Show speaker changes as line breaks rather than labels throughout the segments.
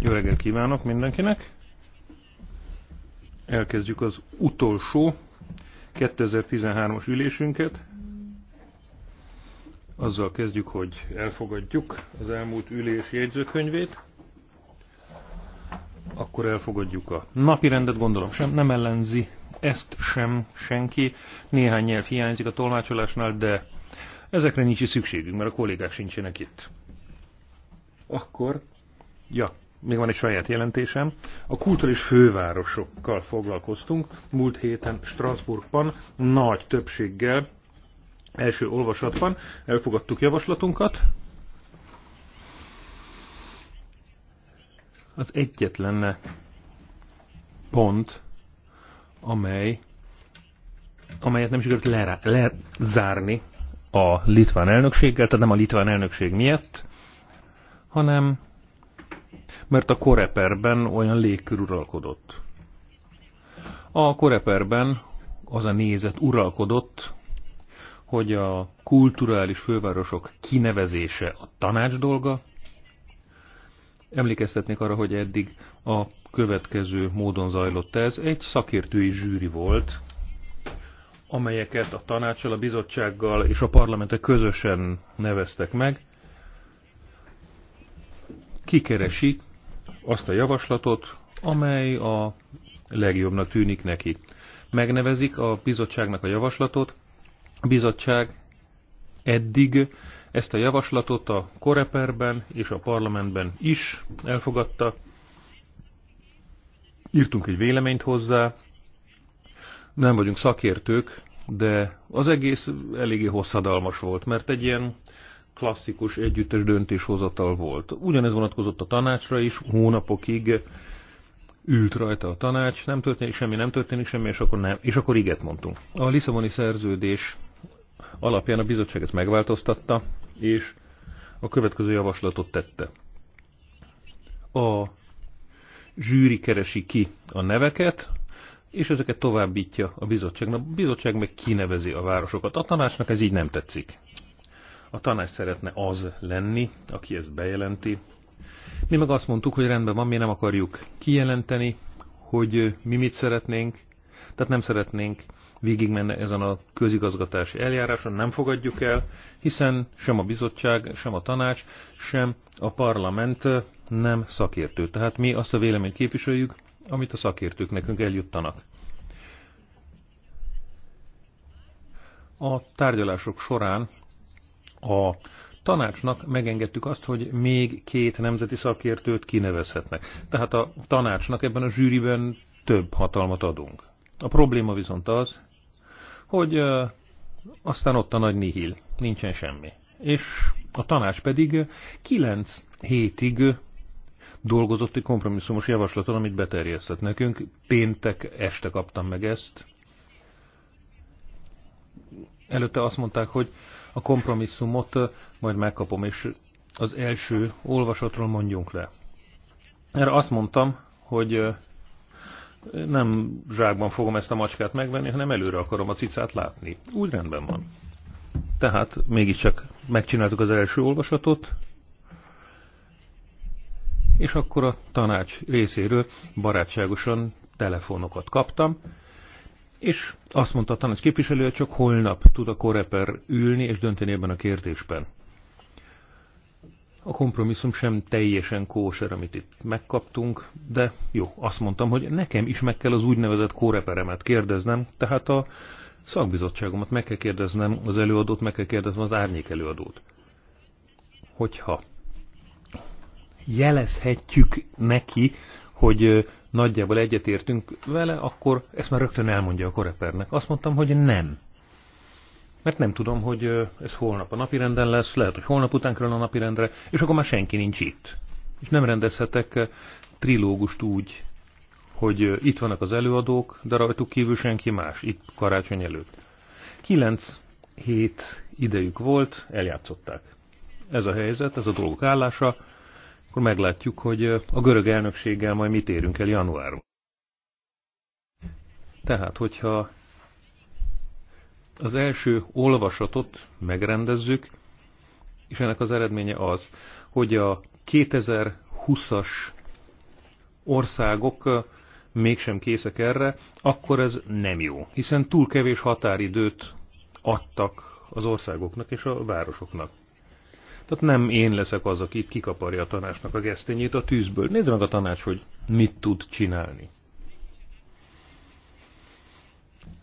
Jó reggelt kívánok mindenkinek! Elkezdjük az utolsó 2013-as ülésünket. Azzal kezdjük, hogy elfogadjuk az elmúlt ülés jegyzőkönyvét. Akkor elfogadjuk a napi rendet, gondolom sem, nem ellenzi ezt sem senki. Néhány nyelv hiányzik a tolmácsolásnál, de Ezekre nincs is szükségünk, mert a kollégák sincsenek itt. Akkor, ja, még van egy saját jelentésem. A kulturális fővárosokkal foglalkoztunk múlt héten Strasbourgban nagy többséggel, első olvasatban elfogadtuk javaslatunkat. Az egyetlen pont, amely amelyet nem sikerült lezárni, a litván elnökséggel, tehát nem a litván elnökség miatt, hanem mert a koreperben olyan légkör uralkodott. A koreperben az a nézet uralkodott, hogy a kulturális fővárosok kinevezése a tanács dolga. Emlékeztetnék arra, hogy eddig a következő módon zajlott ez. Egy szakértői zsűri volt, amelyeket a tanácsal, a bizottsággal és a parlamentek közösen neveztek meg, kikeresi azt a javaslatot, amely a legjobbnak tűnik neki. Megnevezik a bizottságnak a javaslatot, a bizottság eddig ezt a javaslatot a Koreperben és a parlamentben is elfogadta, írtunk egy véleményt hozzá, nem vagyunk szakértők, de az egész eléggé hosszadalmas volt, mert egy ilyen klasszikus együttes döntéshozatal volt. Ugyanez vonatkozott a tanácsra is, hónapokig ült rajta a tanács, nem történik semmi, nem történik semmi, és akkor, nem, és akkor iget mondtunk. A Lisszaboni szerződés alapján a bizottság ezt megváltoztatta, és a következő javaslatot tette. A zsűri keresi ki a neveket, és ezeket továbbítja a bizottság, A bizottság meg kinevezi a városokat. A tanácsnak ez így nem tetszik. A tanács szeretne az lenni, aki ezt bejelenti. Mi meg azt mondtuk, hogy rendben van, mi nem akarjuk kijelenteni, hogy mi mit szeretnénk, tehát nem szeretnénk végigmenne ezen a közigazgatási eljáráson, nem fogadjuk el, hiszen sem a bizottság, sem a tanács, sem a parlament nem szakértő. Tehát mi azt a véleményt képviseljük, amit a szakértők nekünk eljuttanak. A tárgyalások során a tanácsnak megengedtük azt, hogy még két nemzeti szakértőt kinevezhetnek. Tehát a tanácsnak ebben a zsűriben több hatalmat adunk. A probléma viszont az, hogy aztán ott a nagy nihil, nincsen semmi. És a tanács pedig kilenc hétig dolgozott egy kompromisszumos javaslaton, amit beterjesztett nekünk. Péntek este kaptam meg ezt. Előtte azt mondták, hogy a kompromisszumot majd megkapom, és az első olvasatról mondjunk le. Erre azt mondtam, hogy nem zsákban fogom ezt a macskát megvenni, hanem előre akarom a cicát látni. Úgy rendben van. Tehát mégiscsak megcsináltuk az első olvasatot, és akkor a tanács részéről barátságosan telefonokat kaptam, és azt mondta a tanács képviselő, hogy csak holnap tud a koreper ülni és dönteni ebben a kérdésben. A kompromisszum sem teljesen kóser, amit itt megkaptunk, de jó, azt mondtam, hogy nekem is meg kell az úgynevezett kóreperemet kérdeznem, tehát a szakbizottságomat meg kell kérdeznem, az előadót meg kell kérdeznem, az árnyék előadót. Hogyha jelezhetjük neki, hogy nagyjából egyetértünk vele, akkor ezt már rögtön elmondja a korepernek. Azt mondtam, hogy nem. Mert nem tudom, hogy ez holnap a napirenden lesz, lehet, hogy holnap után kerül a napirendre, és akkor már senki nincs itt. És nem rendezhetek trilógust úgy, hogy itt vannak az előadók, de rajtuk kívül senki más, itt karácsony előtt. Kilenc hét idejük volt, eljátszották. Ez a helyzet, ez a dolgok állása, akkor meglátjuk, hogy a görög elnökséggel majd mit érünk el januáron. Tehát, hogyha az első olvasatot megrendezzük, és ennek az eredménye az, hogy a 2020-as országok mégsem készek erre, akkor ez nem jó, hiszen túl kevés határidőt adtak az országoknak és a városoknak. Tehát nem én leszek az, aki itt kikaparja a tanácsnak a gesztenyét a tűzből. Nézd meg a tanács, hogy mit tud csinálni.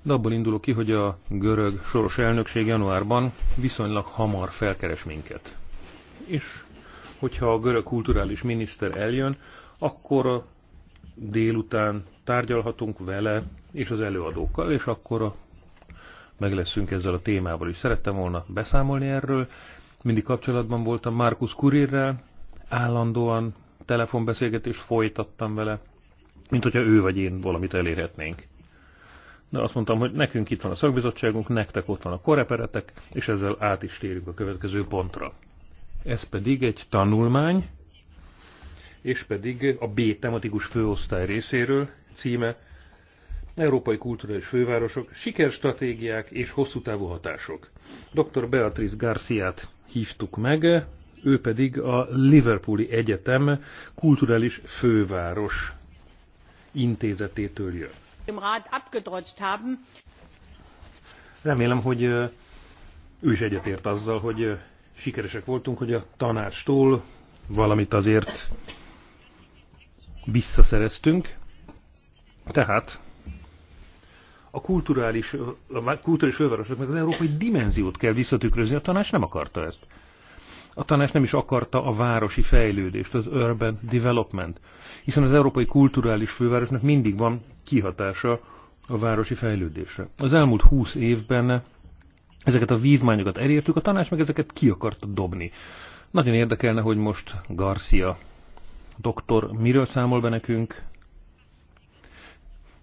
De abból indulok ki, hogy a görög soros elnökség januárban viszonylag hamar felkeres minket. És hogyha a görög kulturális miniszter eljön, akkor délután tárgyalhatunk vele és az előadókkal, és akkor meg leszünk ezzel a témával is. Szerettem volna beszámolni erről, mindig kapcsolatban voltam Markus Kurirrel, állandóan telefonbeszélgetést folytattam vele, mint hogyha ő vagy én valamit elérhetnénk. De azt mondtam, hogy nekünk itt van a szakbizottságunk, nektek ott van a koreperetek, és ezzel át is térünk a következő pontra. Ez pedig egy tanulmány, és pedig a B tematikus főosztály részéről, címe Európai Kulturális Fővárosok, Sikerstratégiák és Hosszú Távú Hatások. Dr. Beatriz Garciát hívtuk meg, ő pedig a Liverpooli Egyetem kulturális főváros intézetétől jön. Remélem, hogy ő is egyetért azzal, hogy sikeresek voltunk, hogy a tanárstól valamit azért visszaszereztünk. Tehát a kulturális, a kulturális fővárosoknak az európai dimenziót kell visszatükrözni, a tanács nem akarta ezt. A tanács nem is akarta a városi fejlődést, az urban development, hiszen az európai kulturális fővárosnak mindig van kihatása a városi fejlődésre. Az elmúlt húsz évben ezeket a vívmányokat elértük, a tanács meg ezeket ki akarta dobni. Nagyon érdekelne, hogy most Garcia doktor miről számol be nekünk,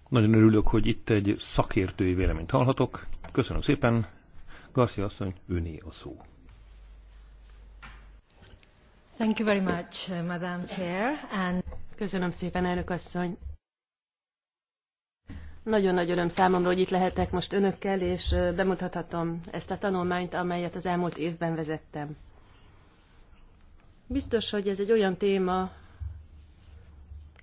nagyon örülök, hogy itt egy szakértői véleményt hallhatok. Köszönöm szépen. Garcia asszony, öné a szó.
Thank you very much, uh, Madam Chair. And... Köszönöm szépen, elnök asszony. Nagyon nagy öröm számomra, hogy itt lehetek most önökkel, és uh, bemutathatom ezt a tanulmányt, amelyet az elmúlt évben vezettem. Biztos, hogy ez egy olyan téma,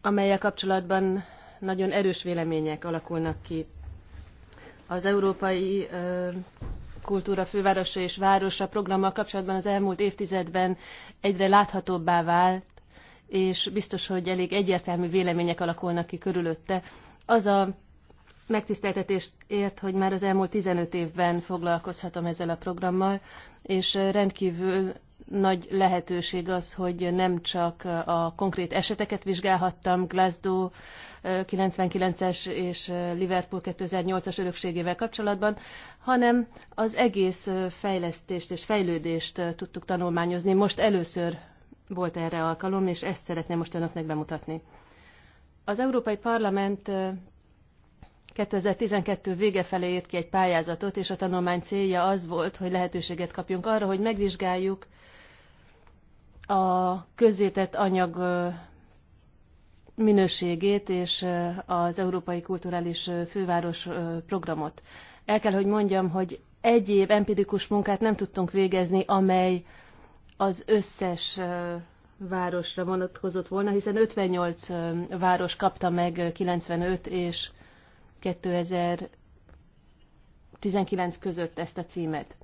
amelyel kapcsolatban nagyon erős vélemények alakulnak ki. Az Európai Kultúra Fővárosa és Városa programmal kapcsolatban az elmúlt évtizedben egyre láthatóbbá vált, és biztos, hogy elég egyértelmű vélemények alakulnak ki körülötte. Az a megtiszteltetést ért, hogy már az elmúlt 15 évben foglalkozhatom ezzel a programmal, és rendkívül nagy lehetőség az, hogy nem csak a konkrét eseteket vizsgálhattam, Glasgow 99-es és Liverpool 2008-as örökségével kapcsolatban, hanem az egész fejlesztést és fejlődést tudtuk tanulmányozni. Most először volt erre alkalom, és ezt szeretném most önöknek bemutatni. Az Európai Parlament 2012 vége felé írt ki egy pályázatot, és a tanulmány célja az volt, hogy lehetőséget kapjunk arra, hogy megvizsgáljuk a közzétett anyag minőségét és az Európai Kulturális Főváros programot. El kell, hogy mondjam, hogy év empirikus munkát nem tudtunk végezni, amely az összes városra vonatkozott volna, hiszen 58 város kapta meg 95 és 2019 között ezt a címet.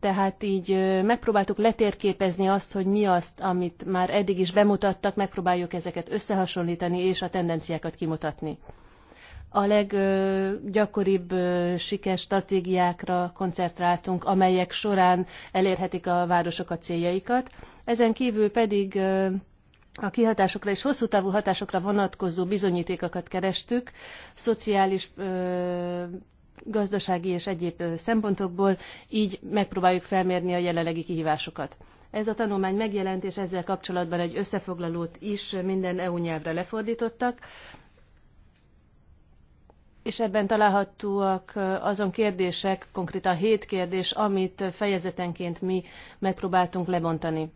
Tehát így megpróbáltuk letérképezni azt, hogy mi azt, amit már eddig is bemutattak, megpróbáljuk ezeket összehasonlítani és a tendenciákat kimutatni. A leggyakoribb sikeres stratégiákra koncentráltunk, amelyek során elérhetik a városok a céljaikat. Ezen kívül pedig a kihatásokra és hosszú távú hatásokra vonatkozó bizonyítékokat kerestük, szociális ö, gazdasági és egyéb szempontokból, így megpróbáljuk felmérni a jelenlegi kihívásokat. Ez a tanulmány megjelent, és ezzel kapcsolatban egy összefoglalót is minden EU nyelvre lefordítottak, és ebben találhatóak azon kérdések, konkrétan hét kérdés, amit fejezetenként mi megpróbáltunk lebontani.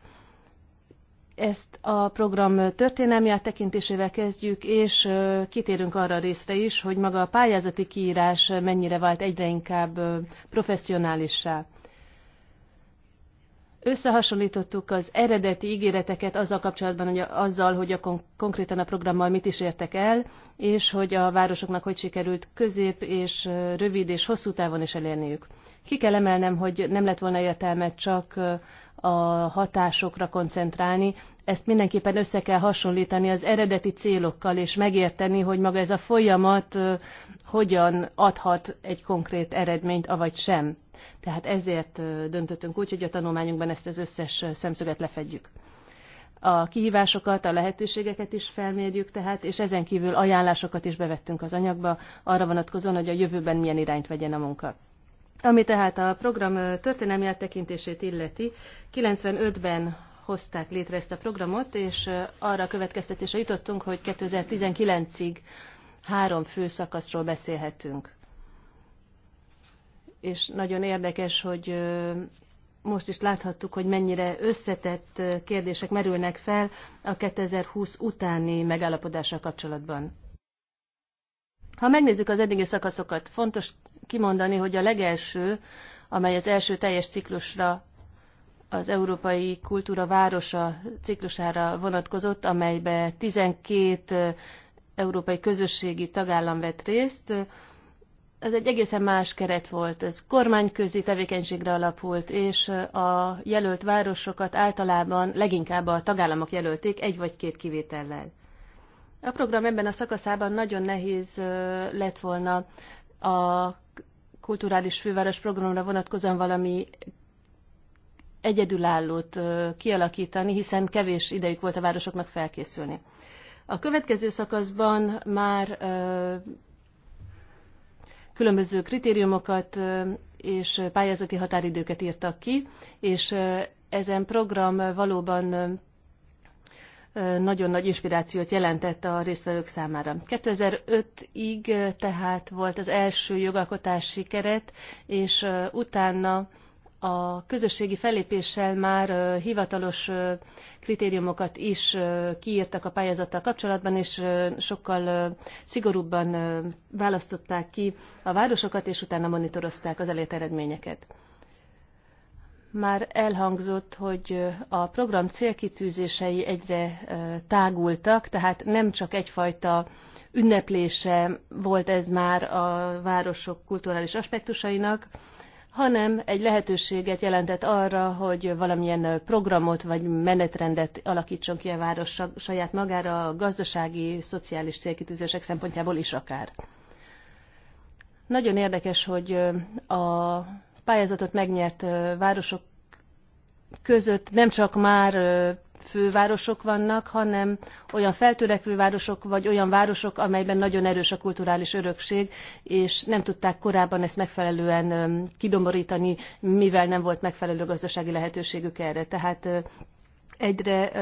Ezt a program történelmi áttekintésével kezdjük, és kitérünk arra a részre is, hogy maga a pályázati kiírás mennyire vált egyre inkább professzionálissá összehasonlítottuk az eredeti ígéreteket azzal kapcsolatban, hogy azzal, hogy a kon- konkrétan a programmal mit is értek el, és hogy a városoknak hogy sikerült közép és rövid és hosszú távon is elérniük. Ki kell emelnem, hogy nem lett volna értelme csak a hatásokra koncentrálni, ezt mindenképpen össze kell hasonlítani az eredeti célokkal, és megérteni, hogy maga ez a folyamat hogyan adhat egy konkrét eredményt, avagy sem tehát ezért döntöttünk úgy, hogy a tanulmányunkban ezt az összes szemszöget lefedjük. A kihívásokat, a lehetőségeket is felmérjük tehát, és ezen kívül ajánlásokat is bevettünk az anyagba, arra vonatkozóan, hogy a jövőben milyen irányt vegyen a munka. Ami tehát a program történelmi áttekintését illeti, 95-ben hozták létre ezt a programot, és arra a következtetésre jutottunk, hogy 2019-ig három fő szakaszról beszélhetünk és nagyon érdekes, hogy most is láthattuk, hogy mennyire összetett kérdések merülnek fel a 2020 utáni megállapodással kapcsolatban. Ha megnézzük az eddigi szakaszokat, fontos kimondani, hogy a legelső, amely az első teljes ciklusra, az Európai Kultúra Városa ciklusára vonatkozott, amelybe 12 európai közösségi tagállam vett részt, ez egy egészen más keret volt, ez kormányközi tevékenységre alapult, és a jelölt városokat általában leginkább a tagállamok jelölték egy vagy két kivétellel. A program ebben a szakaszában nagyon nehéz lett volna a kulturális főváros programra vonatkozóan valami egyedülállót kialakítani, hiszen kevés idejük volt a városoknak felkészülni. A következő szakaszban már különböző kritériumokat és pályázati határidőket írtak ki, és ezen program valóban nagyon nagy inspirációt jelentett a résztvevők számára. 2005-ig tehát volt az első jogalkotási keret, és utána a közösségi fellépéssel már hivatalos kritériumokat is kiírtak a pályázattal kapcsolatban, és sokkal szigorúbban választották ki a városokat, és utána monitorozták az elért eredményeket. Már elhangzott, hogy a program célkitűzései egyre tágultak, tehát nem csak egyfajta ünneplése volt ez már a városok kulturális aspektusainak, hanem egy lehetőséget jelentett arra, hogy valamilyen programot vagy menetrendet alakítson ki a város saját magára a gazdasági, szociális célkitűzések szempontjából is akár. Nagyon érdekes, hogy a pályázatot megnyert városok között nem csak már fővárosok vannak, hanem olyan feltörekvő városok, vagy olyan városok, amelyben nagyon erős a kulturális örökség, és nem tudták korábban ezt megfelelően kidomborítani, mivel nem volt megfelelő gazdasági lehetőségük erre. Tehát egyre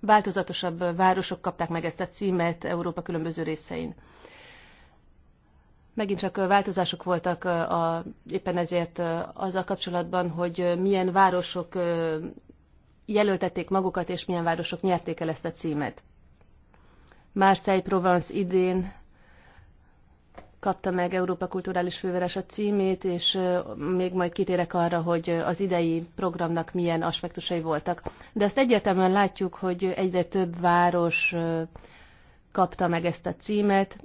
változatosabb városok kapták meg ezt a címet Európa különböző részein. Megint csak változások voltak a, éppen ezért az a kapcsolatban, hogy milyen városok jelöltették magukat, és milyen városok nyerték el ezt a címet. Marseille Provence idén kapta meg Európa Kulturális Főveres a címét, és még majd kitérek arra, hogy az idei programnak milyen aspektusai voltak. De azt egyértelműen látjuk, hogy egyre több város kapta meg ezt a címet.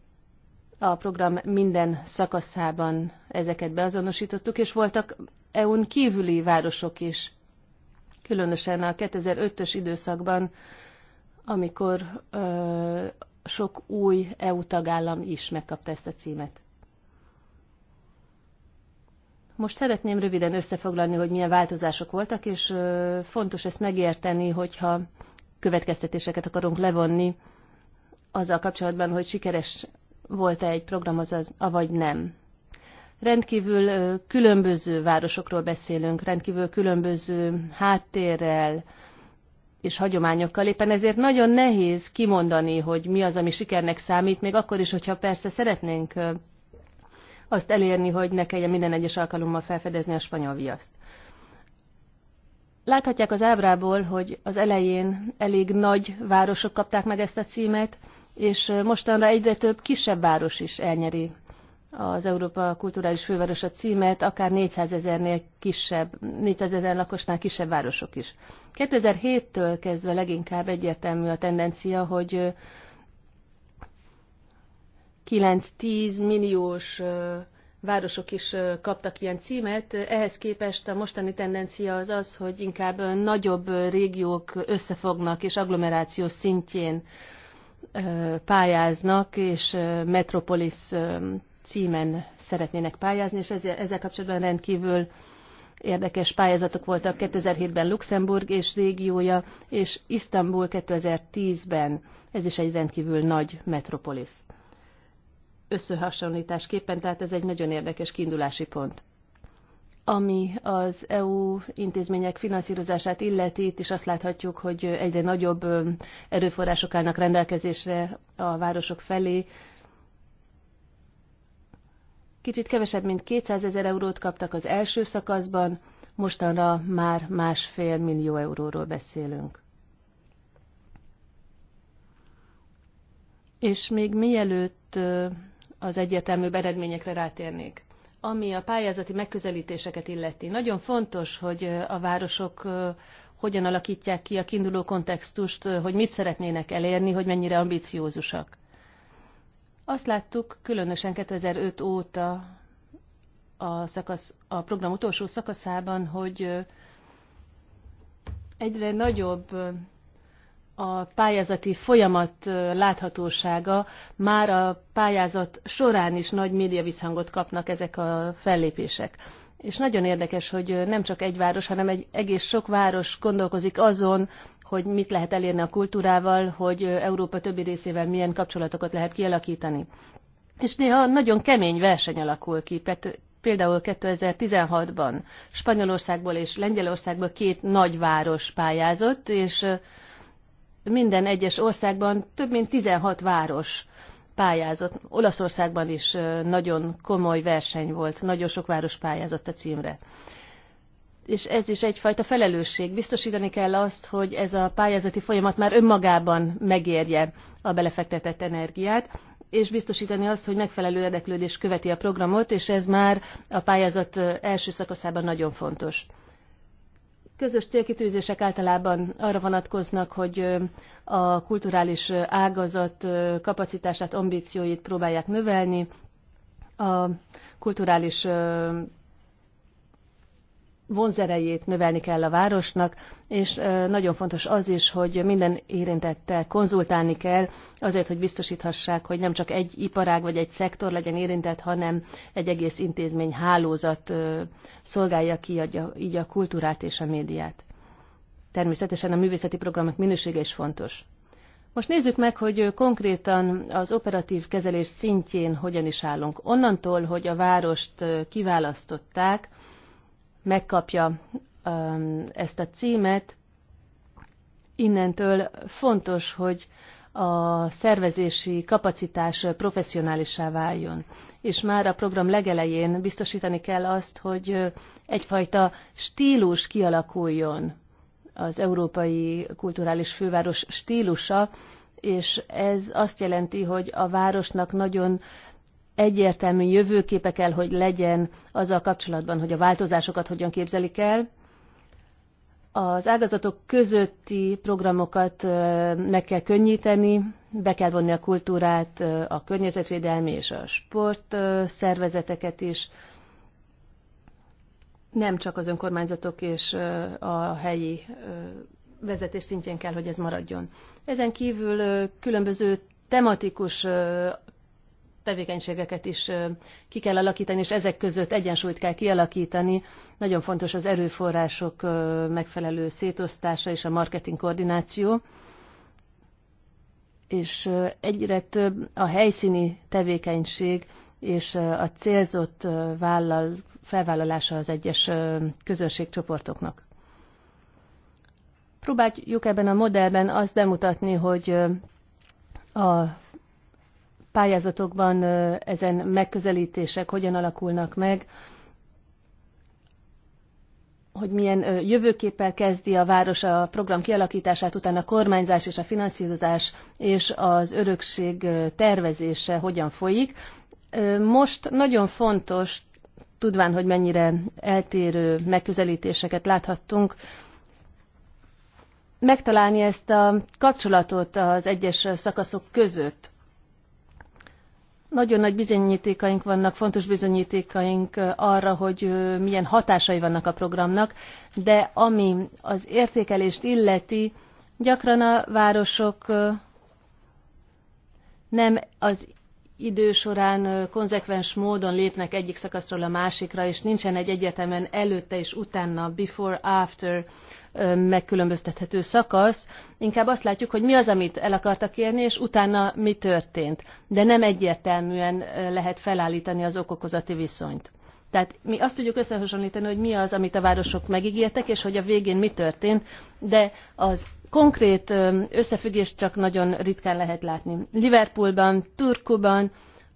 A program minden szakaszában ezeket beazonosítottuk, és voltak EU-n kívüli városok is, különösen a 2005-ös időszakban, amikor ö, sok új EU tagállam is megkapta ezt a címet. Most szeretném röviden összefoglalni, hogy milyen változások voltak, és ö, fontos ezt megérteni, hogyha következtetéseket akarunk levonni azzal kapcsolatban, hogy sikeres volt-e egy program, azaz, avagy nem. Rendkívül különböző városokról beszélünk, rendkívül különböző háttérrel és hagyományokkal. Éppen ezért nagyon nehéz kimondani, hogy mi az, ami sikernek számít, még akkor is, hogyha persze szeretnénk azt elérni, hogy ne kelljen minden egyes alkalommal felfedezni a spanyol viaszt. Láthatják az ábrából, hogy az elején elég nagy városok kapták meg ezt a címet, és mostanra egyre több kisebb város is elnyeri az Európa Kulturális Fővárosa címet, akár 400 ezernél kisebb, 400 ezer lakosnál kisebb városok is. 2007-től kezdve leginkább egyértelmű a tendencia, hogy 9-10 milliós városok is kaptak ilyen címet. Ehhez képest a mostani tendencia az az, hogy inkább nagyobb régiók összefognak és agglomeráció szintjén pályáznak, és metropolis címen szeretnének pályázni, és ezzel, ezzel kapcsolatban rendkívül érdekes pályázatok voltak 2007-ben Luxemburg és régiója, és Isztambul 2010-ben. Ez is egy rendkívül nagy metropolis. Összehasonlításképpen, tehát ez egy nagyon érdekes kiindulási pont. Ami az EU intézmények finanszírozását illeti, itt is azt láthatjuk, hogy egyre nagyobb erőforrások állnak rendelkezésre a városok felé, Kicsit kevesebb, mint 200 ezer eurót kaptak az első szakaszban, mostanra már másfél millió euróról beszélünk. És még mielőtt az egyetemű eredményekre rátérnék, ami a pályázati megközelítéseket illeti, nagyon fontos, hogy a városok hogyan alakítják ki a kiinduló kontextust, hogy mit szeretnének elérni, hogy mennyire ambiciózusak. Azt láttuk, különösen 2005 óta a, szakasz, a program utolsó szakaszában, hogy egyre nagyobb a pályázati folyamat láthatósága, már a pályázat során is nagy visszhangot kapnak ezek a fellépések. És nagyon érdekes, hogy nem csak egy város, hanem egy egész sok város gondolkozik azon, hogy mit lehet elérni a kultúrával, hogy Európa többi részével milyen kapcsolatokat lehet kialakítani. És néha nagyon kemény verseny alakul ki, például 2016-ban Spanyolországból és Lengyelországból két nagyváros pályázott, és minden egyes országban több mint 16 város pályázott. Olaszországban is nagyon komoly verseny volt, nagyon sok város pályázott a címre és ez is egyfajta felelősség. Biztosítani kell azt, hogy ez a pályázati folyamat már önmagában megérje a belefektetett energiát, és biztosítani azt, hogy megfelelő érdeklődés követi a programot, és ez már a pályázat első szakaszában nagyon fontos. Közös célkitűzések általában arra vonatkoznak, hogy a kulturális ágazat kapacitását, ambícióit próbálják növelni, a kulturális vonzerejét növelni kell a városnak, és nagyon fontos az is, hogy minden érintettel konzultálni kell, azért, hogy biztosíthassák, hogy nem csak egy iparág vagy egy szektor legyen érintett, hanem egy egész intézmény hálózat szolgálja ki így a kultúrát és a médiát. Természetesen a művészeti programok minősége is fontos. Most nézzük meg, hogy konkrétan az operatív kezelés szintjén hogyan is állunk. Onnantól, hogy a várost kiválasztották, megkapja um, ezt a címet, innentől fontos, hogy a szervezési kapacitás professzionálisá váljon. És már a program legelején biztosítani kell azt, hogy egyfajta stílus kialakuljon az európai kulturális főváros stílusa, és ez azt jelenti, hogy a városnak nagyon egyértelmű jövőképe kell, hogy legyen azzal kapcsolatban, hogy a változásokat hogyan képzelik el. Az ágazatok közötti programokat meg kell könnyíteni, be kell vonni a kultúrát, a környezetvédelmi és a sport szervezeteket is, nem csak az önkormányzatok és a helyi vezetés szintjén kell, hogy ez maradjon. Ezen kívül különböző tematikus tevékenységeket is ki kell alakítani, és ezek között egyensúlyt kell kialakítani. Nagyon fontos az erőforrások megfelelő szétosztása és a marketing koordináció. És egyre több a helyszíni tevékenység és a célzott vállal, felvállalása az egyes közönségcsoportoknak. Próbáljuk ebben a modellben azt bemutatni, hogy a pályázatokban ezen megközelítések hogyan alakulnak meg, hogy milyen jövőképpel kezdi a város a program kialakítását, utána a kormányzás és a finanszírozás és az örökség tervezése hogyan folyik. Most nagyon fontos, tudván, hogy mennyire eltérő megközelítéseket láthattunk, megtalálni ezt a kapcsolatot az egyes szakaszok között nagyon nagy bizonyítékaink vannak, fontos bizonyítékaink arra, hogy milyen hatásai vannak a programnak, de ami az értékelést illeti, gyakran a városok nem az idő során konzekvens módon lépnek egyik szakaszról a másikra, és nincsen egy egyetemen előtte és utána, before, after megkülönböztethető szakasz, inkább azt látjuk, hogy mi az, amit el akartak érni, és utána mi történt. De nem egyértelműen lehet felállítani az okokozati viszonyt. Tehát mi azt tudjuk összehasonlítani, hogy mi az, amit a városok megígértek, és hogy a végén mi történt, de az konkrét összefüggést csak nagyon ritkán lehet látni. Liverpoolban, Turkuban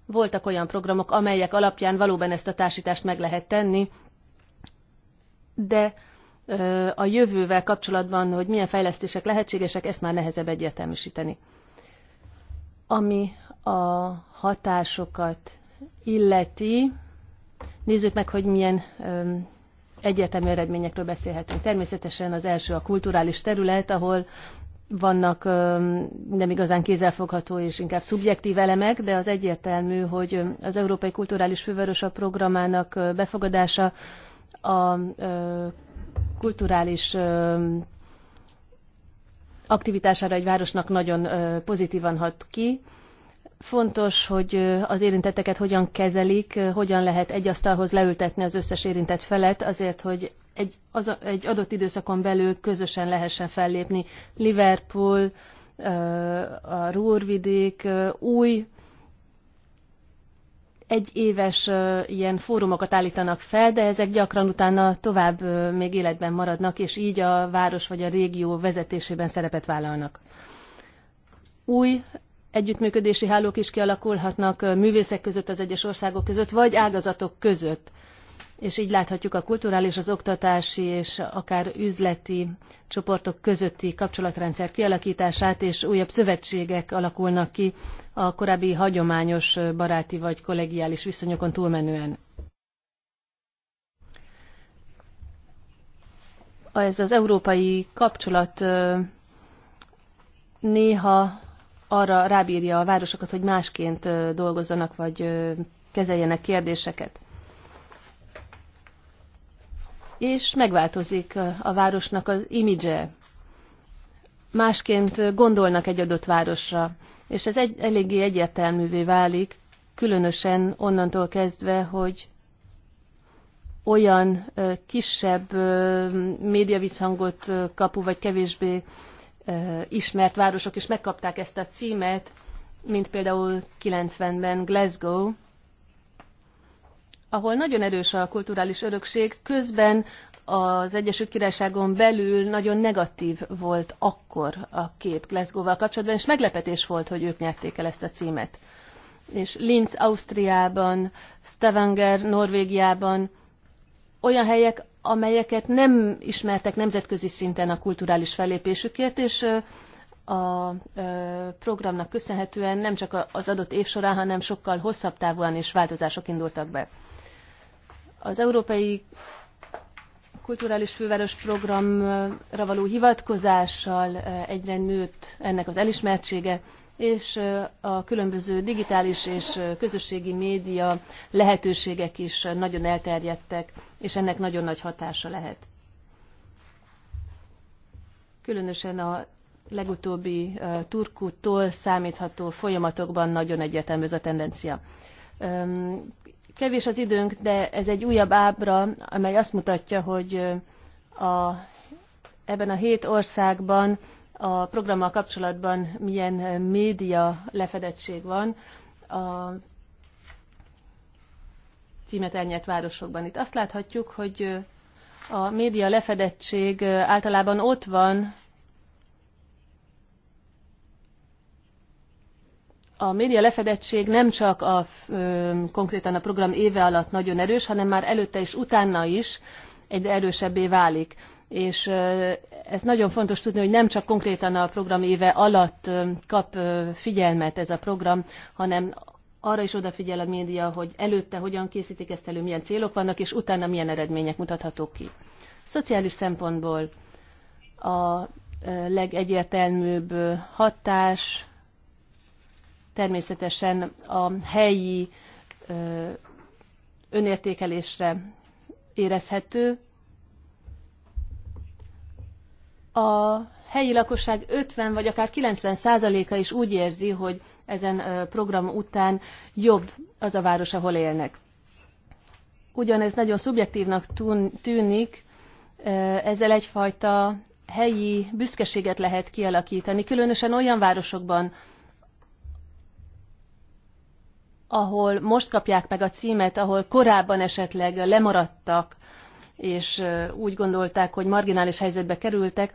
voltak olyan programok, amelyek alapján valóban ezt a társítást meg lehet tenni, de a jövővel kapcsolatban, hogy milyen fejlesztések lehetségesek, ezt már nehezebb egyértelműsíteni. Ami a hatásokat illeti, nézzük meg, hogy milyen egyértelmű eredményekről beszélhetünk. Természetesen az első a kulturális terület, ahol vannak nem igazán kézzelfogható és inkább szubjektív elemek, de az egyértelmű, hogy az Európai Kulturális Fővárosa programának befogadása a kulturális aktivitására egy városnak nagyon pozitívan hat ki. Fontos, hogy az érintetteket hogyan kezelik, hogyan lehet egy asztalhoz leültetni az összes érintett felet, azért, hogy egy, az, egy adott időszakon belül közösen lehessen fellépni. Liverpool, a Ruhrvidék új egy éves ilyen fórumokat állítanak fel, de ezek gyakran utána tovább még életben maradnak, és így a város vagy a régió vezetésében szerepet vállalnak. Új együttműködési hálók is kialakulhatnak művészek között, az egyes országok között, vagy ágazatok között és így láthatjuk a kulturális, az oktatási és akár üzleti csoportok közötti kapcsolatrendszer kialakítását, és újabb szövetségek alakulnak ki a korábbi hagyományos baráti vagy kollegiális viszonyokon túlmenően. Ez az európai kapcsolat néha arra rábírja a városokat, hogy másként dolgozzanak, vagy kezeljenek kérdéseket és megváltozik a városnak az imidzse. Másként gondolnak egy adott városra, és ez egy, eléggé egyértelművé válik, különösen onnantól kezdve, hogy olyan kisebb médiavisszhangot kapu, vagy kevésbé ismert városok is megkapták ezt a címet, mint például 90-ben Glasgow, ahol nagyon erős a kulturális örökség, közben az Egyesült Királyságon belül nagyon negatív volt akkor a kép Glasgow-val kapcsolatban, és meglepetés volt, hogy ők nyerték el ezt a címet. És Linz Ausztriában, Stavanger Norvégiában olyan helyek, amelyeket nem ismertek nemzetközi szinten a kulturális fellépésükért, és a programnak köszönhetően nem csak az adott év során, hanem sokkal hosszabb távúan is változások indultak be. Az Európai Kulturális Főváros Programra való hivatkozással eh, egyre nőtt ennek az elismertsége, és eh, a különböző digitális és eh, közösségi média lehetőségek is nagyon elterjedtek, és ennek nagyon nagy hatása lehet. Különösen a legutóbbi Turkútól számítható folyamatokban nagyon egyetemű ez a tendencia. Kevés az időnk, de ez egy újabb ábra, amely azt mutatja, hogy a, ebben a hét országban a programmal kapcsolatban milyen média lefedettség van a címet elnyert városokban. Itt azt láthatjuk, hogy a média lefedettség általában ott van a média lefedettség nem csak a, konkrétan a program éve alatt nagyon erős, hanem már előtte és utána is egy erősebbé válik. És ez nagyon fontos tudni, hogy nem csak konkrétan a program éve alatt kap figyelmet ez a program, hanem arra is odafigyel a média, hogy előtte hogyan készítik ezt elő, milyen célok vannak, és utána milyen eredmények mutathatók ki. Szociális szempontból a legegyértelműbb hatás, természetesen a helyi önértékelésre érezhető. A helyi lakosság 50 vagy akár 90 százaléka is úgy érzi, hogy ezen program után jobb az a város, ahol élnek. Ugyanez nagyon szubjektívnak tűnik, ezzel egyfajta helyi büszkeséget lehet kialakítani, különösen olyan városokban, ahol most kapják meg a címet, ahol korábban esetleg lemaradtak, és úgy gondolták, hogy marginális helyzetbe kerültek,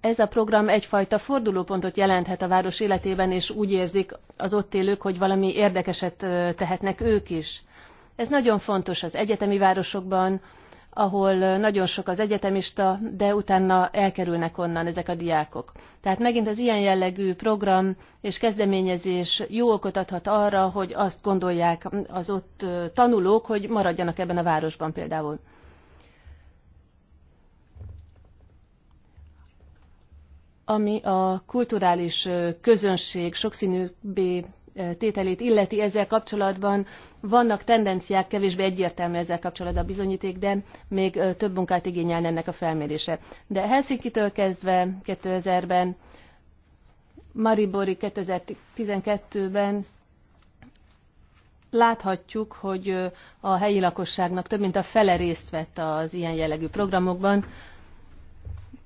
ez a program egyfajta fordulópontot jelenthet a város életében, és úgy érzik az ott élők, hogy valami érdekeset tehetnek ők is. Ez nagyon fontos az egyetemi városokban, ahol nagyon sok az egyetemista, de utána elkerülnek onnan ezek a diákok. Tehát megint az ilyen jellegű program és kezdeményezés jó okot adhat arra, hogy azt gondolják az ott tanulók, hogy maradjanak ebben a városban például. ami a kulturális közönség sokszínűbbé tételét illeti ezzel kapcsolatban. Vannak tendenciák, kevésbé egyértelmű ezzel kapcsolatban a bizonyíték, de még több munkát igényelne ennek a felmérése. De Helsinki-től kezdve 2000-ben, Maribori 2012-ben láthatjuk, hogy a helyi lakosságnak több mint a fele részt vett az ilyen jellegű programokban,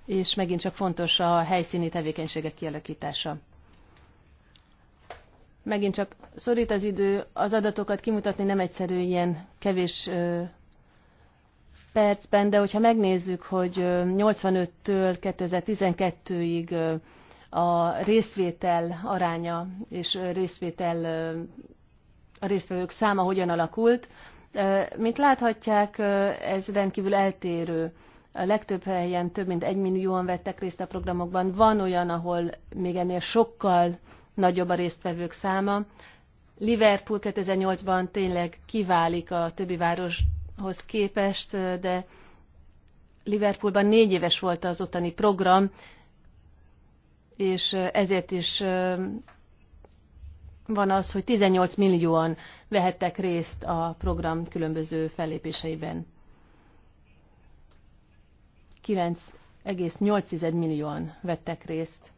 és megint csak fontos a helyszíni tevékenységek kialakítása. Megint csak szorít az idő, az adatokat kimutatni nem egyszerű ilyen kevés percben, de hogyha megnézzük, hogy 85-től 2012-ig a részvétel aránya és részvétel a résztvevők száma hogyan alakult. Mint láthatják, ez rendkívül eltérő. A legtöbb helyen több mint egy millióan vettek részt a programokban. Van olyan, ahol még ennél sokkal nagyobb a résztvevők száma. Liverpool 2008-ban tényleg kiválik a többi városhoz képest, de Liverpoolban négy éves volt az ottani program, és ezért is van az, hogy 18 millióan vehettek részt a program különböző fellépéseiben. 9,8 millióan vettek részt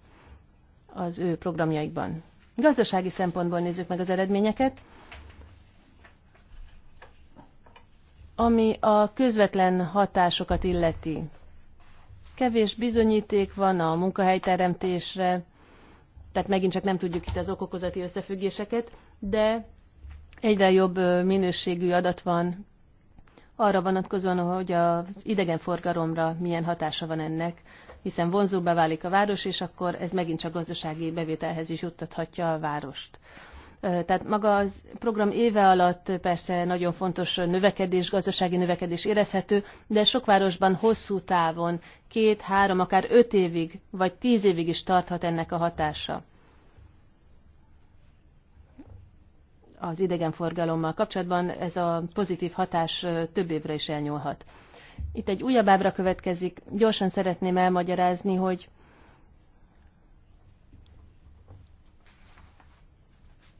az ő programjaikban. Gazdasági szempontból nézzük meg az eredményeket. Ami a közvetlen hatásokat illeti, kevés bizonyíték van a munkahelyteremtésre, tehát megint csak nem tudjuk itt az okokozati összefüggéseket, de egyre jobb minőségű adat van arra vonatkozóan, hogy az idegenforgalomra milyen hatása van ennek hiszen vonzóbbá válik a város, és akkor ez megint csak gazdasági bevételhez is juttathatja a várost. Tehát maga a program éve alatt persze nagyon fontos növekedés, gazdasági növekedés érezhető, de sok városban hosszú távon, két, három, akár öt évig, vagy tíz évig is tarthat ennek a hatása. Az idegenforgalommal kapcsolatban ez a pozitív hatás több évre is elnyúlhat. Itt egy újabb ábra következik. Gyorsan szeretném elmagyarázni, hogy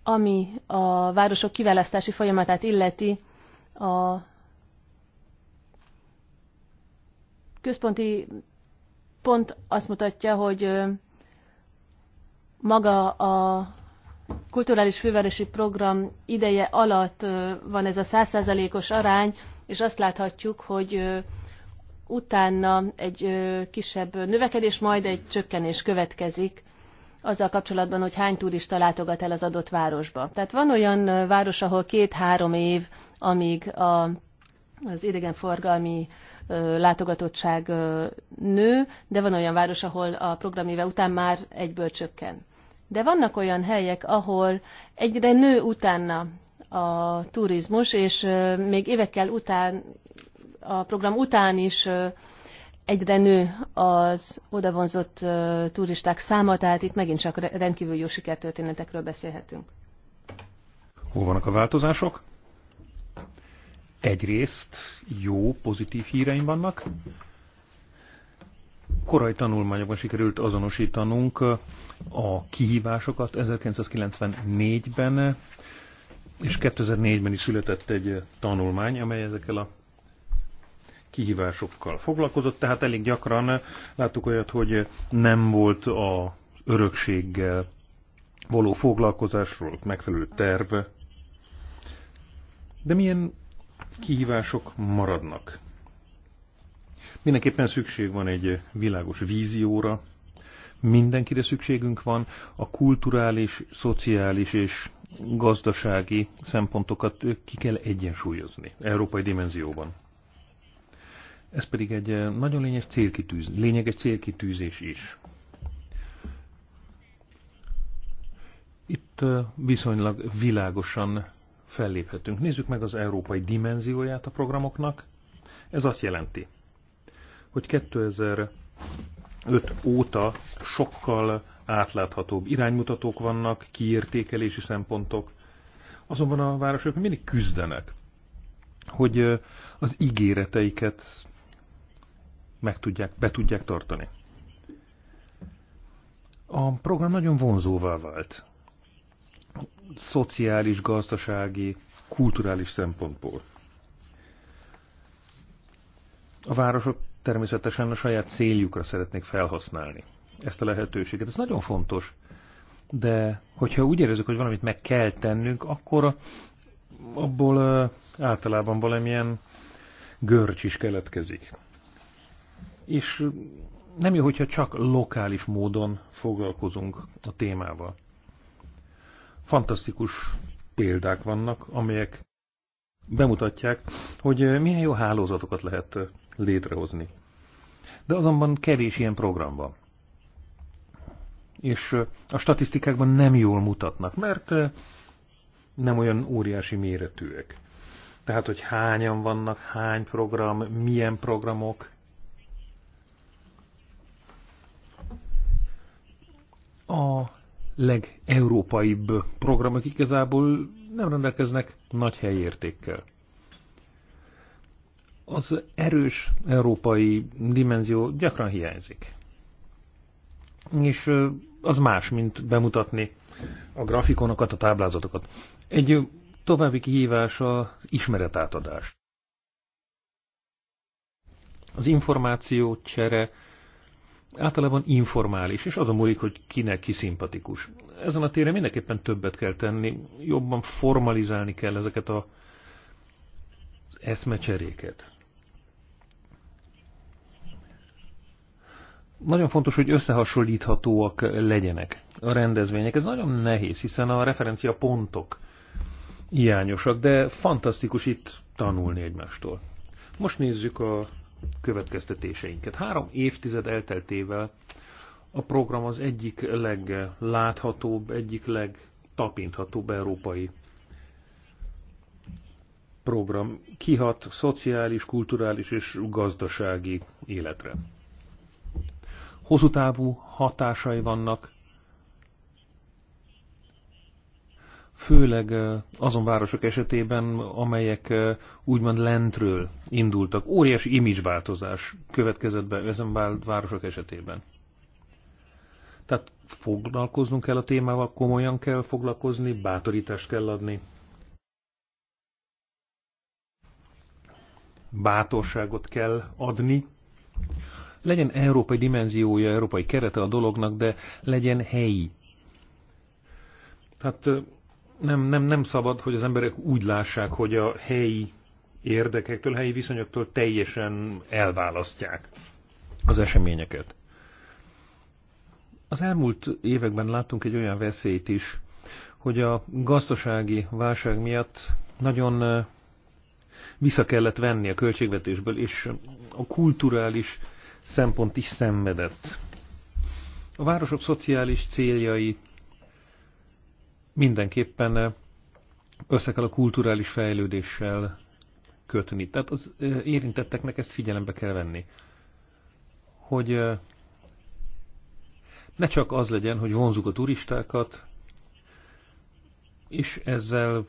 ami a városok kiválasztási folyamatát illeti, a központi pont azt mutatja, hogy maga a kulturális fővárosi program ideje alatt van ez a százszázalékos arány, és azt láthatjuk, hogy utána egy kisebb növekedés, majd egy csökkenés következik azzal kapcsolatban, hogy hány turista látogat el az adott városba. Tehát van olyan város, ahol két-három év, amíg a, az idegenforgalmi látogatottság nő, de van olyan város, ahol a programéve után már egyből csökken. De vannak olyan helyek, ahol egyre nő utána a turizmus, és még évekkel után, a program után is egyre nő az odavonzott turisták száma, tehát itt megint csak rendkívül jó sikertörténetekről beszélhetünk.
Hol vannak a változások? Egyrészt jó, pozitív híreim vannak. Korai tanulmányokban sikerült azonosítanunk a kihívásokat. 1994-ben és 2004-ben is született egy eh, tanulmány, amely ezekkel a kihívásokkal foglalkozott, tehát elég gyakran eh, láttuk olyat, hogy eh, nem volt a örökséggel való foglalkozásról megfelelő terv. De milyen kihívások maradnak? Mindenképpen szükség van egy világos vízióra, mindenkire szükségünk van, a kulturális, szociális és gazdasági szempontokat ki kell egyensúlyozni európai dimenzióban. Ez pedig egy eh, nagyon lényeg célkitűz, lényeges célkitűzés is. Itt eh, viszonylag világosan felléphetünk. Nézzük meg az európai dimenzióját a programoknak. Ez azt jelenti, hogy 2005 óta sokkal átláthatóbb iránymutatók vannak, kiértékelési szempontok. Azonban a városok mindig küzdenek, hogy az ígéreteiket meg tudják, be tudják tartani. A program nagyon vonzóvá vált. Szociális, gazdasági, kulturális szempontból. A városok természetesen a saját céljukra szeretnék felhasználni ezt a lehetőséget. Ez nagyon fontos. De hogyha úgy érezzük, hogy valamit meg kell tennünk, akkor abból általában valamilyen görcs is keletkezik. És nem jó, hogyha csak lokális módon foglalkozunk a témával. Fantasztikus példák vannak, amelyek bemutatják, hogy milyen jó hálózatokat lehet létrehozni. De azonban kevés ilyen program van és a statisztikákban nem jól mutatnak, mert nem olyan óriási méretűek. Tehát, hogy hányan vannak, hány program, milyen programok. A legeurópaibb programok igazából nem rendelkeznek nagy helyértékkel. Az erős európai dimenzió gyakran hiányzik. És az más, mint bemutatni a grafikonokat, a táblázatokat. Egy további kihívás az ismeretátadás. Az információ csere általában informális, és az a múlik, hogy kinek ki szimpatikus. Ezen a téren mindenképpen többet kell tenni, jobban formalizálni kell ezeket a eszmecseréket. nagyon fontos, hogy összehasonlíthatóak legyenek a rendezvények. Ez nagyon nehéz, hiszen a referencia pontok hiányosak, de fantasztikus itt tanulni egymástól. Most nézzük a következtetéseinket. Három évtized elteltével a program az egyik legláthatóbb, egyik legtapinthatóbb európai program. Kihat szociális, kulturális és gazdasági életre hosszú távú hatásai vannak, főleg eh, azon városok esetében, amelyek eh, úgymond lentről indultak. Óriási imidzsváltozás következett be ezen városok esetében. Tehát foglalkoznunk kell a témával, komolyan kell foglalkozni, bátorítást kell adni. Bátorságot kell adni legyen európai dimenziója, európai kerete a dolognak, de legyen helyi. Hát nem, nem, nem szabad, hogy az emberek úgy lássák, hogy a helyi érdekektől, helyi viszonyoktól teljesen elválasztják az eseményeket. Az elmúlt években láttunk egy olyan veszélyt is, hogy a gazdasági válság miatt nagyon vissza kellett venni a költségvetésből, és a kulturális szempont is szenvedett. A városok szociális céljai mindenképpen össze kell a kulturális fejlődéssel kötni. Tehát az érintetteknek ezt figyelembe kell venni, hogy ne csak az legyen, hogy vonzuk a turistákat, és ezzel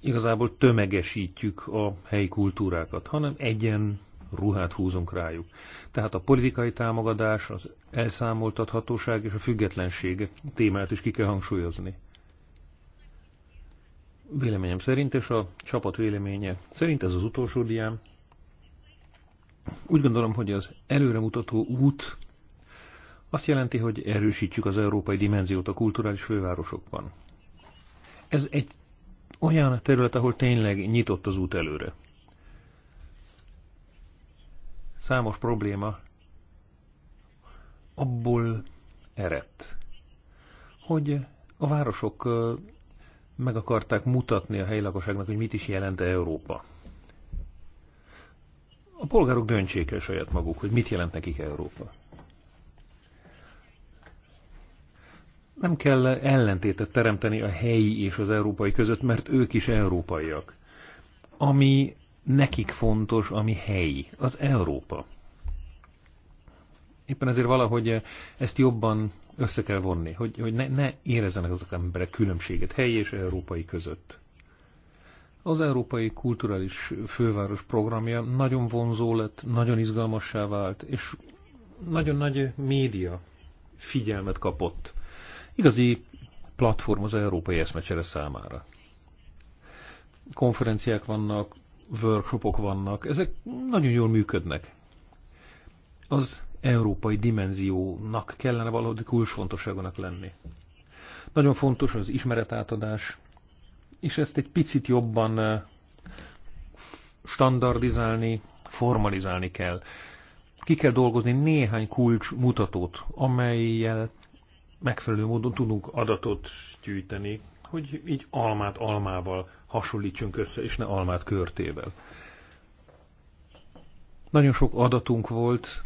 igazából tömegesítjük a helyi kultúrákat, hanem egyen ruhát húzunk rájuk. Tehát a politikai támogatás, az elszámoltathatóság és a függetlenség témát is ki kell hangsúlyozni. Véleményem szerint, és a csapat véleménye szerint ez az utolsó diám. Úgy gondolom, hogy az előremutató út azt jelenti, hogy erősítjük az európai dimenziót a kulturális fővárosokban. Ez egy olyan terület, ahol tényleg nyitott az út előre. Számos probléma abból eredt, hogy a városok meg akarták mutatni a helylakosságnak, hogy mit is jelent Európa. A polgárok döntsék el saját maguk, hogy mit jelent nekik Európa. Nem kell ellentétet teremteni a helyi és az európai között, mert ők is európaiak. Ami nekik fontos, ami helyi, az Európa. Éppen ezért valahogy eh, ezt jobban össze kell vonni, hogy, hogy ne, ne érezzenek azok emberek különbséget helyi és európai között. Az Európai Kulturális Főváros programja nagyon vonzó lett, nagyon izgalmassá vált, és nagyon nagy média figyelmet kapott. Igazi platform az európai eszmecsere számára. Konferenciák vannak, workshopok vannak, ezek nagyon jól működnek. Az európai dimenziónak kellene valahogy kulcsfontosságonak lenni. Nagyon fontos az ismeretátadás, és ezt egy picit jobban eh, standardizálni, formalizálni kell. Ki kell dolgozni néhány kulcs mutatót, amelyel megfelelő módon tudunk adatot gyűjteni, hogy így almát almával hasonlítsunk össze, és ne almát körtével. Nagyon sok adatunk volt,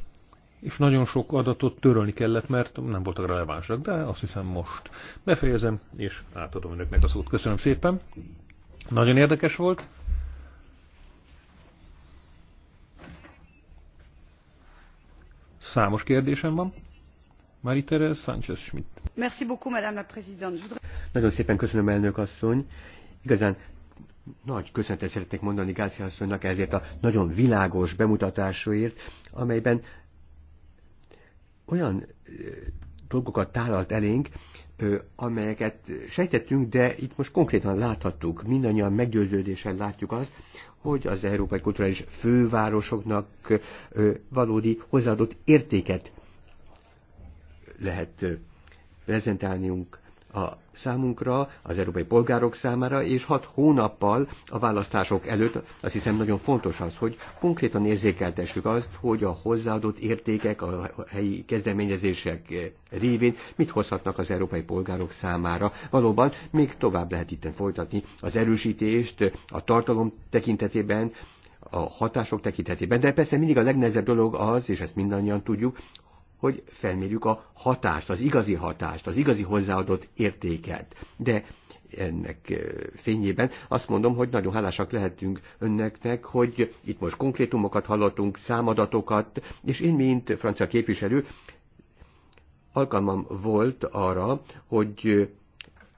és nagyon sok adatot törölni kellett, mert nem voltak relevánsak, de azt hiszem most befejezem, és átadom önöknek a szót. Köszönöm szépen. Nagyon érdekes volt.
Számos kérdésem van. Marie-Thérèse Sánchez-Schmidt. Merci beaucoup, Madame la Présidente. Nagyon szépen köszönöm, elnök asszony. Igazán nagy köszönetet szeretnék mondani Gáci asszonynak ezért a nagyon világos bemutatásért, amelyben olyan dolgokat tálalt elénk, amelyeket sejtettünk, de itt most konkrétan láthattuk, mindannyian meggyőződéssel látjuk azt, hogy az európai kulturális fővárosoknak valódi hozzáadott értéket lehet prezentálniunk a számunkra, az európai polgárok számára, és hat hónappal a választások előtt azt hiszem nagyon fontos az, hogy konkrétan érzékeltessük azt, hogy a hozzáadott értékek, a helyi kezdeményezések révén mit hozhatnak az európai polgárok számára. Valóban még tovább lehet itten folytatni az erősítést a tartalom tekintetében, a hatások tekintetében. De persze mindig a legnehezebb dolog az, és ezt mindannyian tudjuk, hogy felmérjük a hatást, az igazi hatást, az igazi hozzáadott értéket. De ennek fényében azt mondom, hogy nagyon hálásak lehetünk önneknek, hogy itt most konkrétumokat hallottunk, számadatokat, és én, mint francia képviselő, alkalmam volt arra, hogy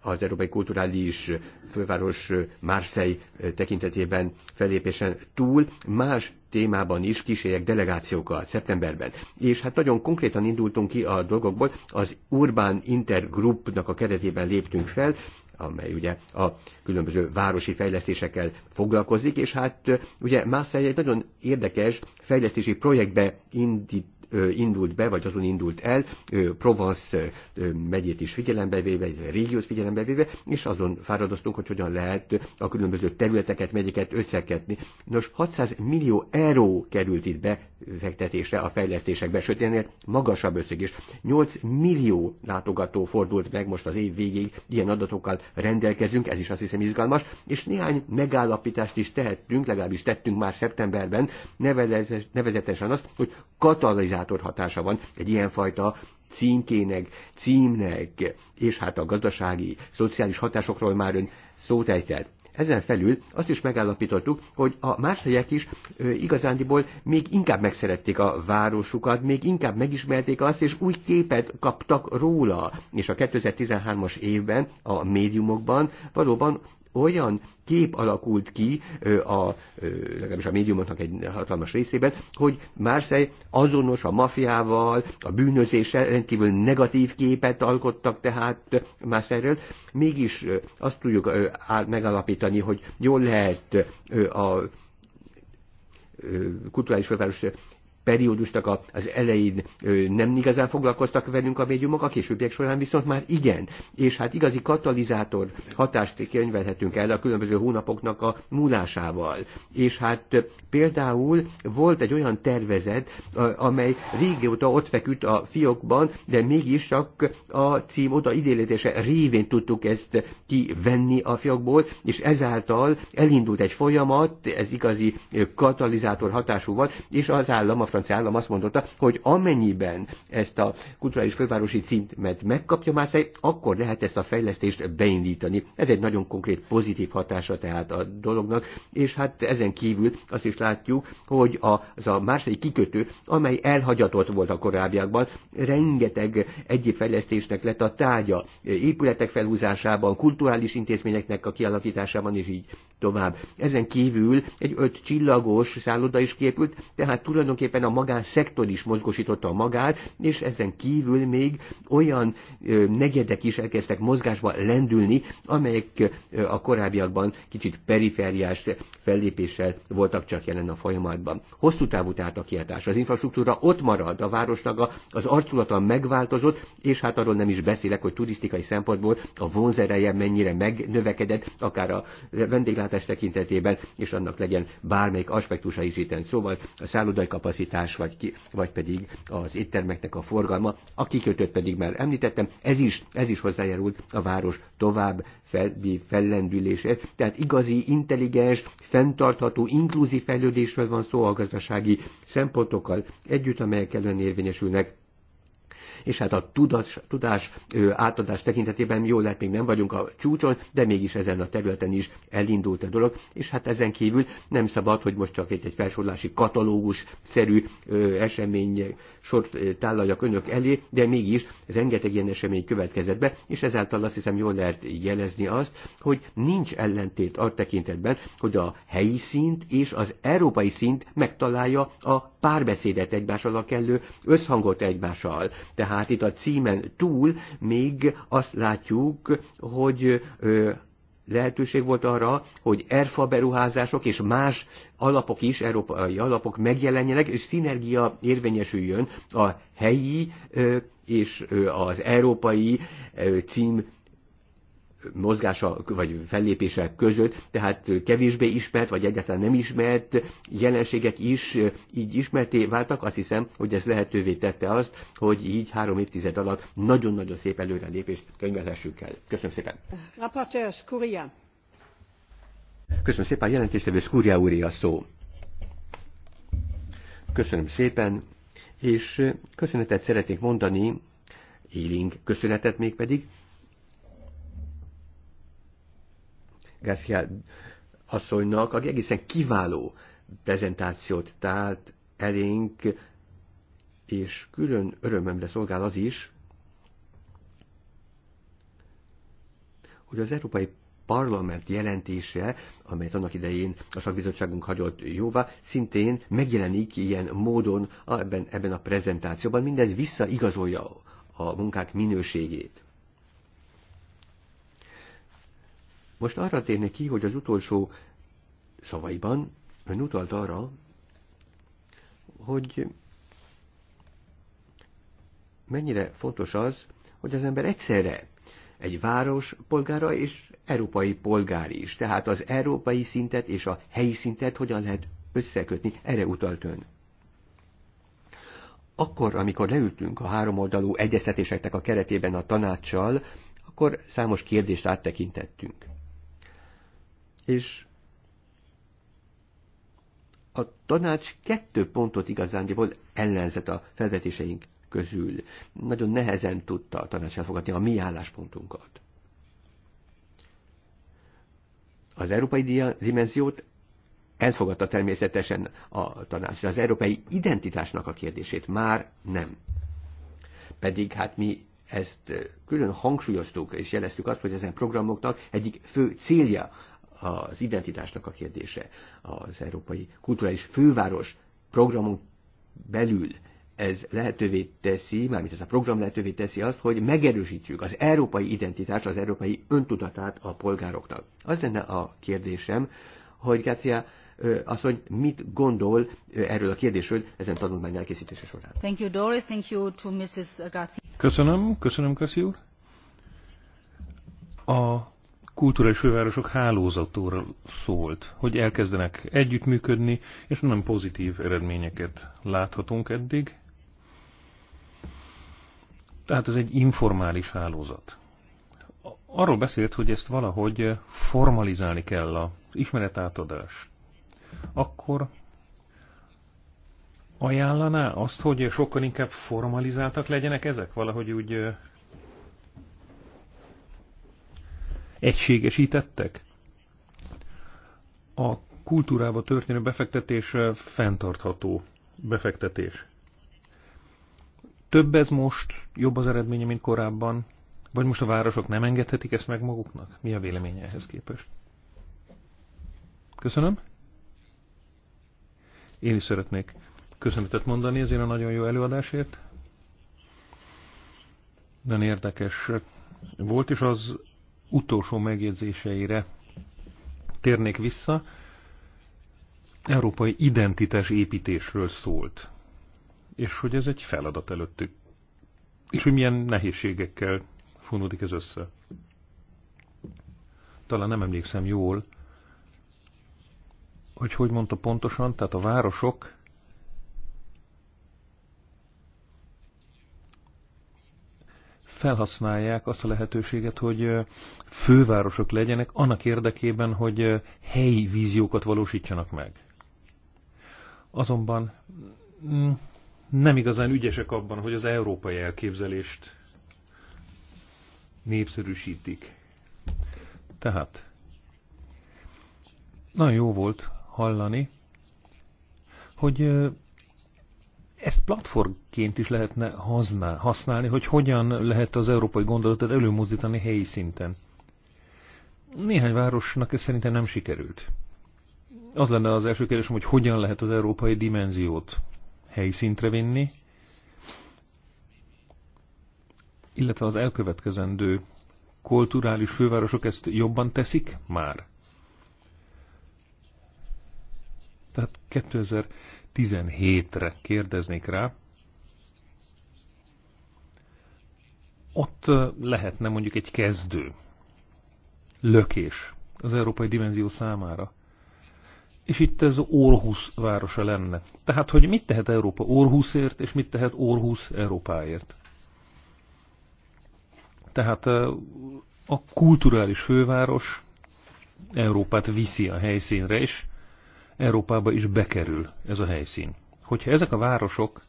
az Európai Kulturális Főváros Marseille tekintetében felépésen túl más témában is kísérjek delegációkat szeptemberben. És hát nagyon konkrétan indultunk ki a dolgokból, az Urban Intergroupnak a keretében léptünk fel, amely ugye a különböző városi fejlesztésekkel foglalkozik, és hát ugye Marseille egy nagyon érdekes fejlesztési projektbe indít indult be, vagy azon indult el, Provence megyét is figyelembe véve, régiót figyelembe véve, és azon fáradoztunk, hogy hogyan lehet a különböző területeket, megyeket összeketni. Nos, 600 millió euró került itt befektetésre a fejlesztésekbe, sőt, ennél magasabb összeg is. 8 millió látogató fordult meg most az év végéig, ilyen adatokkal rendelkezünk, ez is azt hiszem izgalmas, és néhány megállapítást is tehettünk, legalábbis tettünk már szeptemberben, nevezetesen azt, hogy katalizál mediátor hatása van egy ilyenfajta címkének, címnek, és hát a gazdasági, szociális hatásokról már ön szót ejtett. Ezen felül azt is megállapítottuk, hogy a márszegyek is ö, igazándiból még inkább megszerették a városukat, még inkább megismerték azt, és új képet kaptak róla. És a 2013-as évben a médiumokban valóban olyan kép alakult ki a, legalábbis a médiumoknak egy hatalmas részében, hogy Marseille azonos a mafiával, a bűnözéssel rendkívül negatív képet alkottak tehát Marseille-ről. Mégis azt tudjuk megalapítani, hogy jól lehet a kulturális főváros periódusnak az elején nem igazán foglalkoztak velünk a médiumok, a későbbiek során viszont már igen. És hát igazi katalizátor hatást könyvelhetünk el a különböző hónapoknak a múlásával. És hát például volt egy olyan tervezet, amely régóta ott feküdt a fiókban, de mégis csak a cím oda idélétése révén tudtuk ezt kivenni a fiókból, és ezáltal elindult egy folyamat, ez igazi katalizátor hatású volt, és az állam a francia állam azt mondotta, hogy amennyiben ezt a kulturális fővárosi címet megkapja már akkor lehet ezt a fejlesztést beindítani. Ez egy nagyon konkrét pozitív hatása tehát a dolognak, és hát ezen kívül azt is látjuk, hogy az a Márszely kikötő, amely elhagyatott volt a korábbiakban, rengeteg egyéb fejlesztésnek lett a tárgya, épületek felhúzásában, kulturális intézményeknek a kialakításában, és így tovább. Ezen kívül egy öt csillagos szálloda is képült, tehát tulajdonképpen tulajdonképpen a magánszektor is mozgósította a magát, és ezen kívül még olyan negyedek is elkezdtek mozgásba lendülni, amelyek a korábbiakban kicsit perifériás fellépéssel voltak csak jelen a folyamatban. Hosszú távú tehát a kiáltás. Az infrastruktúra ott marad, a városlaga, az arculata megváltozott, és hát arról nem is beszélek, hogy turisztikai szempontból a vonzereje mennyire megnövekedett, akár a vendéglátás tekintetében, és annak legyen bármelyik aspektusa is itt. Szóval a szállodai kapacitás kapacitás, vagy, ki, vagy pedig az éttermeknek a forgalma. A kikötőt pedig már említettem, ez is, ez is hozzájárult a város tovább fel, fellendüléshez. Tehát igazi, intelligens, fenntartható, inkluzív fejlődésről van szó a gazdasági szempontokkal együtt, amelyek ellen érvényesülnek és hát a tudas, tudás átadás tekintetében jól lehet, még nem vagyunk a csúcson, de mégis ezen a területen is elindult a dolog, és hát ezen kívül nem szabad, hogy most csak egy-egy felsorlási katalógus-szerű esemény sort tálaljak önök elé, de mégis rengeteg ilyen esemény következett be, és ezáltal azt hiszem jól lehet jelezni azt, hogy nincs ellentét a tekintetben, hogy a helyi szint és az európai szint megtalálja a párbeszédet egymással, a kellő összhangot egymással. Tehát tehát itt a címen túl még azt látjuk, hogy lehetőség volt arra, hogy erfa beruházások és más alapok is, európai alapok megjelenjenek, és szinergia érvényesüljön a helyi és az európai cím mozgása vagy fellépése között, tehát kevésbé ismert, vagy egyáltalán nem ismert jelenségek is így ismerté váltak. Azt hiszem, hogy ez lehetővé tette azt, hogy így három évtized alatt nagyon-nagyon szép előrelépést könyvelhessünk el. Köszönöm szépen. Köszönöm szépen, jelentéstevő Skúria úri a szó. Köszönöm szépen, és köszönetet szeretnék mondani, élénk köszönetet mégpedig, Garcia asszonynak, aki egészen kiváló prezentációt tárt elénk, és külön örömömre szolgál az is, hogy az Európai Parlament jelentése, amelyet annak idején a szakbizottságunk hagyott jóvá, szintén megjelenik ilyen módon ebben, ebben a prezentációban. Mindez visszaigazolja a munkák minőségét. Most arra térnék ki, hogy az utolsó szavaiban ön utalt arra, hogy mennyire fontos az, hogy az ember egyszerre egy város polgára és európai polgár is. Tehát az európai szintet és a helyi szintet hogyan lehet összekötni, erre utalt ön. Akkor, amikor leültünk a háromoldalú egyeztetéseknek a keretében a tanácssal, akkor számos kérdést áttekintettünk és a tanács kettő pontot igazándiból ellenzett a felvetéseink közül. Nagyon nehezen tudta a tanács elfogadni a mi álláspontunkat. Az európai dimenziót elfogadta természetesen a tanács, de az európai identitásnak a kérdését már nem. Pedig hát mi ezt külön hangsúlyoztuk és jeleztük azt, hogy ezen programoknak egyik fő célja az identitásnak a kérdése. Az Európai Kulturális Főváros programunk belül ez lehetővé teszi, mármint ez a program lehetővé teszi azt, hogy megerősítsük az európai identitást, az európai öntudatát a polgároknak. Az lenne a kérdésem, hogy Gácia az, hogy mit gondol erről a kérdésről ezen tanulmány elkészítése során.
Thank you, Doris. Thank you to Mrs. Garcia.
Köszönöm, köszönöm, A kulturális fővárosok hálózatóra szólt, hogy elkezdenek együttműködni, és nem pozitív eredményeket láthatunk eddig. Tehát ez egy informális hálózat. Arról beszélt, hogy ezt valahogy formalizálni kell az ismeretátadás. Akkor ajánlaná azt, hogy sokkal inkább formalizáltak legyenek ezek? Valahogy úgy egységesítettek? A kultúrába történő befektetés eh, fenntartható befektetés. Több ez most, jobb az eredménye, mint korábban, vagy most a városok nem engedhetik ezt meg maguknak? Mi a véleménye ehhez képest? Köszönöm. Én is szeretnék köszönetet mondani ezért a nagyon jó előadásért. Nagyon érdekes volt, és az utolsó megjegyzéseire térnék vissza. Európai identitás építésről szólt, és hogy ez egy feladat előttük, és hogy milyen nehézségekkel fonódik ez össze. Talán nem emlékszem jól, hogy hogy mondta pontosan, tehát a városok felhasználják azt a lehetőséget, hogy fővárosok legyenek annak érdekében, hogy helyi víziókat valósítsanak meg. Azonban mm, nem igazán ügyesek abban, hogy az európai elképzelést népszerűsítik. Tehát nagyon jó volt hallani, hogy ezt platformként is lehetne használni, hogy hogyan lehet az európai gondolatot előmozdítani helyi szinten. Néhány városnak ez szerintem nem sikerült. Az lenne az első kérdésem, hogy hogyan lehet az európai dimenziót helyi szintre vinni, illetve az elkövetkezendő kulturális fővárosok ezt jobban teszik már? Tehát 2000. 17-re kérdeznék rá. Ott lehetne mondjuk egy kezdő lökés az európai dimenzió számára. És itt ez Orhus városa lenne. Tehát, hogy mit tehet Európa Orhusért, és mit tehet Orhus Európáért. Tehát a kulturális főváros Európát viszi a helyszínre, és Európába is bekerül ez a helyszín. Hogyha ezek a városok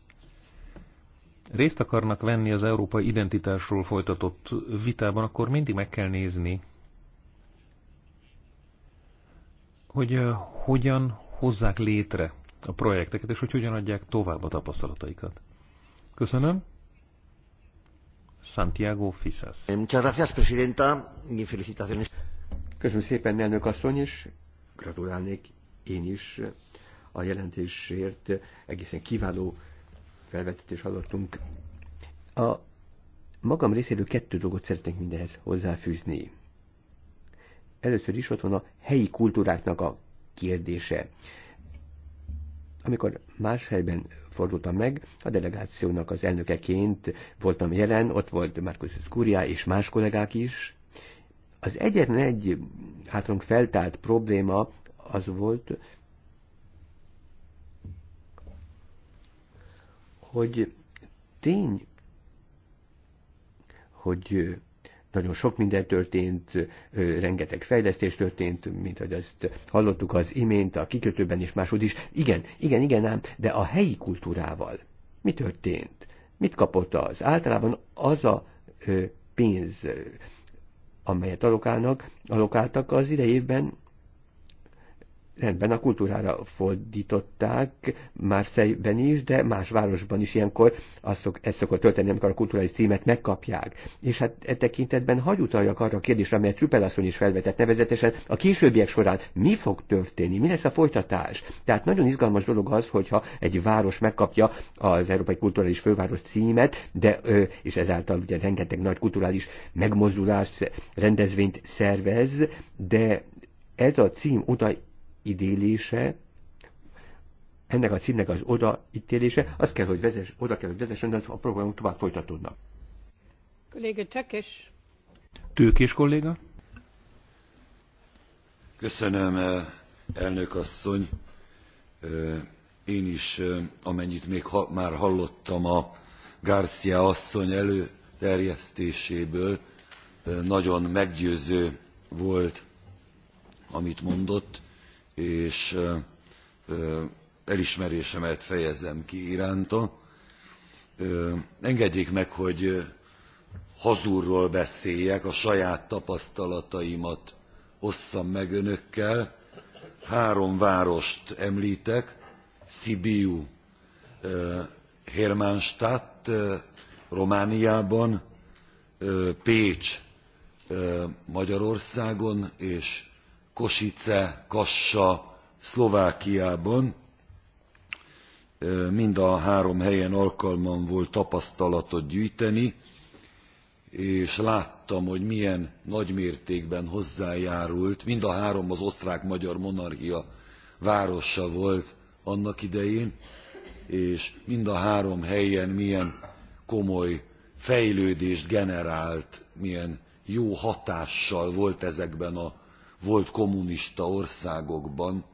részt akarnak venni az európai identitásról folytatott vitában, akkor mindig meg kell nézni, hogy eh, hogyan hozzák létre a projekteket, és hogy hogyan adják tovább a tapasztalataikat. Köszönöm.
Santiago Fisas. gracias, felicitaciones. Köszönöm szépen, elnök asszony, és gratulálnék én is a jelentésért egészen kiváló felvetetést hallottunk. A magam részéről kettő dolgot szeretnék mindenhez hozzáfűzni. Először is ott van a helyi kultúráknak a kérdése. Amikor más helyben fordultam meg, a delegációnak az elnökeként voltam jelen, ott volt már Skúria és más kollégák is. Az egyetlen egy hátrunk feltárt probléma az volt, hogy tény, hogy nagyon sok minden történt, rengeteg fejlesztés történt, mint hogy azt hallottuk az imént, a kikötőben és máshogy is. Igen, igen, igen ám, de a helyi kultúrával mi történt? Mit kapott az? Általában az a pénz, amelyet alokálnak, alokáltak az idejében rendben a kultúrára fordították már szejben is, de más városban is ilyenkor azt szok, ezt szokott történni, amikor a kulturális címet megkapják. És hát e tekintetben hagy utaljak arra a kérdésre, amelyet Trüppel asszony is felvetett, nevezetesen a későbbiek során mi fog történni, mi lesz a folytatás. Tehát nagyon izgalmas dolog az, hogyha egy város megkapja az Európai Kulturális Főváros címet, de, és ezáltal ugye rengeteg nagy kulturális megmozdulást, rendezvényt szervez, de ez a cím utal idélése, ennek a címnek az oda ítélése, az kell, hogy vezess, oda kell, hogy vezessen,
de a programok tovább folytatódnak.
Kolléga Csekes.
Tőkés kolléga. Köszönöm, eh, elnök asszony. Eh, én is, eh, amennyit még ha, már hallottam a Garcia asszony előterjesztéséből, nagyon meggyőző volt, amit mondott és elismerésemet fejezem ki iránta. Engedjék meg, hogy hazúrról beszéljek, a saját tapasztalataimat osszam meg önökkel. Három várost említek, Sibiu, Hermannstadt, Romániában, Pécs, Magyarországon és Kosice, Kassa, Szlovákiában mind a három helyen alkalmam volt tapasztalatot gyűjteni, és láttam, hogy milyen nagymértékben hozzájárult, mind a három az osztrák-magyar monarchia városa volt annak idején, és mind a három helyen milyen komoly fejlődést generált, milyen jó hatással volt ezekben a volt kommunista országokban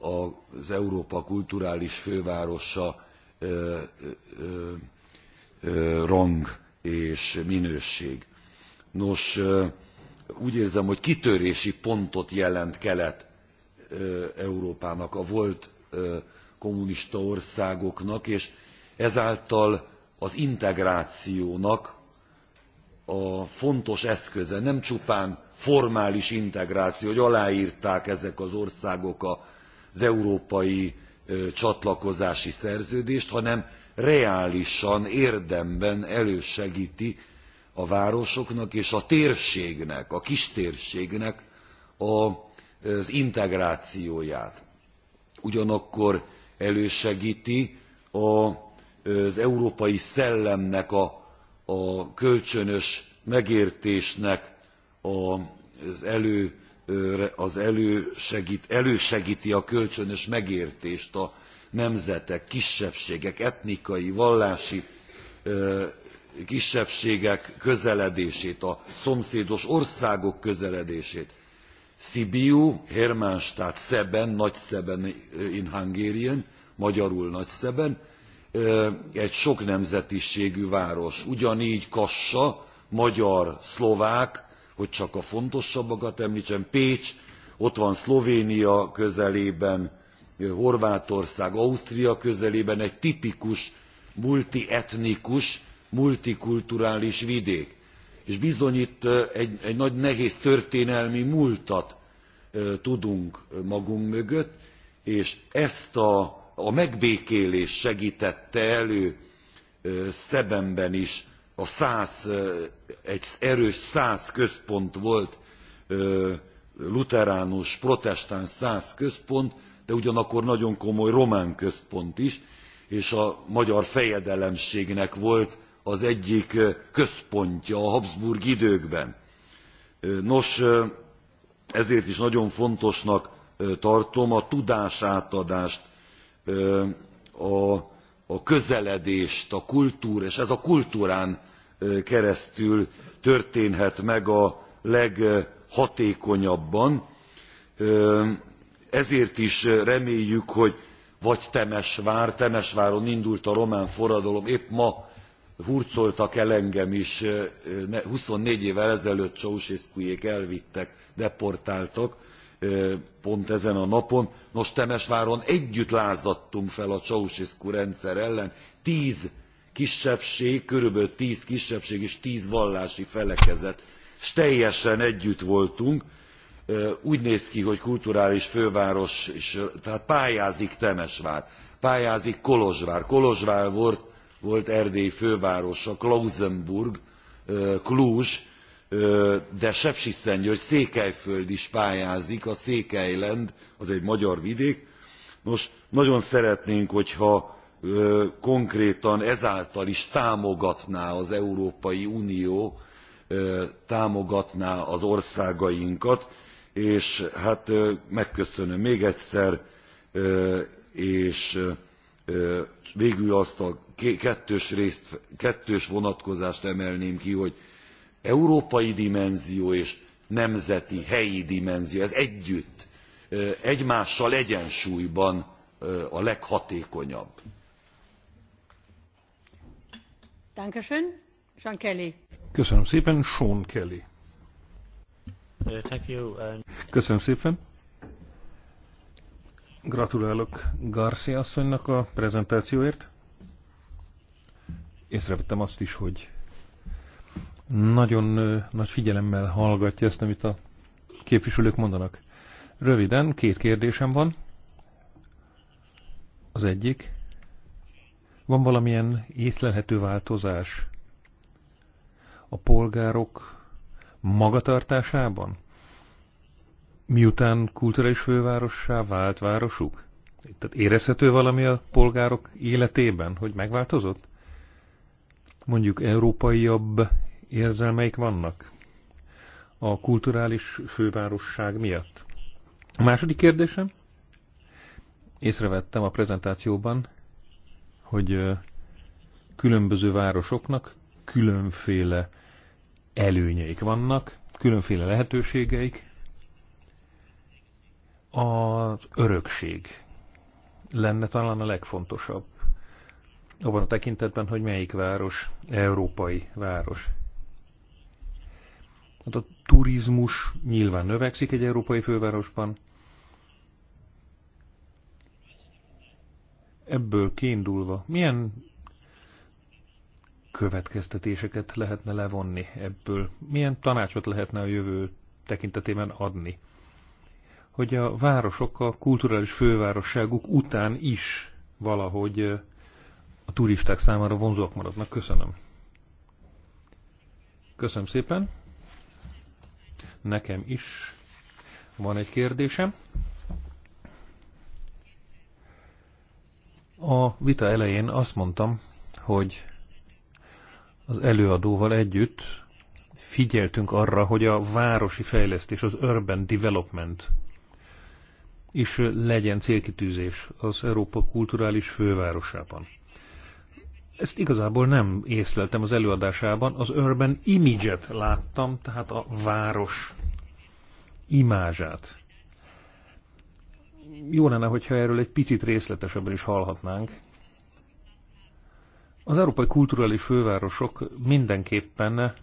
az Európa kulturális fővárosa rang és minőség. Nos, úgy érzem, hogy kitörési pontot jelent Kelet-Európának a volt kommunista országoknak, és ezáltal az integrációnak a fontos eszköze nem csupán formális integráció hogy alárták ezek az országok az európai csatlakozási szerződést hanem reálisan érdemben elősegti a városoknak és a térségnek a kistérségnek az integrációját. ugyanakkor elősegti az európai szellemnek a, a kölcsönös megértésnek az, elő, az elősegít, elősegíti a kölcsönös megértést a nemzetek, kisebbségek, etnikai, vallási kisebbségek közeledését, a szomszédos országok közeledését. Sibiu, Hermannstadt, Szeben, Szeben in Hungarian, magyarul Szeben, egy sok nemzetiségű város. Ugyanígy Kassa, magyar, szlovák, hogy csak a fontosabbakat emltsem pécs ott van szlovénia közelében horvátország ausztria közelében egy tipikus multietnikus multikulturális vidék és bizony itt egy, egy nagy nehéz történelmi múltat tudunk magunk mögött és ezt a, a megbékélés segtette elő szebenben is a száz, egy erős száz központ volt, luteránus, protestáns száz központ, de ugyanakkor nagyon komoly román központ is, és a magyar fejedelemségnek volt az egyik központja a Habsburg időkben. Nos, ezért is nagyon fontosnak tartom a tudásátadást a a közeledést a kultúr és ez a kultúrán keresztül történhet meg a leghatékonyabban ezért is reméljük hogy vagy temesvár temesváron indult a román forradalom épp ma hurcoltak el engem is twenty four évvel ezelőtt ceausescuék elvittek deportáltak pont ezen a napon nos temesváron együtt lázadtunk fel a ceausescu rendszer ellen tz kisebbség körülbelül tz kisebbség és tz vallási felekezet s teljesen együtt voltunk úgy néz ki hogy kulturális főváros és tehát pályázik temesvár pályázik kolozsvár kolozsvár volt, volt erdély fővárosa klauzenburg cluj de sepsiszentgyörgy székelyföld is pályázik a székelyland az egy magyar vidék nos nagyon szeretnénk hogyha konkrétan ezáltal is támogatná az európai unió támogatná az országainkat és hát megköszönöm még egyszer és végül azt a kettős, részt, kettős vonatkozást emelném ki hogy európai dimenzió és nemzeti helyi dimenzió ez együtt egymással egyensúlyban a leghatékonyabb.
Köszönöm
szépen, Sean Kelly. Uh, Köszönöm szépen. Gratulálok Garcia asszonynak a prezentációért. Észrevettem azt is, hogy nagyon nagy figyelemmel hallgatja ezt, amit a képviselők mondanak. Röviden, két kérdésem van. Az egyik, van valamilyen észlelhető változás a polgárok magatartásában? Miután kulturális fővárossá vált városuk? Tehát érezhető valami a polgárok életében, hogy megváltozott? Mondjuk európaiabb érzelmeik vannak a kulturális fővárosság miatt? A második kérdésem, észrevettem a prezentációban, hogy különböző városoknak különféle előnyeik vannak, különféle lehetőségeik. Az örökség lenne talán a legfontosabb abban a tekintetben, hogy melyik város európai város. Hát a turizmus nyilván növekszik egy európai fővárosban. Ebből kiindulva, milyen következtetéseket lehetne levonni ebből? Milyen tanácsot lehetne a jövő tekintetében adni? Hogy a városok a kulturális fővárosságuk után is valahogy a turisták számára vonzóak maradnak. Köszönöm. Köszönöm szépen. Nekem is van egy kérdésem. A vita elején azt mondtam, hogy az előadóval együtt figyeltünk arra, hogy a városi fejlesztés, az urban development is legyen célkitűzés az Európa kulturális fővárosában. Ezt igazából nem észleltem az előadásában, az urban image-et láttam, tehát a város imázsát. Jó lenne, hogyha erről egy picit részletesebben is hallhatnánk. Az európai kulturális fővárosok mindenképpen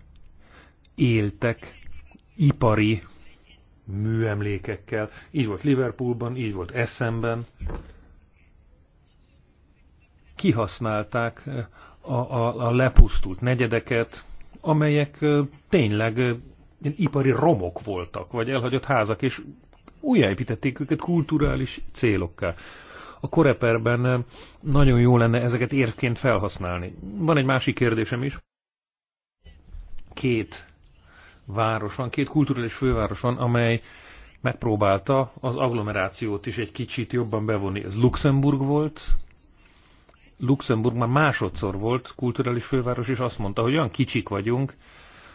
éltek ipari műemlékekkel. Így volt Liverpoolban, így volt Essenben kihasználták eh, a, a, a lepusztult negyedeket, amelyek eh, tényleg eh, ipari romok voltak, vagy elhagyott házak, és újjáépítették őket kulturális célokká. A koreperben nagyon jó lenne ezeket érvként felhasználni. Van egy másik kérdésem is. Két város van, két kulturális főváros van, amely megpróbálta az agglomerációt is egy kicsit jobban bevonni. Ez Luxemburg volt, Luxemburg már másodszor volt kulturális főváros, és azt mondta, hogy olyan kicsik vagyunk,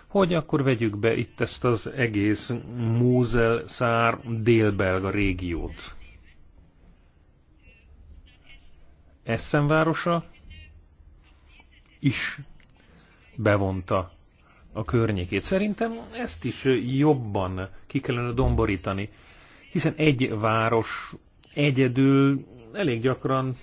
hogy akkor vegyük be itt ezt az egész Mózel szár délbelga régiót. Essen városa is bevonta a környékét. Szerintem ezt is jobban ki kellene domborítani, hiszen egy város egyedül elég gyakran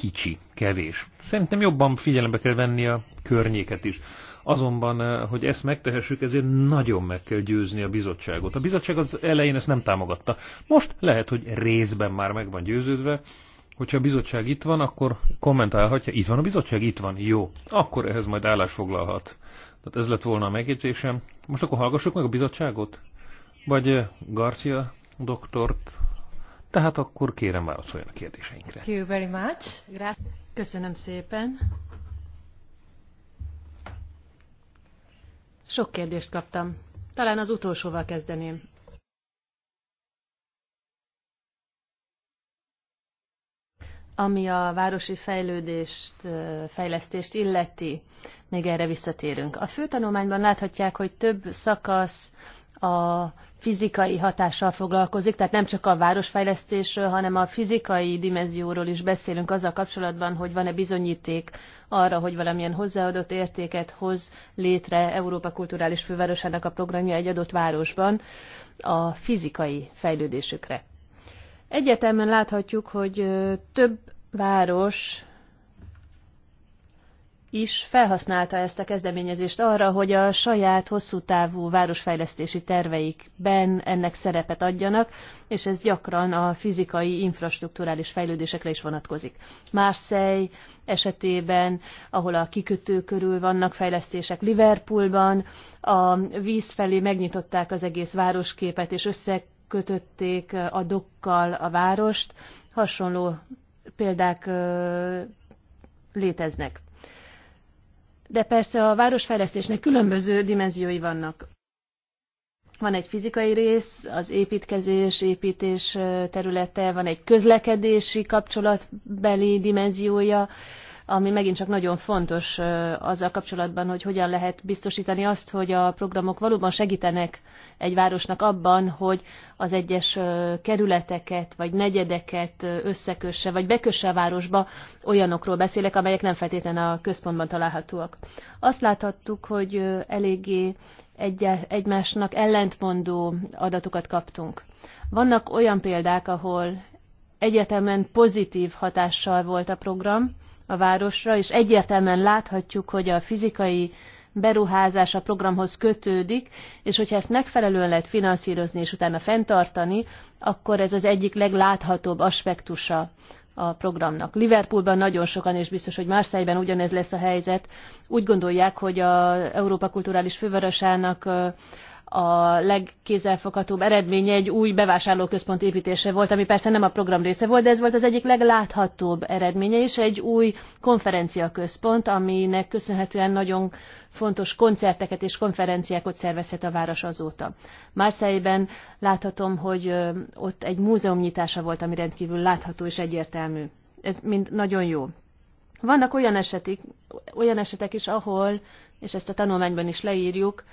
kicsi, kevés. Szerintem jobban figyelembe kell venni a környéket is. Azonban, eh, hogy ezt megtehessük, ezért nagyon meg kell győzni a bizottságot. A bizottság az elején ezt nem támogatta. Most lehet, hogy részben már meg van győződve, hogyha a bizottság itt van, akkor kommentálhatja, itt van a bizottság, itt van, jó. Akkor ehhez majd állás foglalhat. Tehát ez lett volna a megjegyzésem. Most akkor hallgassuk meg a bizottságot? Vagy eh, Garcia doktort? Tehát akkor kérem válaszoljon a kérdéseinkre. Thank
you very much. Köszönöm szépen. Sok kérdést kaptam. Talán az utolsóval kezdeném. Ami a városi fejlődést, fejlesztést illeti, még erre visszatérünk. A főtanulmányban láthatják, hogy több szakasz a fizikai hatással foglalkozik, tehát nem csak a városfejlesztésről, hanem a fizikai dimenzióról is beszélünk azzal kapcsolatban, hogy van-e bizonyíték arra, hogy valamilyen hozzáadott értéket hoz létre Európa Kulturális Fővárosának a programja egy adott városban a fizikai fejlődésükre. Egyetemen láthatjuk, hogy több város is felhasználta ezt a kezdeményezést arra, hogy a saját hosszú távú városfejlesztési terveikben ennek szerepet adjanak, és ez gyakran a fizikai, infrastruktúrális fejlődésekre is vonatkozik. Marseille esetében, ahol a kikötő körül vannak fejlesztések, Liverpoolban a víz felé megnyitották az egész városképet, és összekötötték a dokkal a várost. Hasonló példák léteznek de persze a városfejlesztésnek különböző dimenziói vannak. Van egy fizikai rész, az építkezés, építés területe, van egy közlekedési kapcsolatbeli dimenziója, ami megint csak nagyon fontos azzal kapcsolatban, hogy hogyan lehet biztosítani azt, hogy a programok valóban segítenek egy városnak abban, hogy az egyes kerületeket vagy negyedeket összekösse, vagy bekösse a városba, olyanokról beszélek, amelyek nem feltétlenül a központban találhatóak. Azt láthattuk, hogy eléggé egy egymásnak ellentmondó adatokat kaptunk. Vannak olyan példák, ahol egyetemen pozitív hatással volt a program, a városra, és egyértelműen láthatjuk, hogy a fizikai beruházás a programhoz kötődik, és hogyha ezt megfelelően lehet finanszírozni és utána fenntartani, akkor ez az egyik legláthatóbb aspektusa a programnak. Liverpoolban nagyon sokan, és biztos, hogy Marseille-ben ugyanez lesz a helyzet, úgy gondolják, hogy az Európa Kulturális Fővárosának a legkézzelfoghatóbb eredménye egy új bevásárlóközpont építése volt, ami persze nem a program része volt, de ez volt az egyik legláthatóbb eredménye, és egy új konferenciaközpont, aminek köszönhetően nagyon fontos koncerteket és konferenciákat szervezhet a város azóta. Márszájében láthatom, hogy ott egy múzeum nyitása volt, ami rendkívül látható és egyértelmű. Ez mind nagyon jó. Vannak olyan, esetik, olyan esetek is, ahol, és ezt a tanulmányban is leírjuk,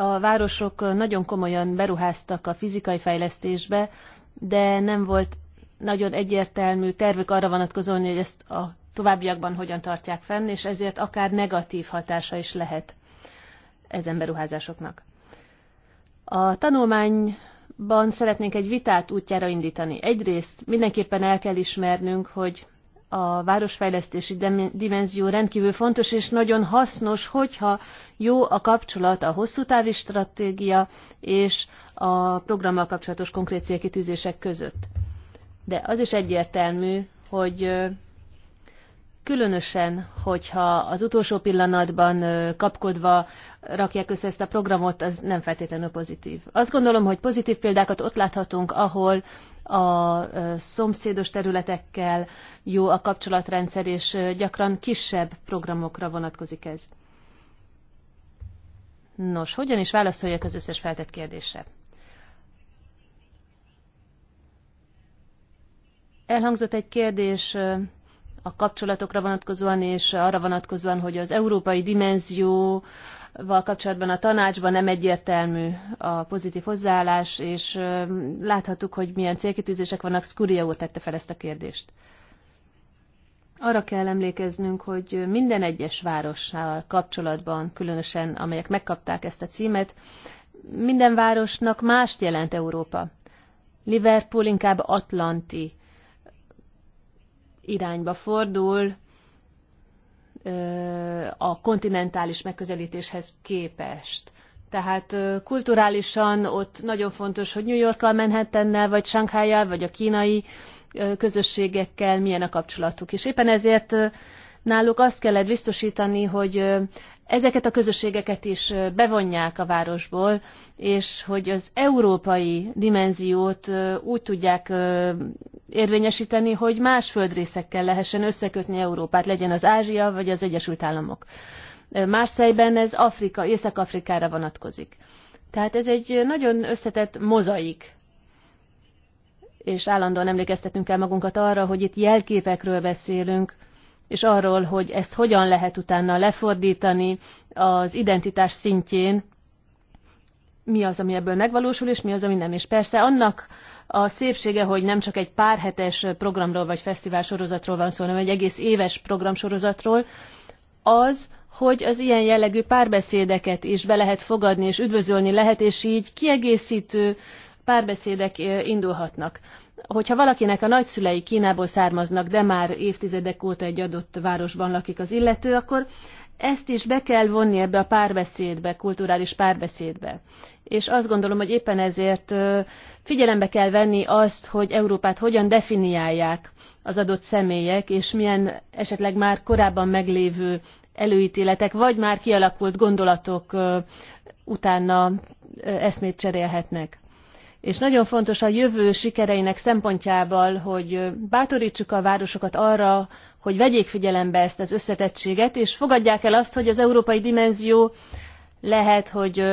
a városok nagyon komolyan beruháztak a fizikai fejlesztésbe, de nem volt nagyon egyértelmű tervük arra vonatkozóan, hogy ezt a továbbiakban hogyan tartják fenn, és ezért akár negatív hatása is lehet ezen beruházásoknak. A tanulmányban szeretnénk egy vitát útjára indítani. Egyrészt mindenképpen el kell ismernünk, hogy a városfejlesztési dimenzió rendkívül fontos és nagyon hasznos, hogyha jó a kapcsolat a hosszú távi stratégia és a programmal kapcsolatos konkrét célkitűzések között. De az is egyértelmű, hogy Különösen, hogyha az utolsó pillanatban kapkodva rakják össze ezt a programot, az nem feltétlenül pozitív. Azt gondolom, hogy pozitív példákat ott láthatunk, ahol a szomszédos területekkel jó a kapcsolatrendszer, és gyakran kisebb programokra vonatkozik ez. Nos, hogyan is válaszoljak az összes feltett kérdésre? Elhangzott egy kérdés a kapcsolatokra vonatkozóan és arra vonatkozóan, hogy az európai dimenzió val kapcsolatban a tanácsban nem egyértelmű a pozitív hozzáállás, és láthattuk, hogy milyen célkitűzések vannak. Skuria úr tette fel ezt a kérdést. Arra kell emlékeznünk, hogy minden egyes várossal kapcsolatban, különösen amelyek megkapták ezt a címet, minden városnak mást jelent Európa. Liverpool inkább atlanti irányba fordul a kontinentális megközelítéshez képest. Tehát kulturálisan ott nagyon fontos, hogy New Yorkkal, Manhattannel, vagy Shanghai-jal, vagy a kínai közösségekkel milyen a kapcsolatuk. És éppen ezért náluk azt kellett biztosítani, hogy ezeket a közösségeket is bevonják a városból, és hogy az európai dimenziót úgy tudják érvényesíteni, hogy más földrészekkel lehessen összekötni Európát, legyen az Ázsia vagy az Egyesült Államok. Márszájban ez Afrika, Észak-Afrikára vonatkozik. Tehát ez egy nagyon összetett mozaik, és állandóan emlékeztetünk el magunkat arra, hogy itt jelképekről beszélünk, és arról, hogy ezt hogyan lehet utána lefordítani az identitás szintjén, mi az, ami ebből megvalósul, és mi az, ami nem. És persze annak a szépsége, hogy nem csak egy pár hetes programról vagy fesztivál sorozatról van szó, hanem egy egész éves programsorozatról, az, hogy az ilyen jellegű párbeszédeket is be lehet fogadni és üdvözölni lehet, és így kiegészítő párbeszédek eh, indulhatnak hogyha valakinek a nagyszülei Kínából származnak, de már évtizedek óta egy adott városban lakik az illető, akkor ezt is be kell vonni ebbe a párbeszédbe, kulturális párbeszédbe. És azt gondolom, hogy éppen ezért figyelembe kell venni azt, hogy Európát hogyan definiálják az adott személyek, és milyen esetleg már korábban meglévő előítéletek, vagy már kialakult gondolatok utána eszmét cserélhetnek és nagyon fontos a jövő sikereinek szempontjából, hogy bátorítsuk a városokat arra, hogy vegyék figyelembe ezt az összetettséget, és fogadják el azt, hogy az európai dimenzió lehet, hogy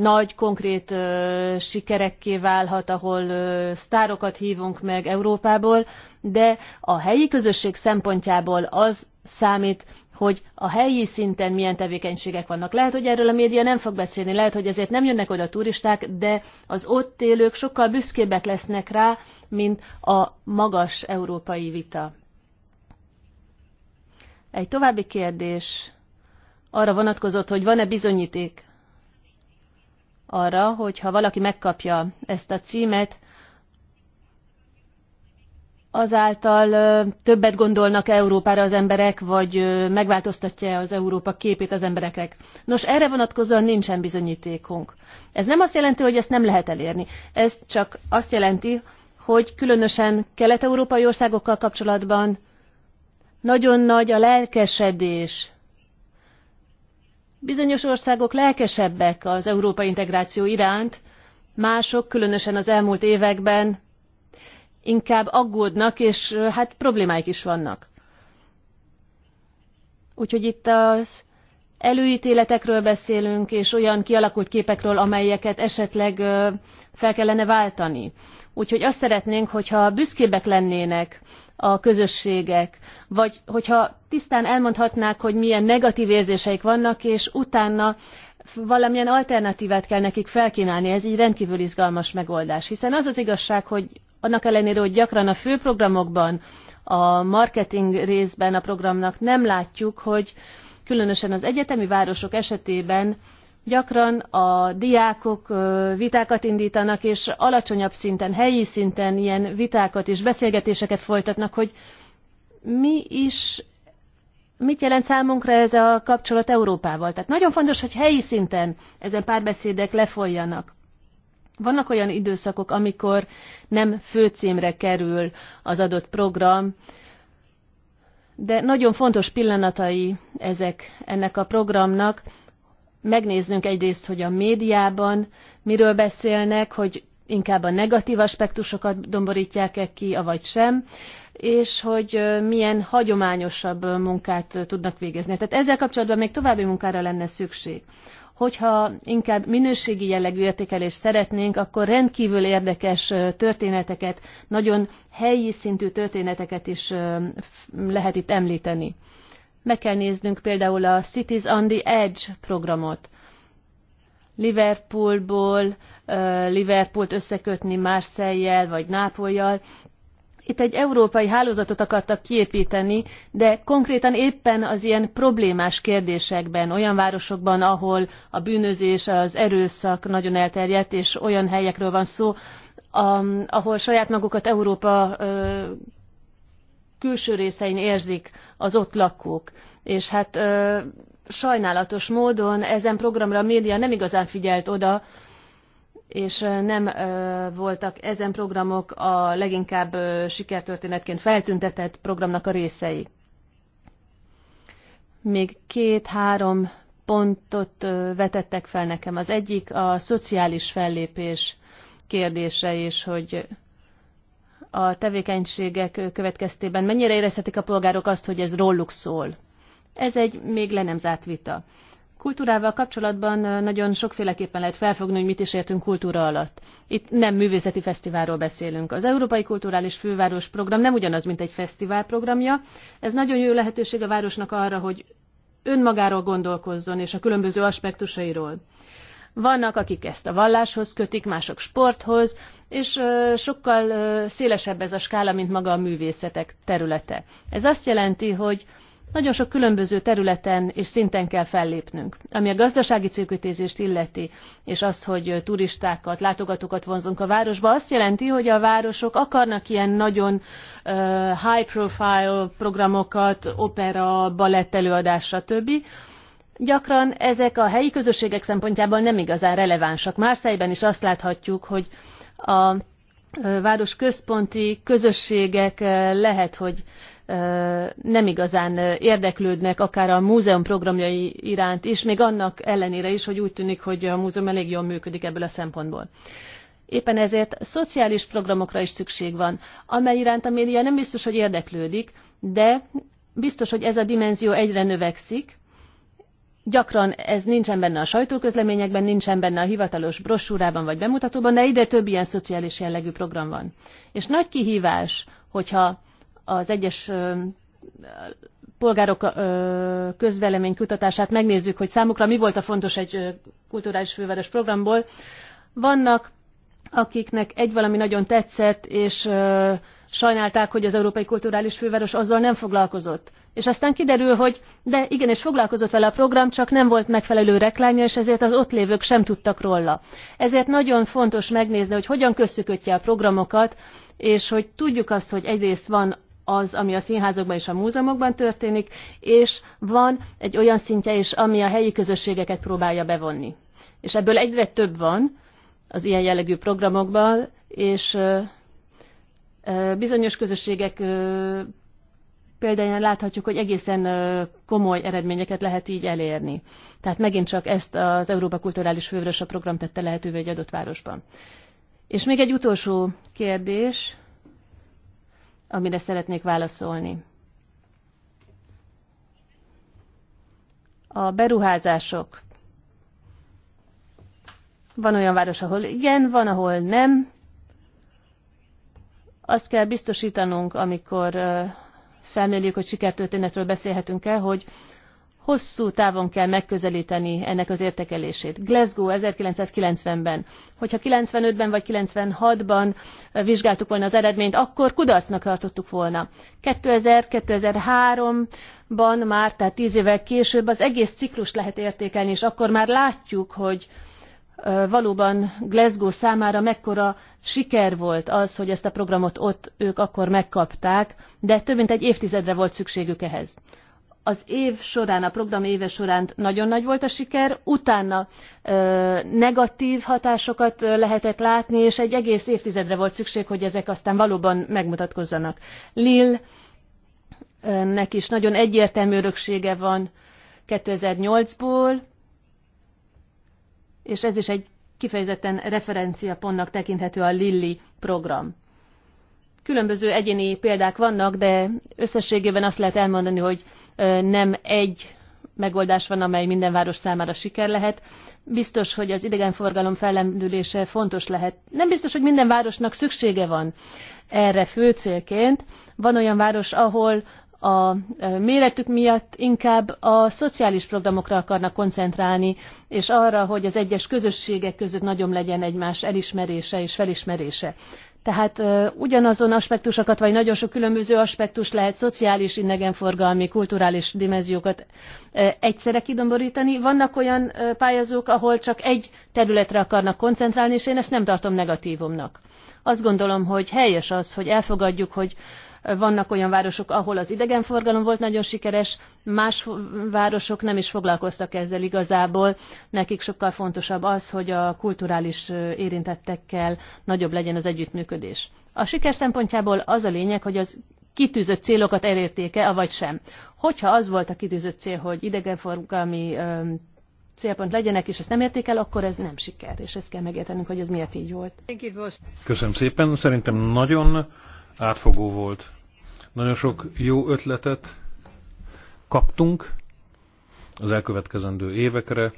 nagy, konkrét ö, sikerekké válhat, ahol ö, sztárokat hívunk meg Európából, de a helyi közösség szempontjából az számít, hogy a helyi szinten milyen tevékenységek vannak. Lehet, hogy erről a média nem fog beszélni, lehet, hogy ezért nem jönnek oda a turisták, de az ott élők sokkal büszkébbek lesznek rá, mint a magas európai vita. Egy további kérdés arra vonatkozott, hogy van-e bizonyíték arra, hogy ha valaki megkapja ezt a címet, azáltal többet gondolnak Európára az emberek, vagy megváltoztatja az Európa képét az embereknek. Nos, erre vonatkozóan nincsen bizonyítékunk. Ez nem azt jelenti, hogy ezt nem lehet elérni. Ez csak azt jelenti, hogy különösen kelet-európai országokkal kapcsolatban nagyon nagy a lelkesedés Bizonyos országok lelkesebbek az európai integráció iránt, mások, különösen az elmúlt években inkább aggódnak, és hát problémáik is vannak. Úgyhogy itt az előítéletekről beszélünk, és olyan kialakult képekről, amelyeket esetleg fel kellene váltani. Úgyhogy azt szeretnénk, hogyha büszkébbek lennének a közösségek, vagy hogyha tisztán elmondhatnák, hogy milyen negatív érzéseik vannak, és utána valamilyen alternatívát kell nekik felkínálni. Ez így rendkívül izgalmas megoldás, hiszen az az igazság, hogy annak ellenére, hogy gyakran a főprogramokban, a marketing részben a programnak nem látjuk, hogy különösen az egyetemi városok esetében gyakran a diákok vitákat indítanak, és alacsonyabb szinten, helyi szinten ilyen vitákat és beszélgetéseket folytatnak, hogy mi is, mit jelent számunkra ez a kapcsolat Európával. Tehát nagyon fontos, hogy helyi szinten ezen párbeszédek lefolyjanak. Vannak olyan időszakok, amikor nem főcímre kerül az adott program, de nagyon fontos pillanatai ezek ennek a programnak, megnéznünk egyrészt, hogy a médiában miről beszélnek, hogy inkább a negatív aspektusokat domborítják-e ki, avagy sem, és hogy milyen hagyományosabb munkát tudnak végezni. Tehát ezzel kapcsolatban még további munkára lenne szükség. Hogyha inkább minőségi jellegű értékelést szeretnénk, akkor rendkívül érdekes történeteket, nagyon helyi szintű történeteket is lehet itt említeni. Meg kell néznünk például a Cities on the Edge programot. Liverpoolból, Liverpoolt összekötni marseille vagy Nápolyjal. Itt egy európai hálózatot akartak kiépíteni, de konkrétan éppen az ilyen problémás kérdésekben, olyan városokban, ahol a bűnözés, az erőszak nagyon elterjedt, és olyan helyekről van szó, ahol saját magukat Európa külső részein érzik az ott lakók. És hát ö, sajnálatos módon ezen programra a média nem igazán figyelt oda, és nem ö, voltak ezen programok a leginkább ö, sikertörténetként feltüntetett programnak a részei. Még két-három pontot ö, vetettek fel nekem. Az egyik a szociális fellépés kérdése, és hogy a tevékenységek következtében mennyire érezhetik a polgárok azt, hogy ez róluk szól. Ez egy még le nem zárt vita. Kultúrával kapcsolatban nagyon sokféleképpen lehet felfogni, hogy mit is értünk kultúra alatt. Itt nem művészeti fesztiválról beszélünk. Az Európai Kulturális Főváros program nem ugyanaz, mint egy fesztivál programja. Ez nagyon jó lehetőség a városnak arra, hogy önmagáról gondolkozzon és a különböző aspektusairól. Vannak, akik ezt a valláshoz kötik, mások sporthoz, és sokkal szélesebb ez a skála, mint maga a művészetek területe. Ez azt jelenti, hogy nagyon sok különböző területen és szinten kell fellépnünk. Ami a gazdasági célkötézést illeti, és azt, hogy turistákat, látogatókat vonzunk a városba, azt jelenti, hogy a városok akarnak ilyen nagyon uh, high profile programokat, opera, balett előadásra, többi gyakran ezek a helyi közösségek szempontjából nem igazán relevánsak. Márszájban is azt láthatjuk, hogy a város központi közösségek lehet, hogy nem igazán érdeklődnek akár a múzeum programjai iránt is, még annak ellenére is, hogy úgy tűnik, hogy a múzeum elég jól működik ebből a szempontból. Éppen ezért szociális programokra is szükség van, amely iránt a média nem biztos, hogy érdeklődik, de biztos, hogy ez a dimenzió egyre növekszik, Gyakran ez nincsen benne a sajtóközleményekben, nincsen benne a hivatalos brossúrában vagy bemutatóban, de ide több ilyen szociális jellegű program van. És nagy kihívás, hogyha az egyes polgárok közvelemény kutatását megnézzük, hogy számukra mi volt a fontos egy kulturális főváros programból. Vannak, akiknek egy valami nagyon tetszett, és sajnálták, hogy az Európai Kulturális Főváros azzal nem foglalkozott és aztán kiderül, hogy de igenis foglalkozott vele a program, csak nem volt megfelelő reklámja, és ezért az ott lévők sem tudtak róla. Ezért nagyon fontos megnézni, hogy hogyan köszökötje a programokat, és hogy tudjuk azt, hogy egyrészt van az, ami a színházokban és a múzeumokban történik, és van egy olyan szintje is, ami a helyi közösségeket próbálja bevonni. És ebből egyre több van az ilyen jellegű programokban, és bizonyos közösségek példáján láthatjuk, hogy egészen komoly eredményeket lehet így elérni. Tehát megint csak ezt az Európa Kulturális Fővörös a program tette lehetővé egy adott városban. És még egy utolsó kérdés, amire szeretnék válaszolni. A beruházások. Van olyan város, ahol igen, van, ahol nem. Azt kell biztosítanunk, amikor felmérjük, hogy sikertörténetről beszélhetünk el, hogy hosszú távon kell megközelíteni ennek az értékelését. Glasgow 1990-ben. Hogyha 95-ben vagy 96-ban vizsgáltuk volna az eredményt, akkor kudarcnak tartottuk volna. 2000-2003-ban már, tehát 10 évvel később az egész ciklust lehet értékelni, és akkor már látjuk, hogy valóban Glasgow számára mekkora siker volt az, hogy ezt a programot ott ők akkor megkapták, de több mint egy évtizedre volt szükségük ehhez. Az év során, a program éve során nagyon nagy volt a siker, utána ö, negatív hatásokat ö, lehetett látni, és egy egész évtizedre volt szükség, hogy ezek aztán valóban megmutatkozzanak. Lille nek is nagyon egyértelmű öröksége van 2008-ból, és ez is egy kifejezetten referenciapontnak tekinthető a Lilli program. Különböző egyéni példák vannak, de összességében azt lehet elmondani, hogy nem egy megoldás van, amely minden város számára siker lehet. Biztos, hogy az idegenforgalom fellendülése fontos lehet. Nem biztos, hogy minden városnak szüksége van erre fő célként. Van olyan város, ahol a méretük miatt inkább a szociális programokra akarnak koncentrálni, és arra, hogy az egyes közösségek között nagyon legyen egymás elismerése és felismerése. Tehát ugyanazon aspektusokat, vagy nagyon sok különböző aspektus lehet szociális, idegenforgalmi, kulturális dimenziókat egyszerre kidomborítani. Vannak olyan pályázók, ahol csak egy területre akarnak koncentrálni, és én ezt nem tartom negatívumnak. Azt gondolom, hogy helyes az, hogy elfogadjuk, hogy vannak olyan városok, ahol az idegenforgalom volt nagyon sikeres, más városok nem is foglalkoztak ezzel igazából. Nekik sokkal fontosabb az, hogy a kulturális érintettekkel nagyobb legyen az együttműködés. A siker szempontjából az a lényeg, hogy az kitűzött célokat elértéke, e avagy sem. Hogyha az volt a kitűzött cél, hogy idegenforgalmi célpont legyenek, és ezt nem érték el, akkor ez nem siker, és ezt kell megértenünk, hogy ez miért így volt.
Köszönöm szépen, szerintem nagyon átfogó volt. Nagyon sok jó ötletet kaptunk az elkövetkezendő évekre.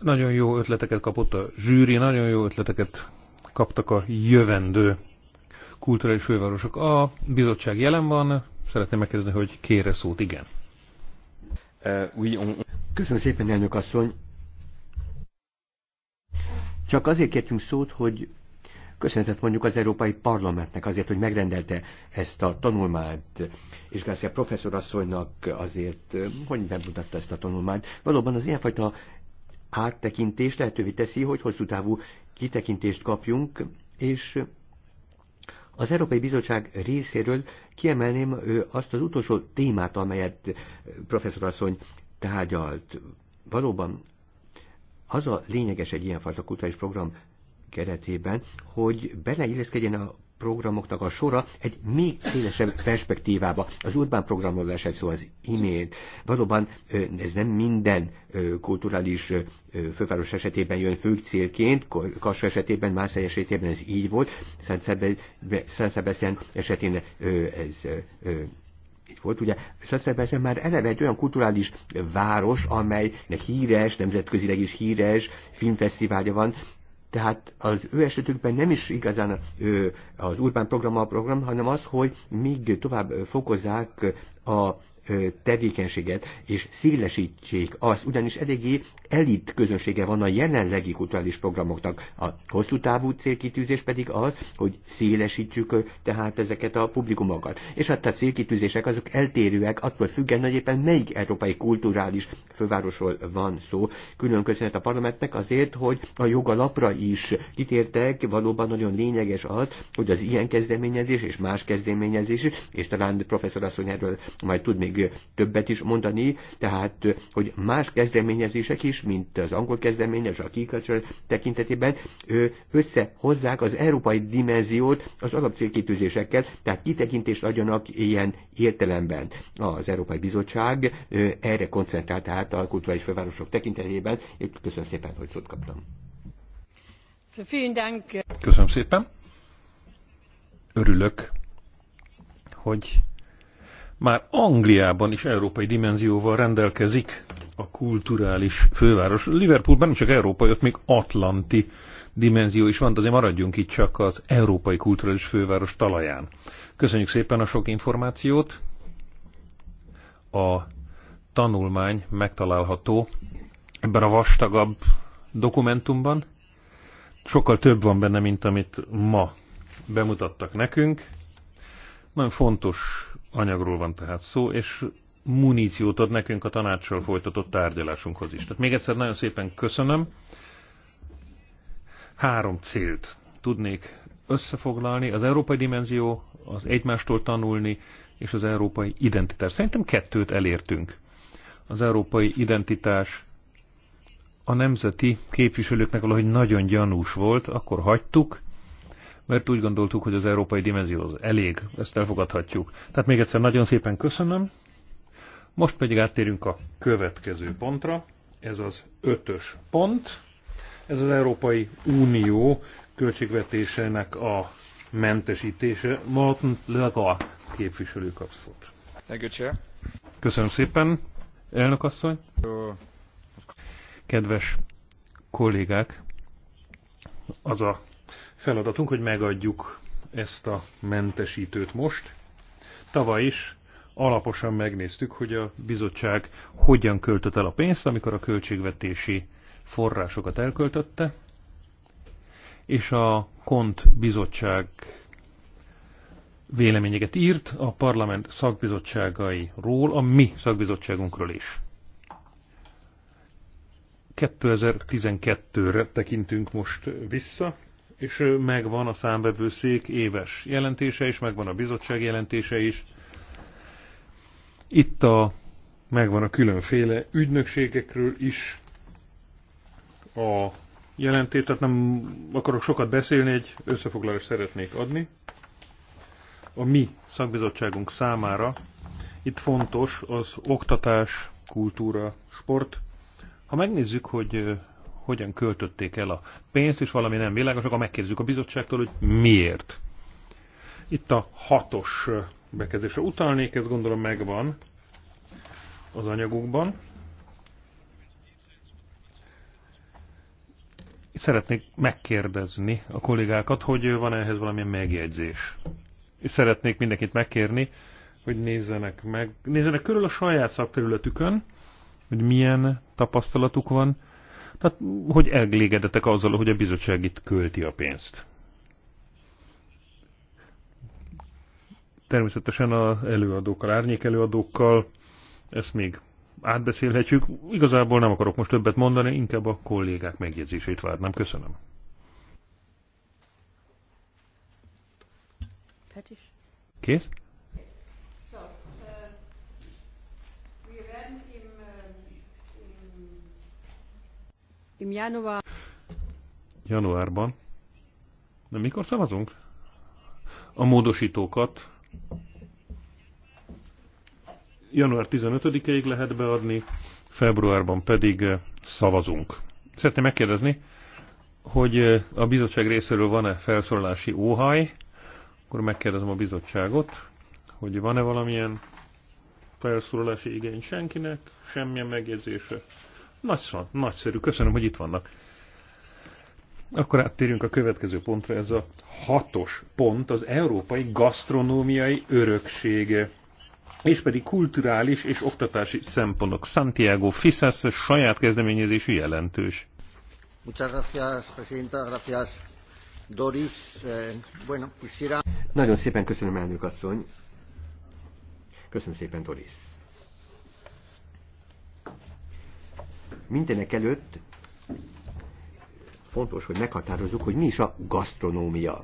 Nagyon jó ötleteket kapott a zsűri, nagyon jó ötleteket kaptak a jövendő kulturális fővárosok. A bizottság jelen van, szeretném megkérdezni, hogy kére
szót, igen. Uh, Köszönöm szépen, elnök asszony. Csak azért kértünk szót, hogy köszönetet mondjuk az Európai Parlamentnek azért, hogy megrendelte ezt a tanulmányt, és Gászia professzor asszonynak azért, hogy bemutatta ezt a tanulmányt. Valóban az ilyenfajta áttekintés lehetővé teszi, hogy hosszú távú kitekintést kapjunk, és az Európai Bizottság részéről kiemelném azt az utolsó témát, amelyet professzor asszony tárgyalt. Valóban az a lényeges egy ilyenfajta kulturális program keretében, hogy beleilleszkedjen a programoknak a sora egy még szélesebb perspektívába. Az urbán programról esett szó az imént. Valóban ez nem minden kulturális főváros esetében jön fő célként, Kassa esetében, más esetében ez így volt, Szent Szebesztián esetén ez így volt, ugye, és Szaszerbezen már eleve egy olyan kulturális város, amelynek híres, nemzetközileg is híres filmfesztiválja van, tehát az ő esetükben nem is igazán az urbán program a program, hanem az, hogy még tovább fokozzák a tevékenységet, és szélesítsék azt, ugyanis eléggé elit közönsége van a jelenlegi kulturális programoknak. A hosszú távú célkitűzés pedig az, hogy szélesítsük tehát ezeket a publikumokat. És hát a célkitűzések azok eltérőek, attól függen, hogy éppen melyik európai kulturális fővárosról van szó. Külön köszönet a parlamentnek azért, hogy a jogalapra is kitértek, valóban nagyon lényeges az, hogy az ilyen kezdeményezés és más kezdeményezés, és talán professzor asszony erről majd tud még még többet is mondani, tehát, hogy más kezdeményezések is, mint az angol kezdeményezés, a kikacsor tekintetében összehozzák az európai dimenziót az alapcélkítőzésekkel, tehát kitekintést adjanak ilyen értelemben. Az Európai Bizottság erre koncentrál, tehát a kulturális fővárosok tekintetében. köszönöm szépen, hogy szót kaptam. Köszönöm szépen.
Örülök, hogy már Angliában is európai dimenzióval rendelkezik a kulturális főváros. Liverpoolban nem csak európai, ott még atlanti dimenzió is van, de azért maradjunk itt csak az európai kulturális főváros talaján. Köszönjük szépen a sok információt. A tanulmány megtalálható ebben a vastagabb dokumentumban. Sokkal több van benne, mint amit ma bemutattak nekünk. Nagyon fontos anyagról van tehát szó, és muníciót ad nekünk a tanácssal folytatott tárgyalásunkhoz is. Tehát még egyszer nagyon szépen köszönöm. Három célt tudnék összefoglalni. Az európai dimenzió, az egymástól tanulni, és az európai identitás. Szerintem kettőt elértünk. Az európai identitás a nemzeti képviselőknek valahogy nagyon gyanús volt, akkor hagytuk, mert úgy gondoltuk, hogy az európai dimenzió az elég, ezt elfogadhatjuk. Tehát még egyszer nagyon szépen köszönöm. Most pedig áttérünk a következő pontra, ez az ötös pont. Ez az Európai Unió költségvetésének a mentesítése. Martin Laga képviselő kapszott. Köszönöm szépen, elnök asszony. Kedves kollégák, az a feladatunk, hogy megadjuk ezt a mentesítőt most. Tavaly is alaposan megnéztük, hogy a bizottság hogyan költött el a pénzt, amikor a költségvetési forrásokat elköltötte, és a KONT bizottság véleményeket írt a parlament szakbizottságairól, a mi szakbizottságunkról is. 2012-re tekintünk most vissza, és megvan a számbevőszék éves jelentése is, megvan a bizottság jelentése is. Itt a, megvan a különféle ügynökségekről is a jelentés, tehát nem akarok sokat beszélni, egy összefoglalást szeretnék adni. A mi szakbizottságunk számára itt fontos az oktatás, kultúra, sport. Ha megnézzük, hogy hogyan költötték el a pénzt, és valami nem világos, akkor megkérdezzük a bizottságtól, hogy miért. Itt a hatos bekezdésre utalnék, ez gondolom megvan az anyagukban. Szeretnék megkérdezni a kollégákat, hogy van -e ehhez valamilyen megjegyzés. És szeretnék mindenkit megkérni, hogy nézzenek meg, nézzenek körül a saját szakterületükön, hogy milyen tapasztalatuk van, tehát, hogy elégedetek azzal, hogy a bizottság itt költi a pénzt. Természetesen az előadókkal, árnyék előadókkal ezt még átbeszélhetjük. Igazából nem akarok most többet mondani, inkább a kollégák megjegyzését várnám. Köszönöm. Kész? Im Januar... Januárban. De mikor szavazunk? A módosítókat január 15-ig lehet beadni, februárban pedig eh, szavazunk. Szeretném megkérdezni, hogy eh, a bizottság részéről van-e felszólalási óhaj, akkor megkérdezem a bizottságot, hogy van-e valamilyen felszólalási igény senkinek, semmilyen megjegyzése. Nagyszerű, nagyszerű, köszönöm, hogy itt vannak. Akkor áttérjünk a következő pontra, ez a hatos pont, az európai gasztronómiai öröksége és pedig kulturális és oktatási szempontok. Santiago Fisas saját kezdeményezésű jelentős.
Muchas gracias, presidenta, gracias. Doris, eh, bueno,
quisiera... Nagyon szépen köszönöm, elnök asszony. Köszönöm szépen, Doris. Mindenek előtt fontos, hogy meghatározzuk, hogy mi is a gasztronómia.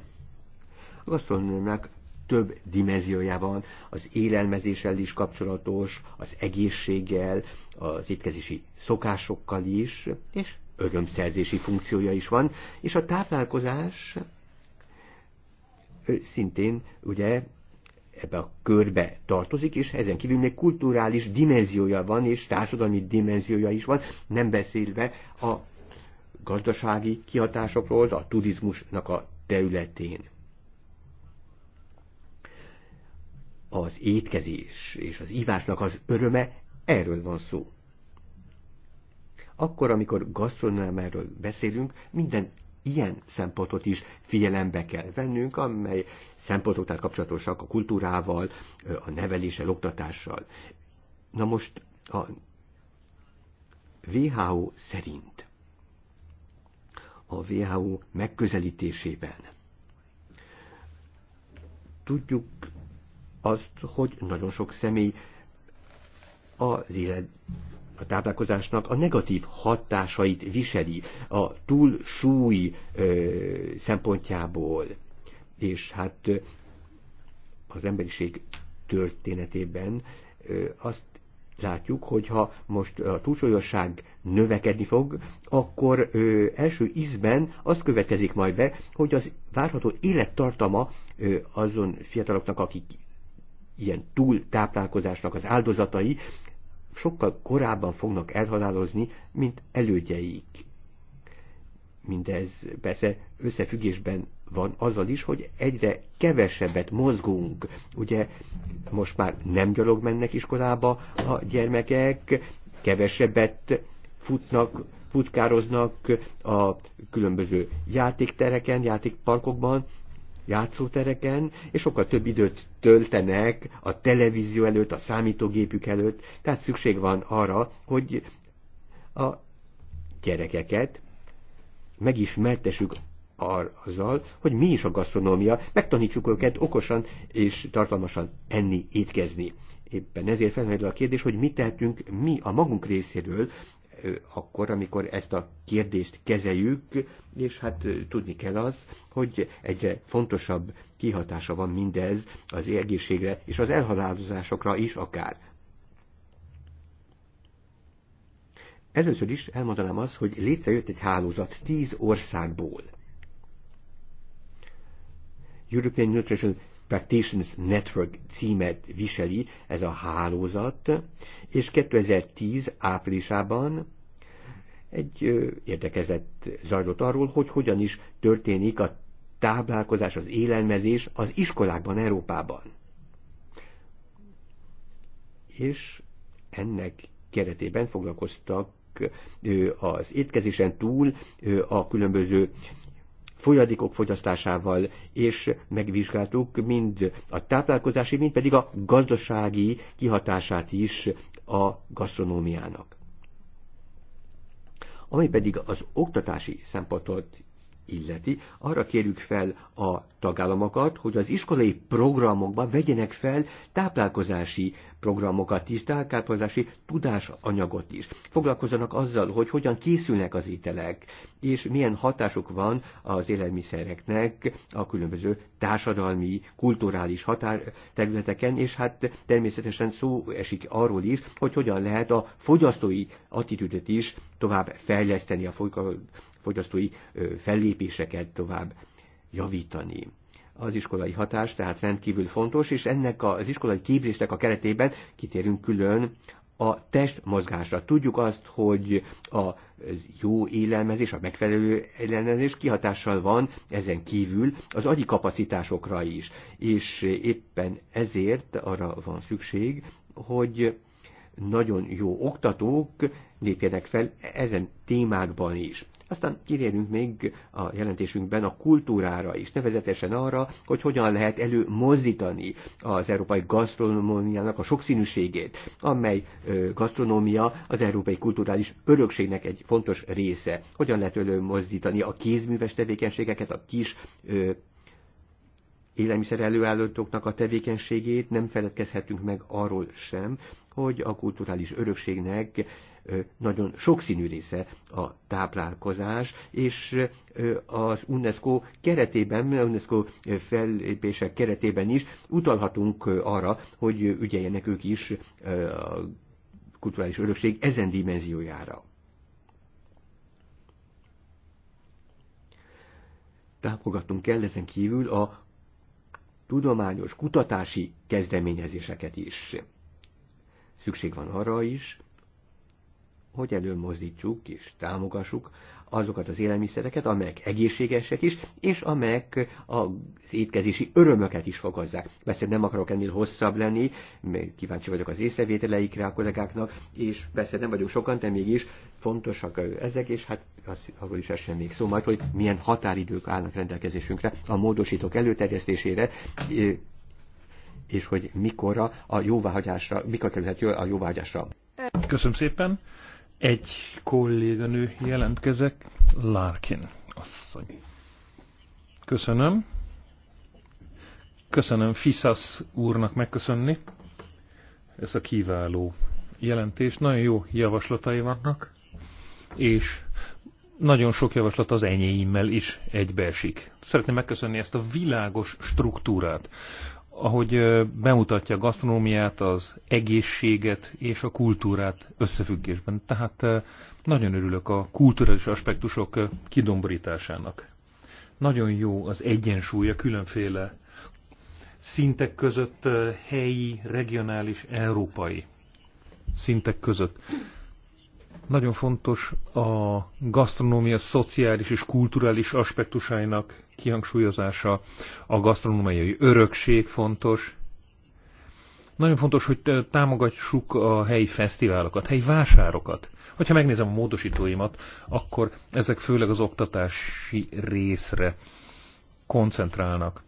A gasztronómiának több dimenziója van, az élelmezéssel is kapcsolatos, az egészséggel, az étkezési szokásokkal is, és örömszerzési funkciója is van, és a táplálkozás szintén ugye ebbe a körbe tartozik, és ezen kívül még kulturális dimenziója van, és társadalmi dimenziója is van, nem beszélve a gazdasági kihatásokról, a turizmusnak a területén. Az étkezés és az ívásnak az öröme, erről van szó. Akkor, amikor gasztronómáról beszélünk, minden ilyen szempontot is figyelembe kell vennünk, amely szempontok tehát kapcsolatosak a kultúrával, a neveléssel, oktatással. Na most a WHO szerint a WHO megközelítésében tudjuk azt, hogy nagyon sok személy az élet a táplálkozásnak a negatív hatásait viseli a túlsúly ö, szempontjából. És hát az emberiség történetében ö, azt látjuk, hogy ha most a túlsúlyosság növekedni fog, akkor ö, első ízben azt következik majd be, hogy az várható élettartama ö, azon fiataloknak, akik ilyen túltáplálkozásnak az áldozatai, sokkal korábban fognak elhalálozni, mint elődjeik. Mindez persze összefüggésben van azzal is, hogy egyre kevesebbet mozgunk. Ugye most már nem gyalog mennek iskolába a gyermekek, kevesebbet futnak, futkároznak a különböző játéktereken, játékparkokban, játszótereken, és sokkal több időt töltenek a televízió előtt, a számítógépük előtt, tehát szükség van arra, hogy a gyerekeket megismertessük azzal, hogy mi is a gasztronómia, megtanítsuk őket okosan és tartalmasan enni, étkezni. Éppen ezért felmerül a kérdés, hogy mit tehetünk mi a magunk részéről akkor, amikor ezt a kérdést kezeljük, és hát tudni kell az, hogy egyre fontosabb kihatása van mindez az egészségre és az elhalálozásokra is akár. Először is elmondanám azt, hogy létrejött egy hálózat tíz országból. European Nutrition Practitioners Network címet viseli ez a hálózat, és 2010 áprilisában egy érdekezett zajlott arról, hogy hogyan is történik a táplálkozás, az élelmezés az iskolákban Európában. És ennek keretében foglalkoztak az étkezésen túl a különböző folyadékok fogyasztásával, és megvizsgáltuk mind a táplálkozási, mind pedig a gazdasági kihatását is a gasztronómiának. Ami pedig az oktatási szempontot illeti, arra kérjük fel a tagállamokat, hogy az iskolai programokban vegyenek fel táplálkozási programokat is, táplálkozási tudásanyagot is. Foglalkozzanak azzal, hogy hogyan készülnek az ételek, és milyen hatásuk van az élelmiszereknek a különböző társadalmi, kulturális határterületeken, és hát természetesen szó esik arról is, hogy hogyan lehet a fogyasztói attitűdöt is tovább fejleszteni a fogyasztói fellépéseket tovább javítani. Az iskolai hatás tehát rendkívül fontos, és ennek az iskolai képzésnek a keretében kitérünk külön a testmozgásra. Tudjuk azt, hogy a jó élelmezés, a megfelelő élelmezés kihatással van ezen kívül az agyi kapacitásokra is. És éppen ezért arra van szükség, hogy nagyon jó oktatók lépjenek fel ezen témákban is. Aztán kivérünk még a jelentésünkben a kultúrára is, nevezetesen arra, hogy hogyan lehet előmozdítani az európai gasztronómiának a sokszínűségét, amely gasztronómia az európai kulturális örökségnek egy fontos része. Hogyan lehet előmozdítani a kézműves tevékenységeket, a kis élelmiszer előállítóknak a tevékenységét, nem feledkezhetünk meg arról sem, hogy a kulturális örökségnek nagyon sokszínű része a táplálkozás, és az UNESCO keretében, UNESCO fellépések keretében is utalhatunk arra, hogy ügyeljenek ők is a kulturális örökség ezen dimenziójára. Támogatnunk kell ezen kívül a tudományos, kutatási kezdeményezéseket is. Szükség van arra is, hogy előmozdítsuk és támogassuk azokat az élelmiszereket, amelyek egészségesek is, és amelyek az étkezési örömöket is fokozzák. Persze nem akarok ennél hosszabb lenni, mert kíváncsi vagyok az észrevételeikre a kollégáknak, és persze nem vagyunk sokan, de mégis fontosak ezek, és hát az, arról is essen még szó majd, hogy milyen határidők állnak rendelkezésünkre a módosítók előterjesztésére, és hogy mikorra a jóváhagyásra, mikor kerülhet a jóváhagyásra.
Köszönöm szépen! Egy kolléganő jelentkezek, Larkin asszony. Köszönöm. Köszönöm Fisasz úrnak megköszönni ez a kiváló jelentés. Nagyon jó javaslatai vannak, és nagyon sok javaslat az enyéimmel is egybeesik. Szeretném megköszönni ezt a világos struktúrát, ahogy bemutatja a gasztronómiát, az egészséget és a kultúrát összefüggésben. Tehát nagyon örülök a kulturális aspektusok kidomborításának. Nagyon jó az egyensúly a különféle szintek között, helyi, regionális, európai szintek között. Nagyon fontos a gasztronómia szociális és kulturális aspektusainak kihangsúlyozása, a gasztronómiai örökség fontos. Nagyon fontos, hogy támogassuk a helyi fesztiválokat, helyi vásárokat. Hogyha megnézem a módosítóimat, akkor ezek főleg az oktatási részre koncentrálnak.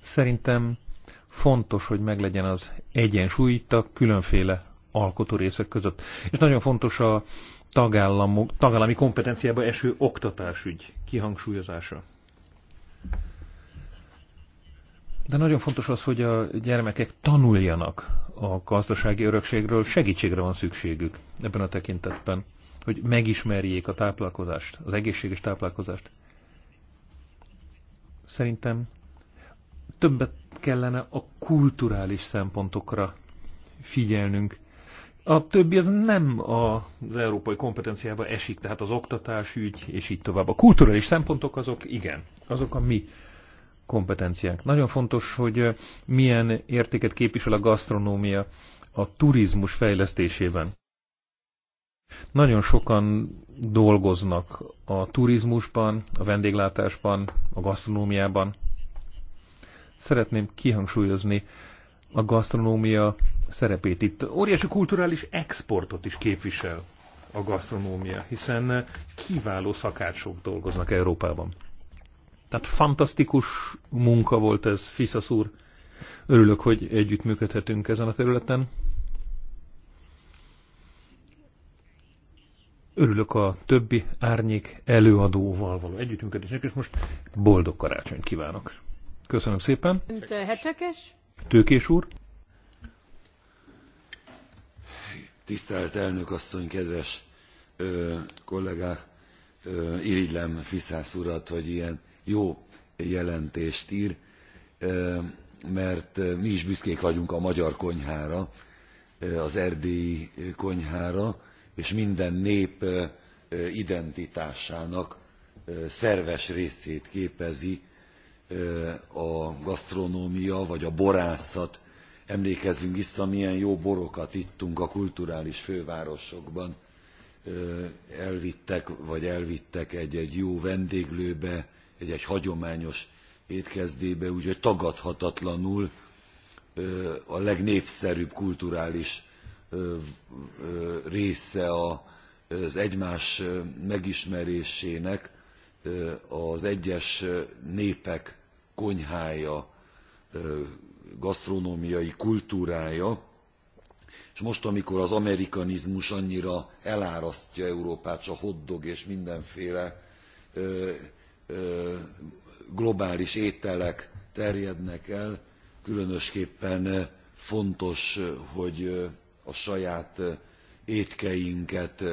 Szerintem fontos, hogy meglegyen az egyensúly itt a különféle alkotórészek között. És nagyon fontos a tagállamok, tagállami kompetenciába eső oktatásügy kihangsúlyozása. De nagyon fontos az, hogy a gyermekek tanuljanak a gazdasági örökségről, segítségre van szükségük ebben a tekintetben, hogy megismerjék a táplálkozást, az egészséges táplálkozást. Szerintem többet kellene a kulturális szempontokra figyelnünk. A többi az nem az európai kompetenciába esik, tehát az oktatás ügy, és így tovább. A kulturális szempontok azok igen, azok a mi kompetenciánk. Nagyon fontos, hogy milyen értéket képvisel a gasztronómia a turizmus fejlesztésében. Nagyon sokan dolgoznak a turizmusban, a vendéglátásban, a gasztronómiában. Szeretném kihangsúlyozni a gasztronómia szerepét itt. Óriási kulturális exportot is képvisel a gasztronómia, hiszen kiváló szakácsok dolgoznak Európában. Tehát fantasztikus munka volt ez, Fiszasz úr. Örülök, hogy együttműködhetünk ezen a területen. Örülök a többi árnyék előadóval való együttműködésnek, és most boldog karácsonyt kívánok. Köszönöm szépen.
Hetekes?
Tőkés úr.
Tisztelt elnök asszony, kedves ö, kollégák! Ö, irigylem Fiszász urat, hogy ilyen jó jelentést r mert mi is büszkék vagyunk a magyar konyhára az erdélyi konyhára és minden nép identitásának szerves részét képezi a gasztronómia vagy a borászat emlékezzünk vissza milyen jó borokat ittunk a kulturális fővárosokban elvittek vagy elvittek egy egy jó vendéglőbe egy-egy hagyományos étkezdébe, úgyhogy tagadhatatlanul a legnépszerűbb kulturális része az egymás megismerésének az egyes népek konyhája, gasztronómiai kultúrája, és most, amikor az amerikanizmus annyira elárasztja Európát, a hoddog és mindenféle globális ételek terjednek el különösképpen fontos hogy a saját étkeinket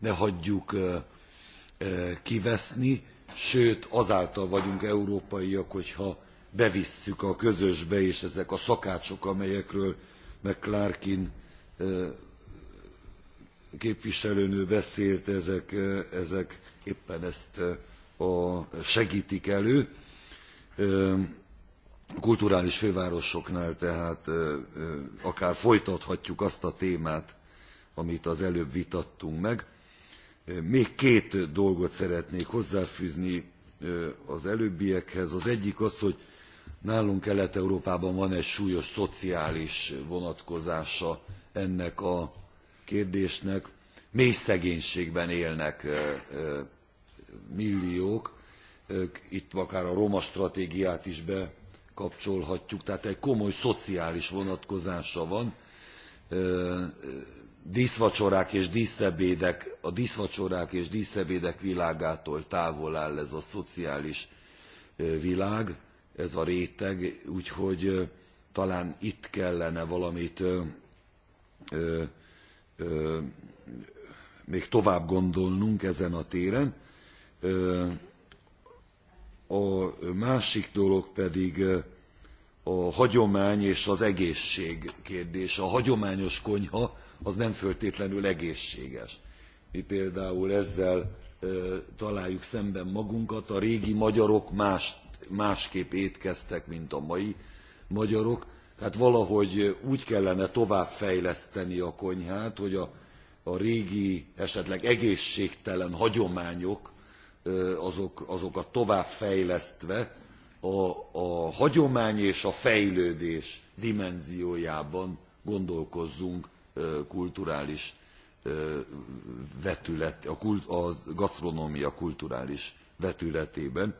ne hagyjuk kiveszni sőt azáltal vagyunk európaiak hogyha bevisszük a közösbe és ezek a szakácsok amelyekről mcclarkin képviselőnő beszélt ezek, ezek éppen ezt a, segítik elő. A kulturális fővárosoknál tehát akár folytathatjuk azt a témát, amit az előbb vitattunk meg. Még két dolgot szeretnék hozzáfűzni az előbbiekhez. Az egyik az, hogy nálunk kelet európában van egy súlyos szociális vonatkozása ennek a kérdésnek mély szegénységben élnek milliók, itt akár a roma stratégiát is bekapcsolhatjuk, tehát egy komoly szociális vonatkozása van. Díszvacsorák és díszebédek, a díszvacsorák és díszebédek világától távol áll ez a szociális világ, ez a réteg, úgyhogy talán itt kellene valamit még tovább gondolnunk ezen a téren a másik dolog pedig a hagyomány és az egészség kérdése. A hagyományos konyha az nem föltétlenül egészséges. Mi például ezzel találjuk szemben magunkat, a régi magyarok más, másképp étkeztek, mint a mai magyarok, tehát valahogy úgy kellene továbbfejleszteni a konyhát, hogy a, a régi, esetleg egészségtelen hagyományok azok, azokat továbbfejlesztve a, a hagyomány és a fejlődés dimenziójában gondolkozzunk kulturális vetület, a, kult, a gasztronómia kulturális vetületében.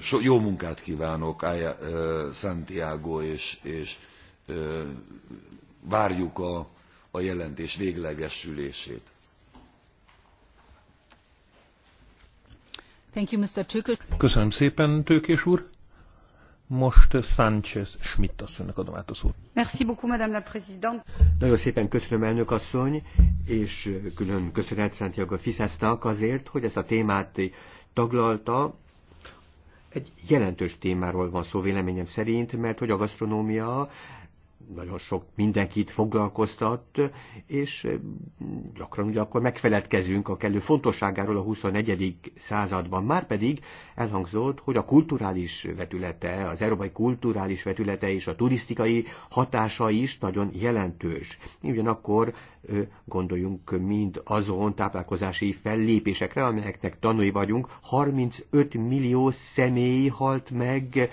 So, jó munkát kívánok Santiago, és, és várjuk a, a jelentés véglegesülését. Thank you, Mr.
Köszönöm szépen, Tőkés úr.
Most Sánchez Schmidt asszonynak adom át a szót.
Merci beaucoup, Madame la Présidente.
Nagyon szépen köszönöm, elnök asszony, és külön köszönet Santiago Fiszásznak azért, hogy ezt a témát taglalta. Egy jelentős témáról van szó véleményem szerint, mert hogy a gasztronómia nagyon sok mindenkit foglalkoztat, és eh, gyakran ugye akkor megfeledkezünk a kellő fontosságáról a 21. században. Márpedig elhangzott, hogy a kulturális vetülete, az európai kulturális vetülete és a turisztikai hatása is nagyon jelentős. Ugyanakkor eh, gondoljunk mind azon táplálkozási fellépésekre, amelyeknek tanúi vagyunk, 35 millió személy halt meg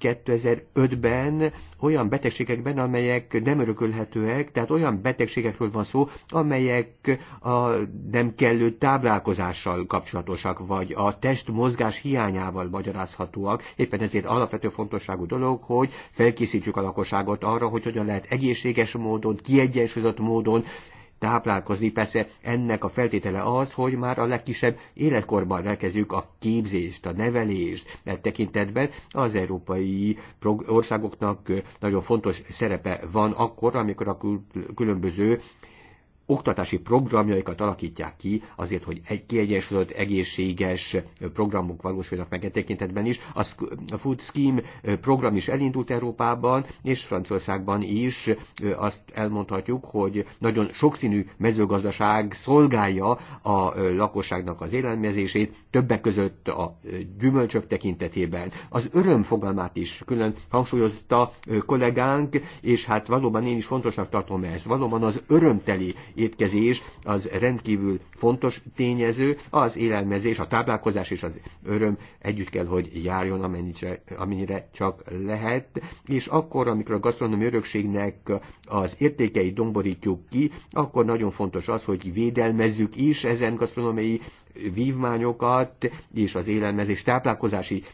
2005-ben olyan betegségekben, amelyek nem örökölhetőek, tehát olyan betegségekről van szó, amelyek a nem kellő táplálkozással kapcsolatosak, vagy a testmozgás hiányával magyarázhatóak. Éppen ezért alapvető fontosságú dolog, hogy felkészítsük a lakosságot arra, hogy hogyan lehet egészséges módon, kiegyensúlyozott módon táplálkozni. Persze ennek a feltétele az, hogy már a legkisebb életkorban elkezdjük a képzést, a nevelést, mert tekintetben az európai országoknak nagyon fontos szerepe van akkor, amikor a különböző oktatási programjaikat alakítják ki azért, hogy egy kiegyensúlyozott, egészséges programok valósuljanak meg egy tekintetben is. A Food Scheme program is elindult Európában, és Franciaországban is azt elmondhatjuk, hogy nagyon sokszínű mezőgazdaság szolgálja a lakosságnak az élelmezését, többek között a gyümölcsök tekintetében. Az öröm fogalmát is külön hangsúlyozta kollégánk, és hát valóban én is fontosnak tartom ezt. Valóban az örömteli étkezés az rendkívül fontos tényező, az élelmezés, a táplálkozás és az öröm együtt kell, hogy járjon amennyire, amennyire csak lehet, és akkor, amikor a gasztronómi örökségnek az értékei domborítjuk ki, akkor nagyon fontos az, hogy védelmezzük is ezen gasztronómiai vívmányokat és az élelmezés táplálkozási,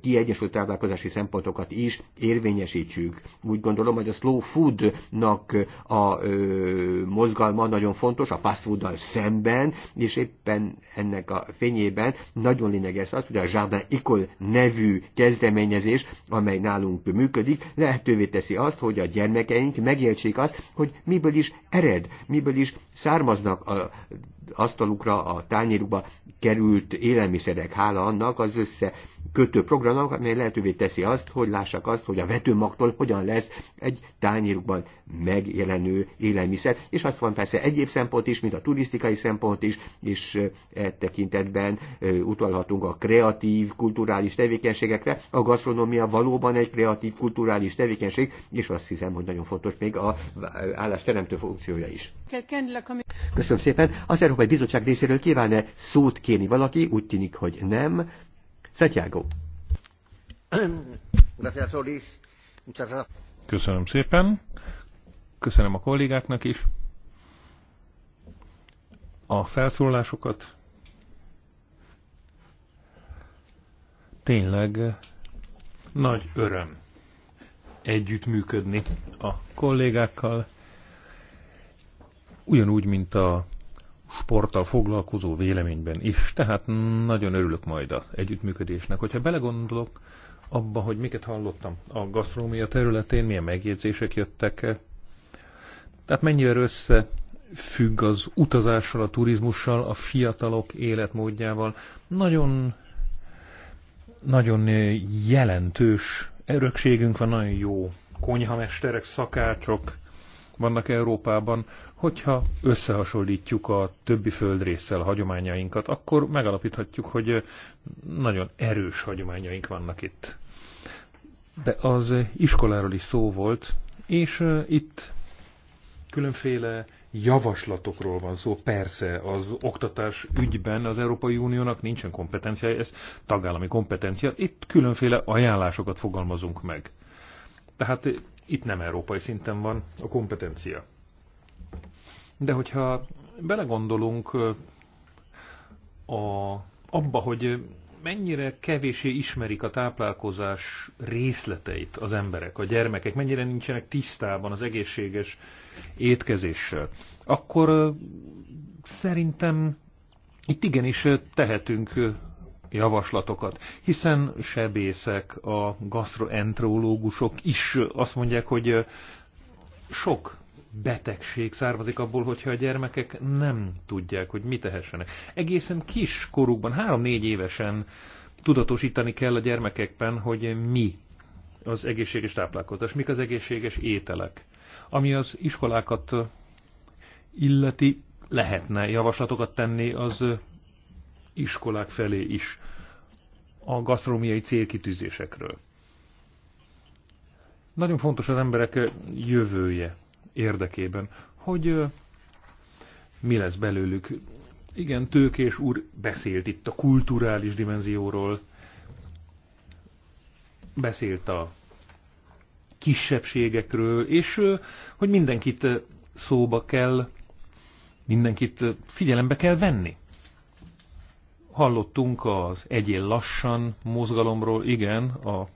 kiegyensúlyozott táplálkozási szempontokat is érvényesítsük. Úgy gondolom, hogy a slow foodnak a mozgalma nagyon fontos, a fast fooddal szemben, és éppen ennek a fényében nagyon lényeges az, hogy a Jardin Ecole nevű kezdeményezés, amely nálunk működik, lehetővé teszi azt, hogy a gyermekeink megértsék azt, hogy miből is ered, miből is származnak a asztalukra, a tányérukba került élelmiszerek, hála annak az össze kötő programnak, amely lehetővé teszi azt, hogy lássák azt, hogy a vetőmagtól hogyan lesz egy tányérukban megjelenő élelmiszer. És azt van persze egyéb szempont is, mint a turisztikai szempont is, és e tekintetben utalhatunk a kreatív, kulturális tevékenységekre. A gasztronómia valóban egy kreatív, kulturális tevékenység, és azt hiszem, hogy nagyon fontos még a állásteremtő funkciója is. Köszönöm szépen. Az Európai Bizottság részéről kíván-e szót kérni valaki? Úgy tűnik, hogy nem. Santiago. Köszönöm szépen. Köszönöm
a kollégáknak is a felszólásokat. Tényleg nagy öröm együttműködni a kollégákkal, ugyanúgy, mint a sporttal foglalkozó véleményben is, tehát nagyon örülök majd az együttműködésnek. Hogyha belegondolok abba, hogy miket hallottam a gasztrómia területén, milyen megjegyzések jöttek, tehát mennyire össze függ az utazással, a turizmussal, a fiatalok életmódjával. Nagyon, nagyon jelentős örökségünk van, nagyon jó konyhamesterek, szakácsok, vannak Európában, hogyha összehasonlítjuk a többi földrészsel hagyományainkat, akkor megalapíthatjuk, hogy nagyon erős hagyományaink vannak itt. De az iskoláról is szó volt, és itt különféle javaslatokról van szó. Persze az oktatás ügyben az Európai Uniónak nincsen kompetenciája, ez tagállami kompetencia. Itt különféle ajánlásokat fogalmazunk meg. Tehát itt nem európai szinten van a kompetencia. De hogyha belegondolunk a, abba, hogy mennyire kevésé ismerik a táplálkozás részleteit az emberek, a gyermekek, mennyire nincsenek tisztában az egészséges étkezéssel, akkor szerintem itt igenis tehetünk javaslatokat, hiszen sebészek, a gastroenterológusok is azt mondják, hogy sok betegség származik abból, hogyha a gyermekek nem tudják, hogy mit tehessenek. Egészen kis korukban, három-négy évesen tudatosítani kell a gyermekekben, hogy mi az egészséges táplálkozás, mik az egészséges ételek. Ami az iskolákat illeti, lehetne javaslatokat tenni az iskolák felé is a gasztronómiai célkitűzésekről. Nagyon fontos az emberek jövője érdekében, hogy mi lesz belőlük. Igen, Tőkés úr beszélt itt a kulturális dimenzióról, beszélt a kisebbségekről, és hogy mindenkit szóba kell, mindenkit figyelembe kell venni. Hallottunk az egyén lassan mozgalomról, igen, az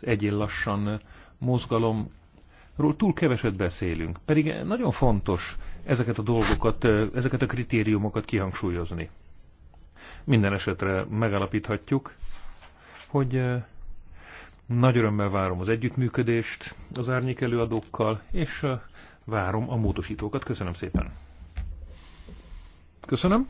egyén lassan mozgalomról túl keveset beszélünk, pedig nagyon fontos ezeket a dolgokat, ezeket a kritériumokat kihangsúlyozni. Minden esetre megállapíthatjuk, hogy eh, nagy örömmel várom az együttműködést az árnyék előadókkal, és eh, várom a módosítókat. Köszönöm szépen. Köszönöm.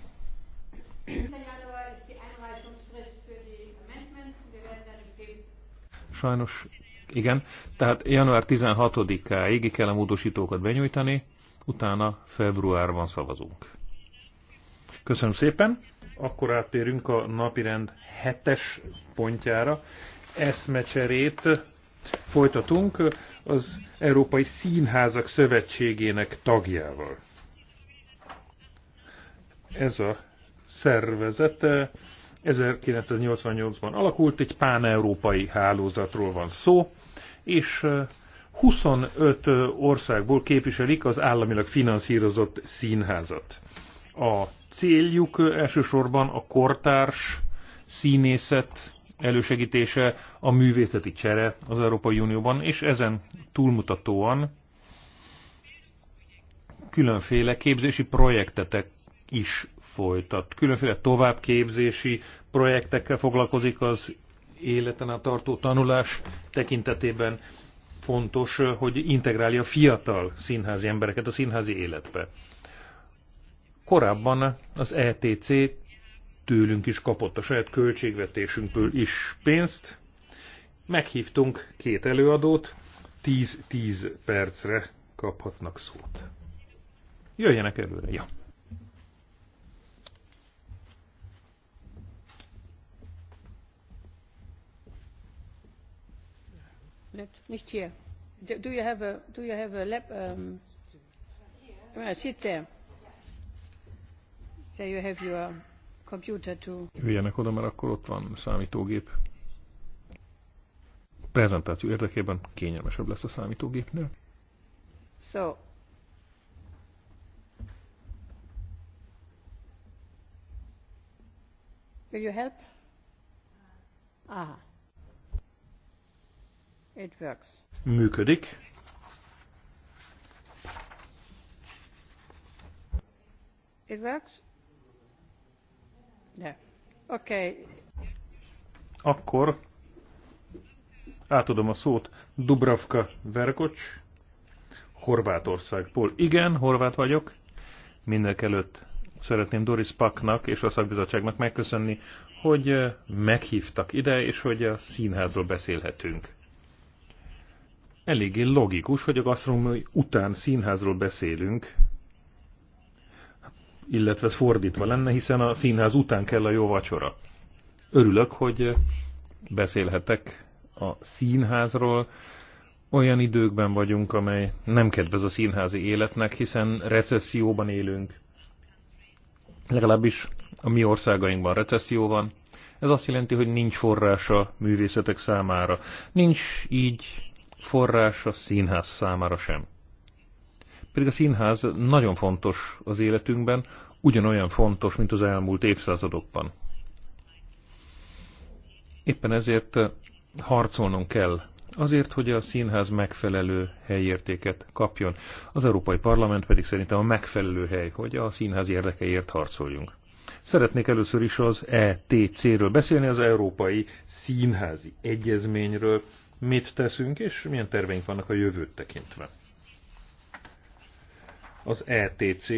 Sajnos, igen. Tehát január 16-áig kell a módosítókat benyújtani, utána februárban szavazunk. Köszönöm szépen. Akkor áttérünk a napirend hetes pontjára. Eszmecserét folytatunk az Európai Színházak Szövetségének tagjával. Ez a szervezete 1988-ban alakult, egy pán-európai hálózatról van szó, és 25 országból képviselik az államilag finanszírozott színházat. A céljuk elsősorban a kortárs színészet elősegítése, a művészeti csere az Európai Unióban, és ezen túlmutatóan különféle képzési projektetek is folytat. Különféle továbbképzési projektekkel foglalkozik az életen át tartó tanulás tekintetében. Fontos, hogy integrálja fiatal színházi embereket a színházi életbe. Korábban az ETC tőlünk is kapott, a saját költségvetésünkből is pénzt. Meghívtunk két előadót, 10-10 percre kaphatnak szót. Jöjjenek előre, ja.
nicht hier. Do you have a, do you have a lab, um, uh, sit there. There you have your computer too.
Jöjjenek oda, mert akkor ott van számítógép. Prezentáció érdekében kényelmesebb lesz a számítógépnél.
So, Will you help? Aha.
It works.
Működik.
It works? De. Oké. Okay.
Akkor átadom a szót Dubravka Verkocs, Horvátországból. Igen, horvát vagyok. Mindenek előtt szeretném Doris Paknak és a szakbizottságnak megköszönni, hogy meghívtak ide, és hogy a színházról beszélhetünk eléggé logikus, hogy a gasztronómiai után színházról beszélünk, illetve ez fordítva lenne, hiszen a színház után kell a jó vacsora. Örülök, hogy beszélhetek a színházról. Olyan időkben vagyunk, amely nem kedvez a színházi életnek, hiszen recesszióban élünk. Legalábbis a mi országainkban recesszió van. Ez azt jelenti, hogy nincs forrása művészetek számára. Nincs így forrás a színház számára sem. Pedig a színház nagyon fontos az életünkben, ugyanolyan fontos, mint az elmúlt évszázadokban. Éppen ezért harcolnunk kell azért, hogy a színház megfelelő helyértéket kapjon. Az Európai Parlament pedig szerintem a megfelelő hely, hogy a színház érdekeért harcoljunk. Szeretnék először is az ETC-ről beszélni, az Európai Színházi Egyezményről, mit teszünk, és milyen terveink vannak a jövőt tekintve. Az ETC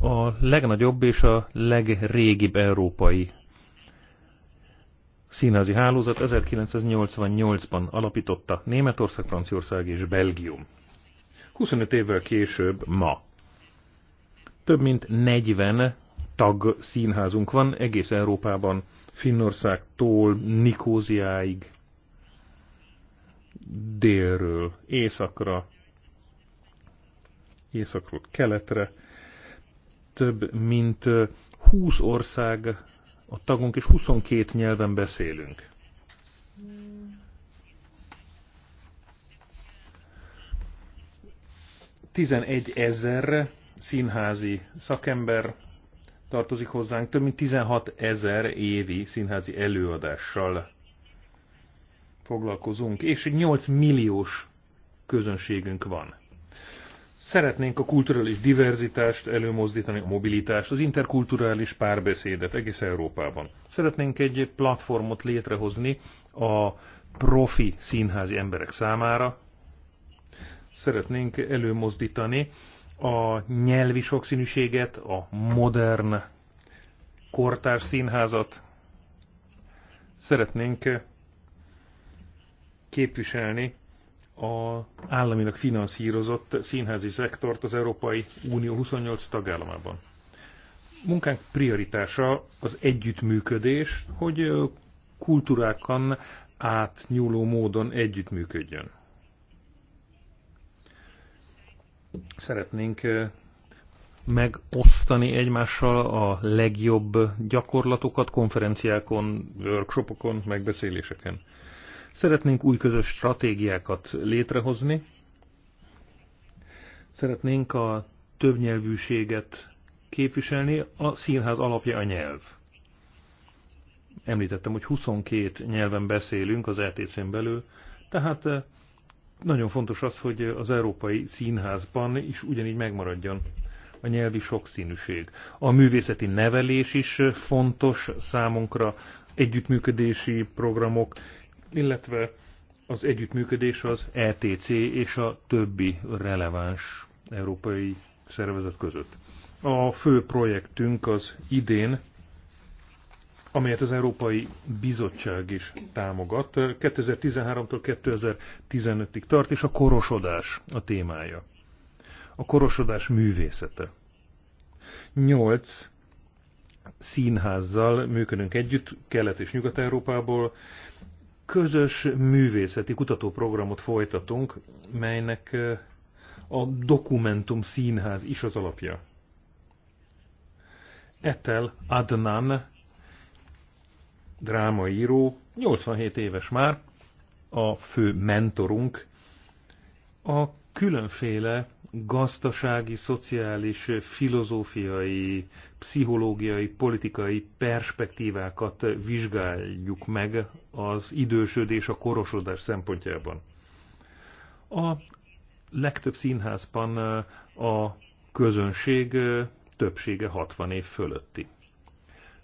a legnagyobb és a legrégibb európai színházi hálózat 1988-ban alapította Németország, Franciaország és Belgium. 25 évvel később ma több mint 40 tag színházunk van egész Európában, Finnországtól Nikóziáig, délről északra, északról keletre, több mint 20 ország a tagunk, és 22 nyelven beszélünk. Tizenegy ezer színházi szakember tartozik hozzánk, több mint 16 ezer évi színházi előadással foglalkozunk, és 8 milliós közönségünk van. Szeretnénk a kulturális diverzitást előmozdítani, a mobilitást, az interkulturális párbeszédet egész Európában. Szeretnénk egy platformot létrehozni a profi színházi emberek számára. Szeretnénk előmozdítani a nyelvi sokszínűséget, a modern kortárs színházat. Szeretnénk képviselni a államilag finanszírozott színházi szektort az Európai Unió 28 tagállamában. Munkánk prioritása az együttműködés, hogy kultúrákon átnyúló módon együttműködjön. Szeretnénk megosztani egymással a legjobb gyakorlatokat konferenciákon, workshopokon, megbeszéléseken. Szeretnénk új közös stratégiákat létrehozni, szeretnénk a többnyelvűséget képviselni, a színház alapja a nyelv. Említettem, hogy 22 nyelven beszélünk az ETC-n belül, tehát eh, nagyon fontos az, hogy az európai színházban is ugyanígy megmaradjon a nyelvi sokszínűség. A művészeti nevelés is fontos számunkra, együttműködési programok, illetve az együttműködés az ETC és a többi releváns európai szervezet között. A fő projektünk az idén, amelyet az Európai Bizottság is támogat, 2013-tól 2015-ig tart, és a korosodás a témája. A korosodás művészete. Nyolc színházzal működünk együtt, Kelet- és Nyugat-Európából, közös művészeti kutatóprogramot folytatunk, melynek a Dokumentum Színház is az alapja. Etel Adnan, drámaíró, 87 éves már, a fő mentorunk, a különféle gazdasági, szociális, filozófiai, pszichológiai, politikai perspektívákat vizsgáljuk meg az idősödés, a korosodás szempontjában. A legtöbb színházban eh, a közönség eh, többsége 60 év fölötti.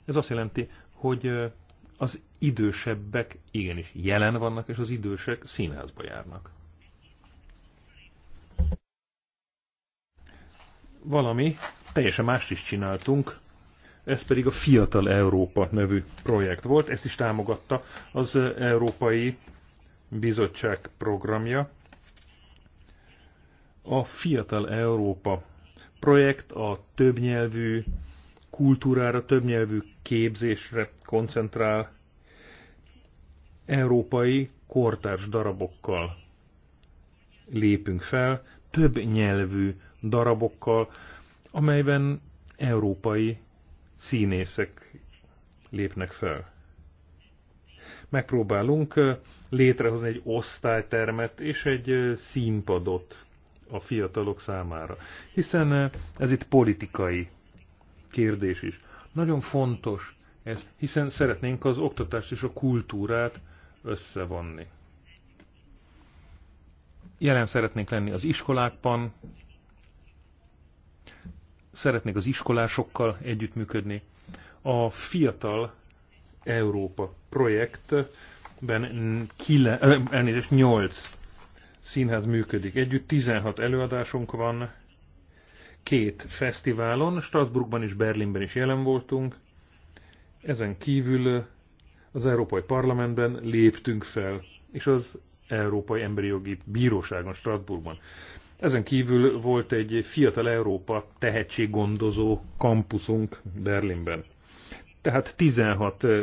Ez azt jelenti, hogy eh, az idősebbek igenis jelen vannak, és az idősek színházba járnak. valami teljesen mást is csináltunk, ez pedig a Fiatal Európa nevű projekt volt, ezt is támogatta az Európai Bizottság programja. A Fiatal Európa projekt a többnyelvű kultúrára, többnyelvű képzésre koncentrál európai kortárs darabokkal lépünk fel, több nyelvű darabokkal, amelyben európai színészek lépnek fel. Megpróbálunk létrehozni egy osztálytermet és egy színpadot a fiatalok számára, hiszen ez itt politikai kérdés is. Nagyon fontos ez, hiszen szeretnénk az oktatást és a kultúrát összevonni. Jelen szeretnénk lenni az iskolákban, szeretnék az iskolásokkal együttműködni. A Fiatal Európa projektben kile, elnézést, 8 színház működik együtt, 16 előadásunk van, két fesztiválon, Strasbourgban és Berlinben is jelen voltunk, ezen kívül az Európai Parlamentben léptünk fel, és az Európai Emberi Jogi Bíróságon Strasbourgban. Ezen kívül volt egy Fiatal Európa tehetséggondozó kampuszunk Berlinben. Tehát 16 eh,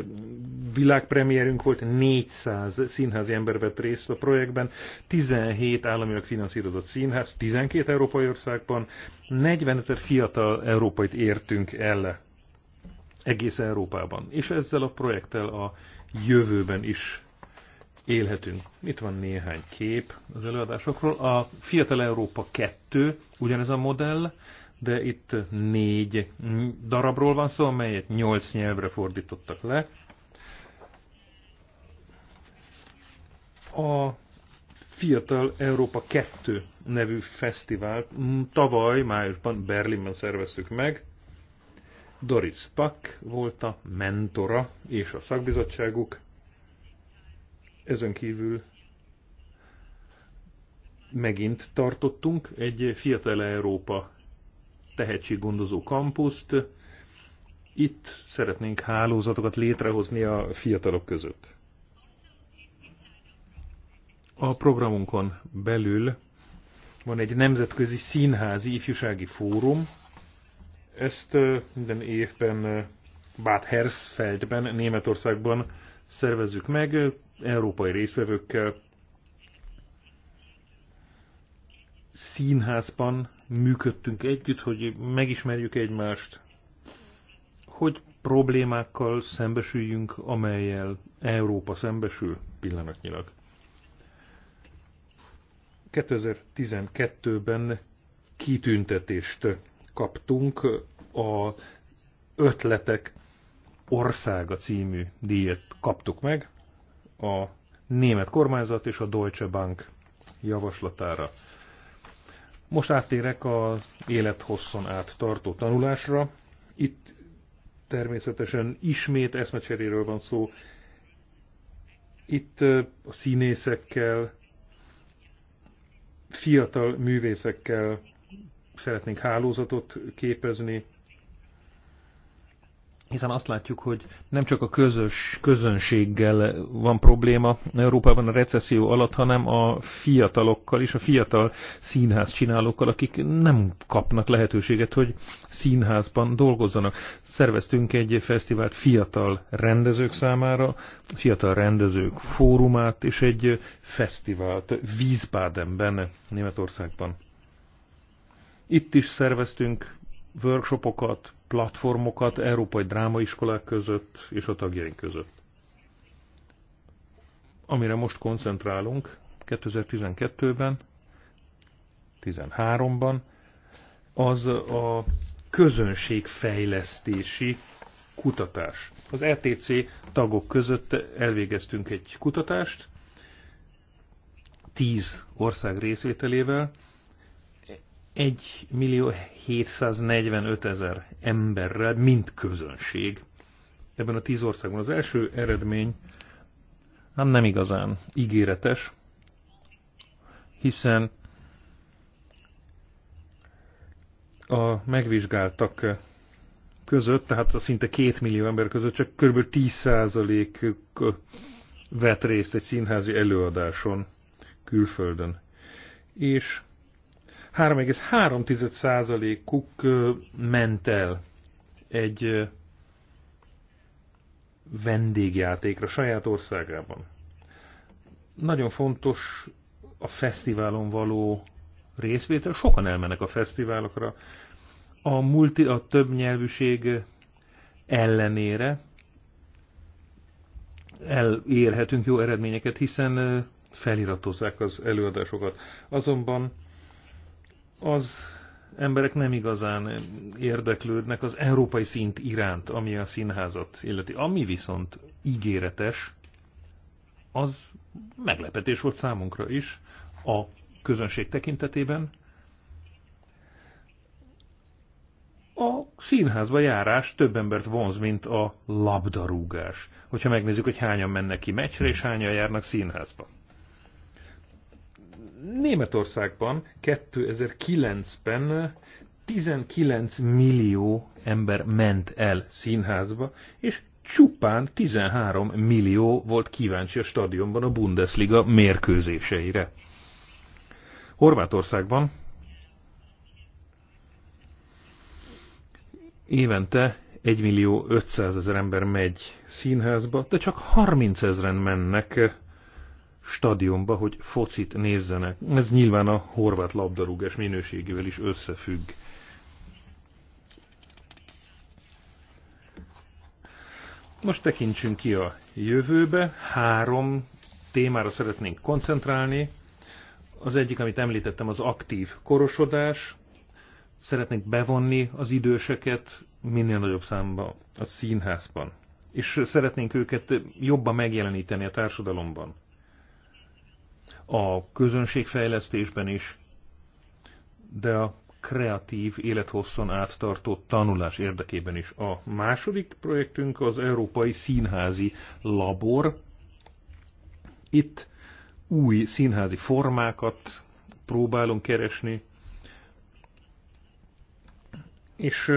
világpremierünk volt, 400 színházi ember vett részt a projektben, 17 államilag finanszírozott színház, 12 európai országban, 40 ezer fiatal európait értünk el egész Európában. És ezzel a projekttel a jövőben is élhetünk. Itt van néhány kép az előadásokról. A Fiatal Európa 2 ugyanez a modell, de itt négy darabról van szó, amelyet nyolc nyelvre fordítottak le. A Fiatal Európa 2 nevű fesztivált tavaly májusban Berlinben szerveztük meg. Doris Pack volt a mentora és a szakbizottságuk. Ezen kívül megint tartottunk egy Fiatal Európa tehetséggondozó kampuszt. Itt szeretnénk hálózatokat létrehozni a fiatalok között. A programunkon belül van egy nemzetközi színházi ifjúsági fórum. Ezt minden évben Bad Hersfeldben, Németországban szervezzük meg európai résztvevőkkel, színházban működtünk együtt, hogy megismerjük egymást, hogy problémákkal szembesüljünk, amelyel Európa szembesül pillanatnyilag. 2012-ben kitüntetést kaptunk a ötletek országa című díjat kaptuk meg a német kormányzat és a Deutsche Bank javaslatára. Most áttérek az élethosszon át tartó tanulásra. Itt természetesen ismét eszmecseréről van szó. Itt a színészekkel, fiatal művészekkel szeretnénk hálózatot képezni, hiszen azt látjuk, hogy nem csak a közös közönséggel van probléma Európában a recesszió alatt, hanem a fiatalokkal és a fiatal színház csinálókkal, akik nem kapnak lehetőséget, hogy színházban dolgozzanak. Szerveztünk egy fesztivált fiatal rendezők számára, fiatal rendezők fórumát és egy fesztivált Wiesbadenben, Németországban. Itt is szerveztünk workshopokat, platformokat európai drámaiskolák között és a tagjaink között. Amire most koncentrálunk 2012-ben, 13-ban, az a közönségfejlesztési kutatás. Az ETC tagok között elvégeztünk egy kutatást, tíz ország részvételével, 1 millió 745 ezer emberrel, mint közönség. Ebben a tíz országban az első eredmény hát nem igazán ígéretes, hiszen a megvizsgáltak között, tehát a szinte két millió ember között csak kb. 10% vett részt egy színházi előadáson külföldön. És 3,3%-uk ment el egy vendégjátékra saját országában. Nagyon fontos a fesztiválon való részvétel, sokan elmennek a fesztiválokra. A, multi, a nyelvűség ellenére elérhetünk jó eredményeket, hiszen feliratozzák az előadásokat. Azonban az emberek nem igazán érdeklődnek az európai szint iránt, ami a színházat illeti. Ami viszont ígéretes, az meglepetés volt számunkra is a közönség tekintetében. A színházba járás több embert vonz, mint a labdarúgás. Hogyha megnézzük, hogy hányan mennek ki meccsre, és hányan járnak színházba. Németországban 2009-ben 19 millió ember ment el színházba, és csupán 13 millió volt kíváncsi a stadionban a Bundesliga mérkőzéseire. Horvátországban évente 1 millió 500 ezer ember megy színházba, de csak 30 ezeren mennek stadionba, hogy focit nézzenek. Ez nyilván a horvát labdarúgás minőségével is összefügg. Most tekintsünk ki a jövőbe. Három témára szeretnénk koncentrálni. Az egyik, amit említettem, az aktív korosodás. Szeretnénk bevonni az időseket minél nagyobb számba a színházban. És szeretnénk őket jobban megjeleníteni a társadalomban a közönségfejlesztésben is, de a kreatív élethosszon áttartó tanulás érdekében is. A második projektünk az Európai Színházi Labor. Itt új színházi formákat próbálunk keresni, és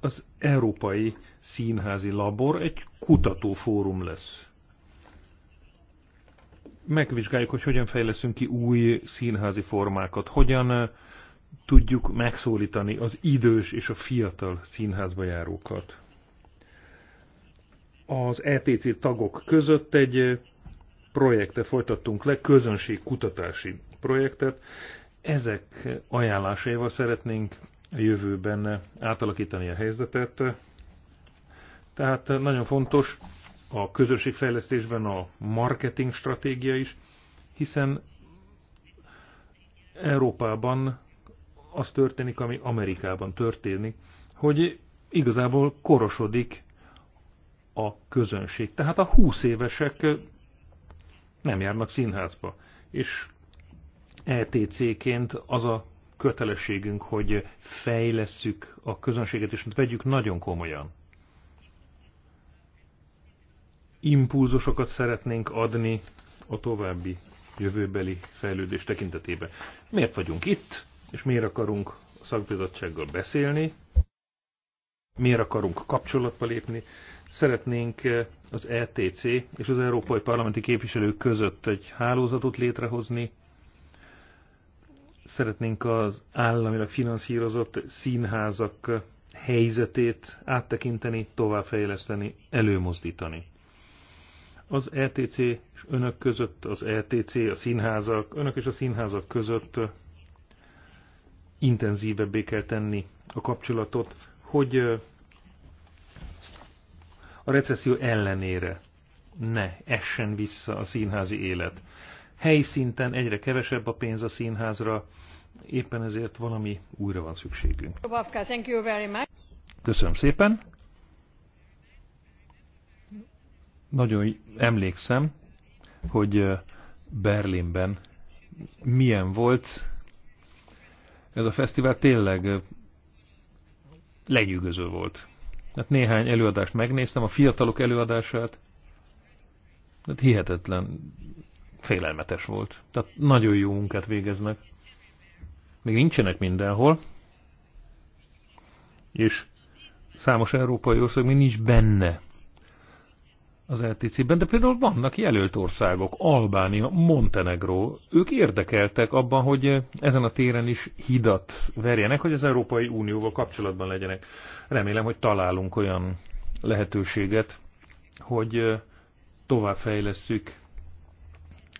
az Európai Színházi Labor egy kutatófórum lesz megvizsgáljuk, hogy hogyan fejleszünk ki új színházi formákat, hogyan eh, tudjuk megszólítani az idős és a fiatal színházba járókat. Az ETC tagok között egy eh, projektet folytattunk le, közönségkutatási projektet. Ezek ajánlásaival szeretnénk a jövőben eh, átalakítani a helyzetet. Tehát nagyon fontos, a közösségfejlesztésben a marketing stratégia is, hiszen Európában az történik, ami Amerikában történik, hogy igazából korosodik a közönség. Tehát a 20 évesek nem járnak színházba. És ETC-ként az a kötelességünk, hogy fejlesszük a közönséget, és vegyük nagyon komolyan impulzusokat szeretnénk adni a további jövőbeli fejlődés tekintetében. Miért vagyunk itt, és miért akarunk a szakbizottsággal beszélni, miért akarunk kapcsolatba lépni. Szeretnénk eh, az ETC és az Európai Parlamenti Képviselők között egy hálózatot létrehozni, szeretnénk az államilag finanszírozott színházak helyzetét áttekinteni, továbbfejleszteni, előmozdítani az ETC és önök között, az ETC, a színházak, önök és a színházak között intenzívebbé kell tenni a kapcsolatot, hogy a recesszió ellenére ne essen vissza a színházi élet. helyszinten egyre kevesebb a pénz a színházra, éppen ezért valami újra van szükségünk. Köszönöm szépen! Nagyon emlékszem, hogy Berlinben milyen volt ez a fesztivál, tényleg lenyűgöző volt. Hát néhány előadást megnéztem, a fiatalok előadását, hát hihetetlen félelmetes volt. Tehát nagyon jó munkát végeznek. Még nincsenek mindenhol, és számos európai ország még nincs benne az LTC-ben, er de például vannak jelölt országok, Albánia, Montenegró, ők érdekeltek abban, hogy ezen a téren is hidat verjenek, hogy az Európai Unióval kapcsolatban legyenek. Remélem, hogy találunk olyan lehetőséget, hogy továbbfejlesszük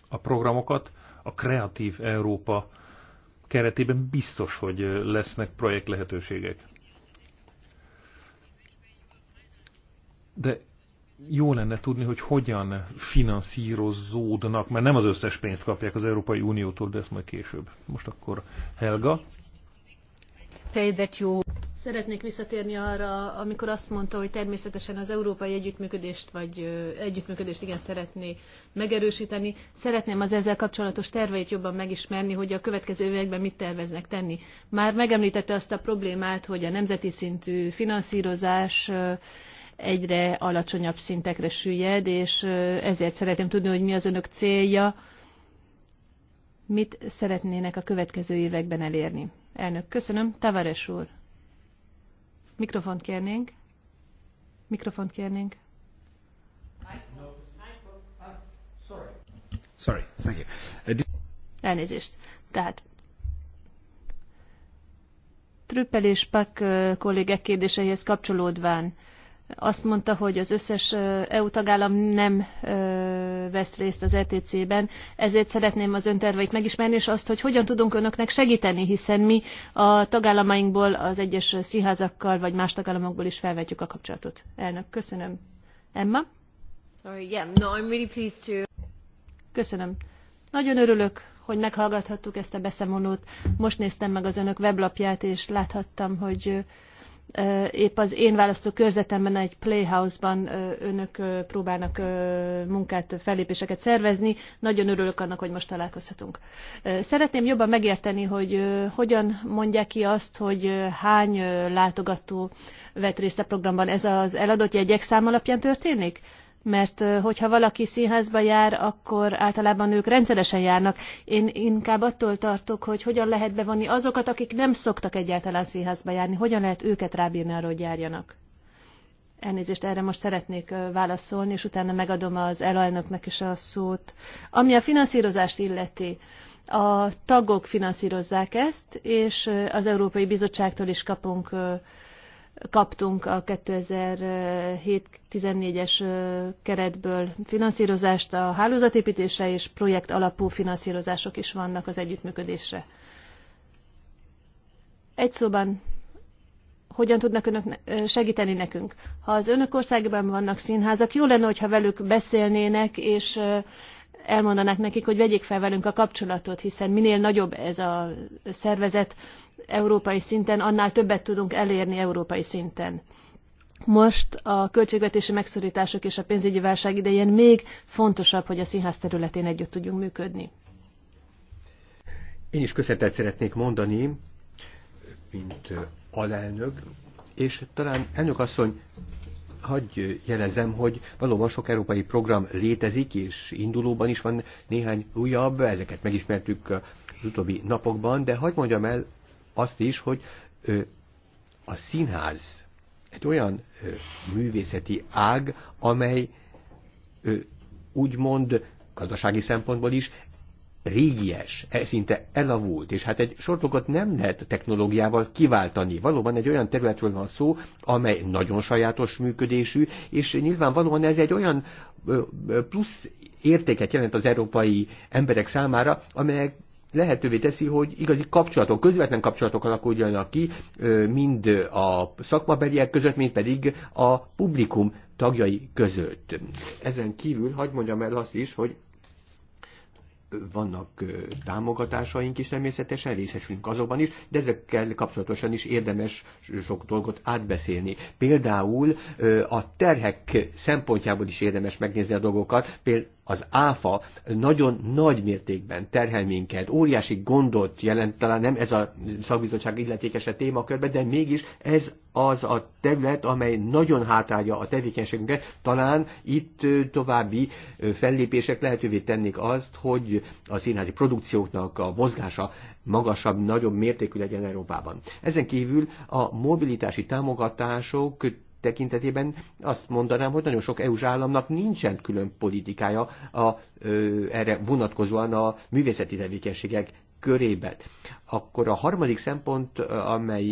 a programokat. A Kreatív Európa keretében biztos, hogy lesznek projekt lehetőségek. De jó lenne tudni, hogy hogyan finanszírozódnak, mert nem az összes pénzt kapják az Európai Uniótól, de ezt majd később. Most akkor Helga.
Szeretnék visszatérni arra, amikor azt mondta, hogy természetesen az európai együttműködést vagy együttműködést igen szeretné megerősíteni. Szeretném az ezzel kapcsolatos terveit jobban megismerni, hogy a következő években mit terveznek tenni. Már megemlítette azt a problémát, hogy a nemzeti szintű finanszírozás egyre alacsonyabb szintekre süllyed, és ezért szeretném tudni, hogy mi az önök célja, mit szeretnének a következő években elérni. Elnök, köszönöm. Tavares úr. Mikrofont kérnénk. Mikrofont kérnénk. Sorry, thank you. Elnézést. Tehát Trüppel és Pak kollégek kérdéseihez kapcsolódván azt mondta, hogy az összes EU tagállam nem vesz részt az ETC-ben, ezért szeretném az ön terveit megismerni, és azt, hogy hogyan tudunk önöknek segíteni, hiszen mi a tagállamainkból az egyes színházakkal vagy más tagállamokból is felvetjük a kapcsolatot. Elnök, köszönöm. Emma? Sorry, yeah, no, I'm really pleased to... Köszönöm. Nagyon örülök, hogy meghallgathattuk ezt a beszámolót. Most néztem meg az önök weblapját, és láthattam, hogy Épp az én körzetemben egy playhouse-ban önök próbálnak munkát, fellépéseket szervezni. Nagyon örülök annak, hogy most találkozhatunk. Szeretném jobban megérteni, hogy hogyan mondják ki azt, hogy hány látogató vett részt a programban. Ez az eladott jegyek szám alapján történik? mert hogyha valaki színházba jár, akkor általában ők rendszeresen járnak. Én inkább attól tartok, hogy hogyan lehet bevonni azokat, akik nem szoktak egyáltalán színházba járni, hogyan lehet őket rábírni arra, hogy járjanak. Elnézést, erre most szeretnék válaszolni, és utána megadom az elajnoknak is a szót. Ami a finanszírozást illeti, a tagok finanszírozzák ezt, és az Európai Bizottságtól is kapunk kaptunk a 2007-14-es keretből finanszírozást a hálózatépítésre, és projekt alapú finanszírozások is vannak az együttműködésre. Egy szóban, hogyan tudnak önök segíteni nekünk? Ha az önök országban vannak színházak, jó lenne, hogyha velük beszélnének, és elmondanák nekik, hogy vegyék fel velünk a kapcsolatot, hiszen minél nagyobb ez a szervezet európai szinten, annál többet tudunk elérni európai szinten. Most a költségvetési megszorítások és a pénzügyi válság idején még fontosabb, hogy a színház területén együtt tudjunk működni.
Én is köszönetet szeretnék mondani, mint alelnök, és talán elnök asszony hagy jelezem, hogy valóban sok európai program létezik, és indulóban is van néhány újabb, ezeket megismertük az utóbbi napokban, de hagyd mondjam el azt is, hogy a színház egy olyan művészeti ág, amely úgymond gazdasági szempontból is régies, e, szinte elavult, és hát egy sor dolgot nem lehet technológiával kiváltani. Valóban egy olyan területről van szó, amely nagyon sajátos működésű, és nyilvánvalóan ez egy olyan plusz értéket jelent az európai emberek számára, amelyek lehetővé teszi, hogy igazi kapcsolatok, közvetlen kapcsolatok alakuljanak ki, mind a szakmabeliek között, mind pedig a publikum tagjai között. Ezen kívül hagyd mondjam el azt is, hogy vannak támogatásaink is természetesen, részesülünk azokban is, de ezekkel kapcsolatosan is érdemes sok dolgot átbeszélni. Például a terhek szempontjából is érdemes megnézni a dolgokat, például az áfa nagyon nagy mértékben terhel minket, óriási gondot jelent, talán nem ez a szakbizottság illetékese témakörbe, de mégis ez az a terület, amely nagyon hátrálja a tevékenységünket, talán itt további fellépések lehetővé tennék azt, hogy a színházi produkcióknak a mozgása magasabb, nagyobb mértékű legyen Európában. Ezen kívül a mobilitási támogatások tekintetében azt mondanám, hogy nagyon sok EU-s államnak nincsen külön politikája a, ö, erre vonatkozóan a művészeti tevékenységek körében. Akkor a harmadik szempont, amely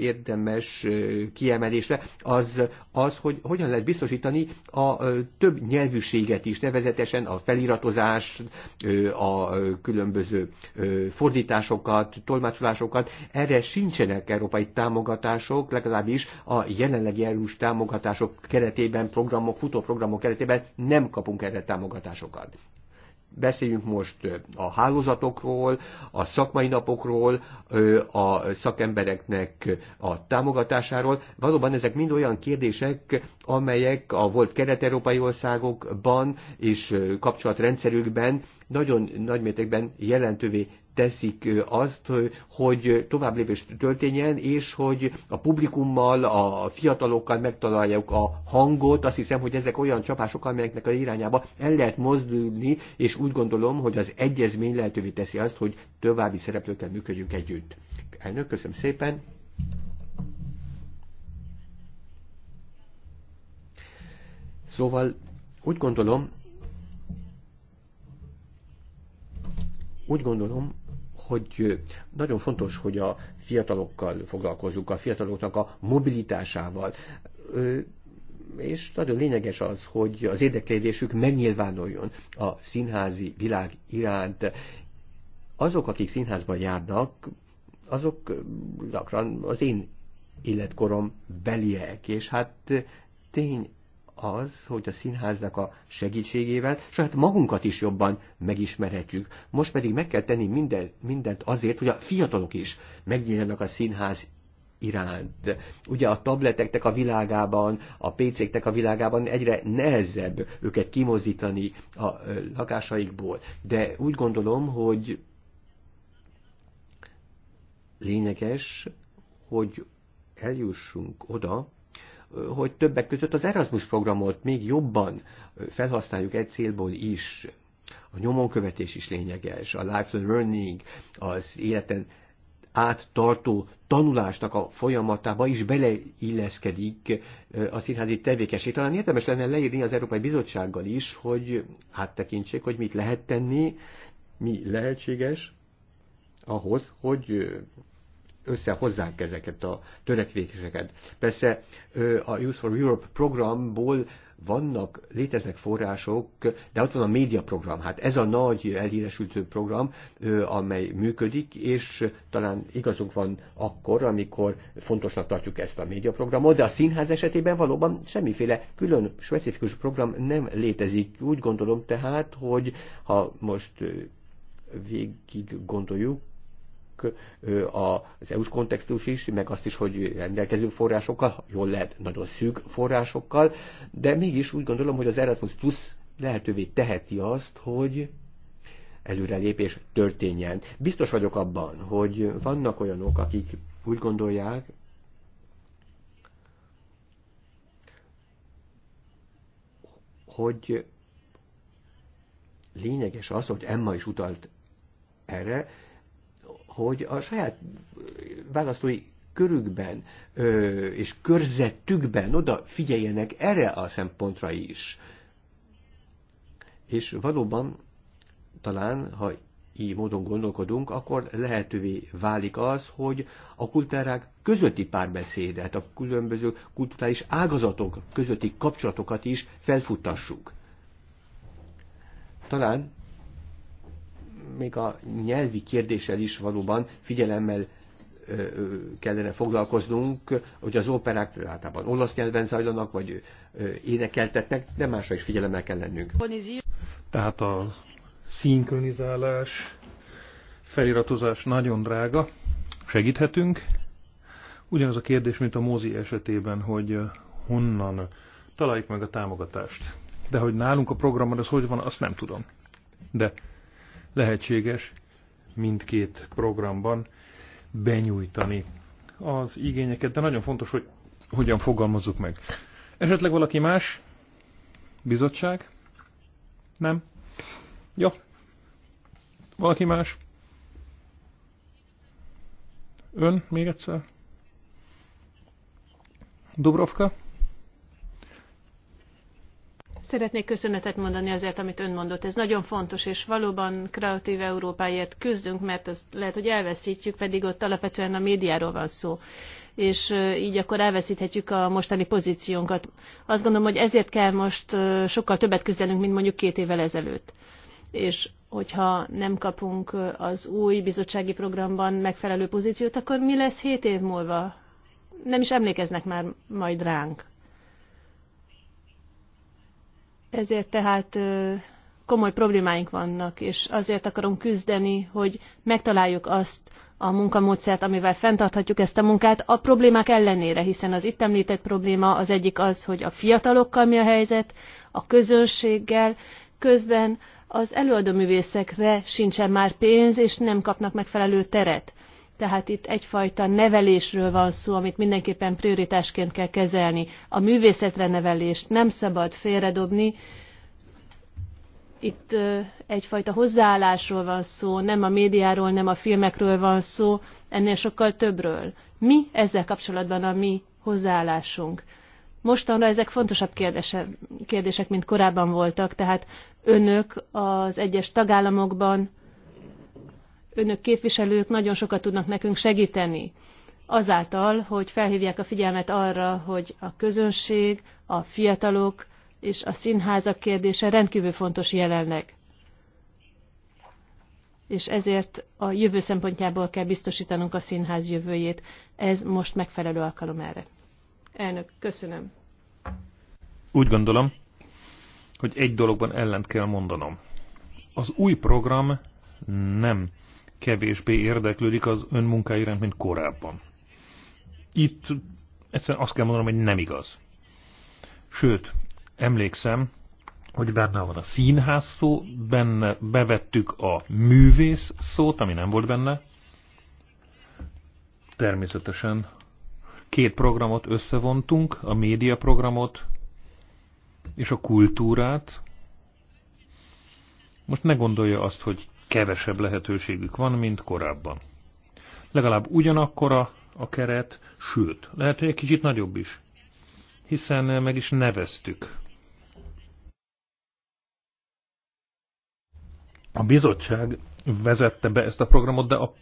érdemes kiemelésre, az, az hogy hogyan lehet biztosítani a több nyelvűséget is, nevezetesen a feliratozás, a különböző fordításokat, tolmácsolásokat. Erre sincsenek európai támogatások, legalábbis a jelenlegi erős támogatások keretében, programok, futóprogramok keretében nem kapunk erre támogatásokat. Beszéljünk most a hálózatokról, a szakmai napokról, a szakembereknek a támogatásáról. Valóban ezek mind olyan kérdések, amelyek a volt kelet-európai országokban és kapcsolatrendszerükben nagyon nagymértékben jelentővé teszik azt, hogy tovább lépés történjen, és hogy a publikummal, a fiatalokkal megtaláljuk a hangot. Azt hiszem, hogy ezek olyan csapások, amelyeknek a irányába el lehet mozdulni, és úgy gondolom, hogy az egyezmény lehetővé teszi azt, hogy további szereplőkkel működjünk együtt. Elnök, köszönöm szépen! Szóval úgy gondolom, úgy gondolom, hogy nagyon fontos, hogy a fiatalokkal foglalkozunk, a fiataloknak a mobilitásával. És nagyon lényeges az, hogy az érdeklődésük megnyilvánuljon a színházi világ iránt. Azok, akik színházban járnak, azok gyakran az én életkorom beliek, és hát tény az, hogy a színháznak a segítségével saját magunkat is jobban megismerhetjük. Most pedig meg kell tenni minden, mindent azért, hogy a fiatalok is megnyíljanak a színház iránt. Ugye a tableteknek a világában, a PC-knek a világában egyre nehezebb őket kimozdítani a lakásaikból. De úgy gondolom, hogy lényeges, hogy eljussunk oda, hogy többek között az Erasmus programot még jobban felhasználjuk egy célból is. A nyomonkövetés is lényeges, a lifelong learning, az életen áttartó tanulásnak a folyamatába is beleilleszkedik a színházi tevékenység. Talán érdemes lenne leírni az Európai Bizottsággal is, hogy áttekintsék, hogy mit lehet tenni, mi lehetséges ahhoz, hogy összehozzák ezeket a törekvéseket. Persze a Youth for Europe programból vannak, léteznek források, de ott van a média program. Hát ez a nagy elhíresült program, amely működik, és talán igazunk van akkor, amikor fontosnak tartjuk ezt a média programot, de a színház esetében valóban semmiféle külön specifikus program nem létezik. Úgy gondolom tehát, hogy ha most végig gondoljuk, az EU-s kontextus is, meg azt is, hogy rendelkezünk forrásokkal, jól lehet, nagyon szűk forrásokkal, de mégis úgy gondolom, hogy az Erasmus Plus lehetővé teheti azt, hogy előrelépés történjen. Biztos vagyok abban, hogy vannak olyanok, akik úgy gondolják, hogy lényeges az, hogy Emma is utalt erre, hogy a saját választói körükben ö, és körzetükben oda figyeljenek erre a szempontra is. És valóban talán, ha így módon gondolkodunk, akkor lehetővé válik az, hogy a kultúrák közötti párbeszédet, a különböző kulturális ágazatok közötti kapcsolatokat is felfutassuk. Talán még a nyelvi kérdéssel is valóban figyelemmel kellene foglalkoznunk, hogy az operák általában olasz nyelven zajlanak, vagy énekeltetnek, de másra is figyelemmel kell lennünk. Tehát a
szinkronizálás, feliratozás nagyon drága, segíthetünk. Ugyanaz a kérdés, mint a mozi esetében, hogy honnan találjuk meg a támogatást. De hogy nálunk a programban az hogy van, azt nem tudom. De lehetséges mindkét programban benyújtani az igényeket, de nagyon fontos, hogy hogyan fogalmazzuk meg. Esetleg valaki más? Bizottság? Nem? Jó. Valaki más? Ön még egyszer? Dubrovka?
Szeretnék köszönetet mondani azért, amit ön mondott. Ez nagyon fontos, és valóban kreatív Európáért küzdünk, mert azt lehet, hogy elveszítjük, pedig ott alapvetően a médiáról van szó és így akkor elveszíthetjük a mostani pozíciónkat. Azt gondolom, hogy ezért kell most sokkal többet küzdenünk, mint mondjuk két évvel ezelőtt. És hogyha nem kapunk az új bizottsági programban megfelelő pozíciót, akkor mi lesz hét év múlva? Nem is emlékeznek már majd ránk. Ezért tehát komoly problémáink vannak, és azért akarunk küzdeni, hogy megtaláljuk azt a munkamódszert, amivel fenntarthatjuk ezt a munkát a problémák ellenére, hiszen az itt említett probléma az egyik az, hogy a fiatalokkal mi a helyzet, a közönséggel, közben az előadóművészekre sincsen már pénz, és nem kapnak megfelelő teret. Tehát itt egyfajta nevelésről van szó, amit mindenképpen prioritásként kell kezelni. A művészetre nevelést nem szabad félredobni. Itt egyfajta hozzáállásról van szó, nem a médiáról, nem a filmekről van szó, ennél sokkal többről. Mi ezzel kapcsolatban a mi hozzáállásunk? Mostanra ezek fontosabb kérdése, kérdések, mint korábban voltak, tehát önök az egyes tagállamokban önök képviselők nagyon sokat tudnak nekünk segíteni. Azáltal, hogy felhívják a figyelmet arra, hogy a közönség, a fiatalok és a színházak kérdése rendkívül fontos jelenleg. És ezért a jövő szempontjából kell biztosítanunk a színház jövőjét. Ez most megfelelő alkalom erre. Elnök, köszönöm.
Úgy gondolom, hogy egy dologban ellent kell mondanom. Az új program nem kevésbé érdeklődik az ön munkája mint korábban. Itt egyszerűen azt kell mondanom, hogy nem igaz. Sőt, emlékszem, hogy benne van a színház szó, benne bevettük a művész szót, ami nem volt benne. Természetesen két programot összevontunk, a média programot és a kultúrát. Most ne gondolja azt, hogy kevesebb lehetőségük van, mint korábban. Legalább ugyanakkora a keret, sőt, lehet, hogy egy kicsit nagyobb is, hiszen meg is neveztük. A bizottság vezette be ezt a programot, de a,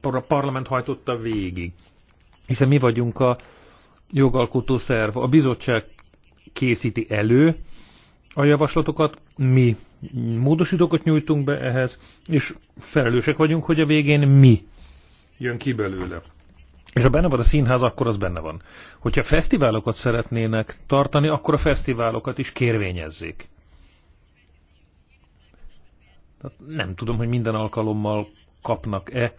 a parlament hajtotta végig, hiszen mi vagyunk a jogalkotó szerv. A bizottság készíti elő, a javaslatokat, mi módosítókat nyújtunk be ehhez, és felelősek vagyunk, hogy a végén mi jön ki belőle. És ha benne van a színház, akkor az benne van. Hogyha fesztiválokat szeretnének tartani, akkor a fesztiválokat is kérvényezzék. Tehát nem tudom, hogy minden alkalommal kapnak-e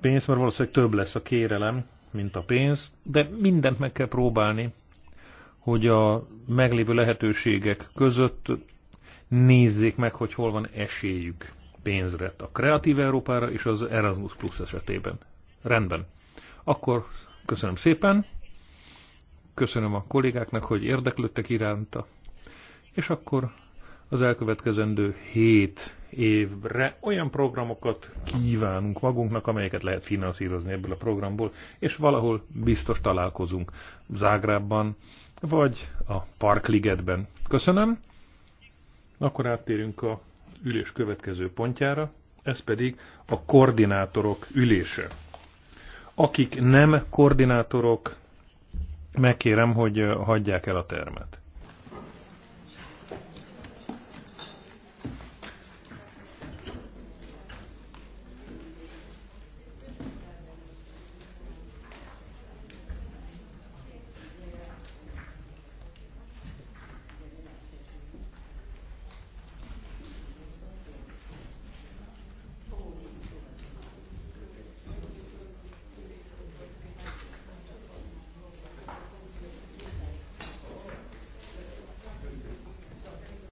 pénzt, mert valószínűleg több lesz a kérelem, mint a pénz, de mindent meg kell próbálni, hogy a meglévő lehetőségek között nézzék meg, hogy hol van esélyük pénzre a Kreatív Európára és az Erasmus Plus esetében. Rendben. Akkor köszönöm szépen, köszönöm a kollégáknak, hogy érdeklődtek iránta, és akkor az elkövetkezendő hét évre olyan programokat kívánunk magunknak, amelyeket lehet finanszírozni ebből a programból, és valahol biztos találkozunk Zágrábban, vagy a Parkligetben. Köszönöm. Akkor áttérünk a ülés következő pontjára, ez pedig a koordinátorok ülése. Akik nem koordinátorok, megkérem, hogy hagyják el a termet.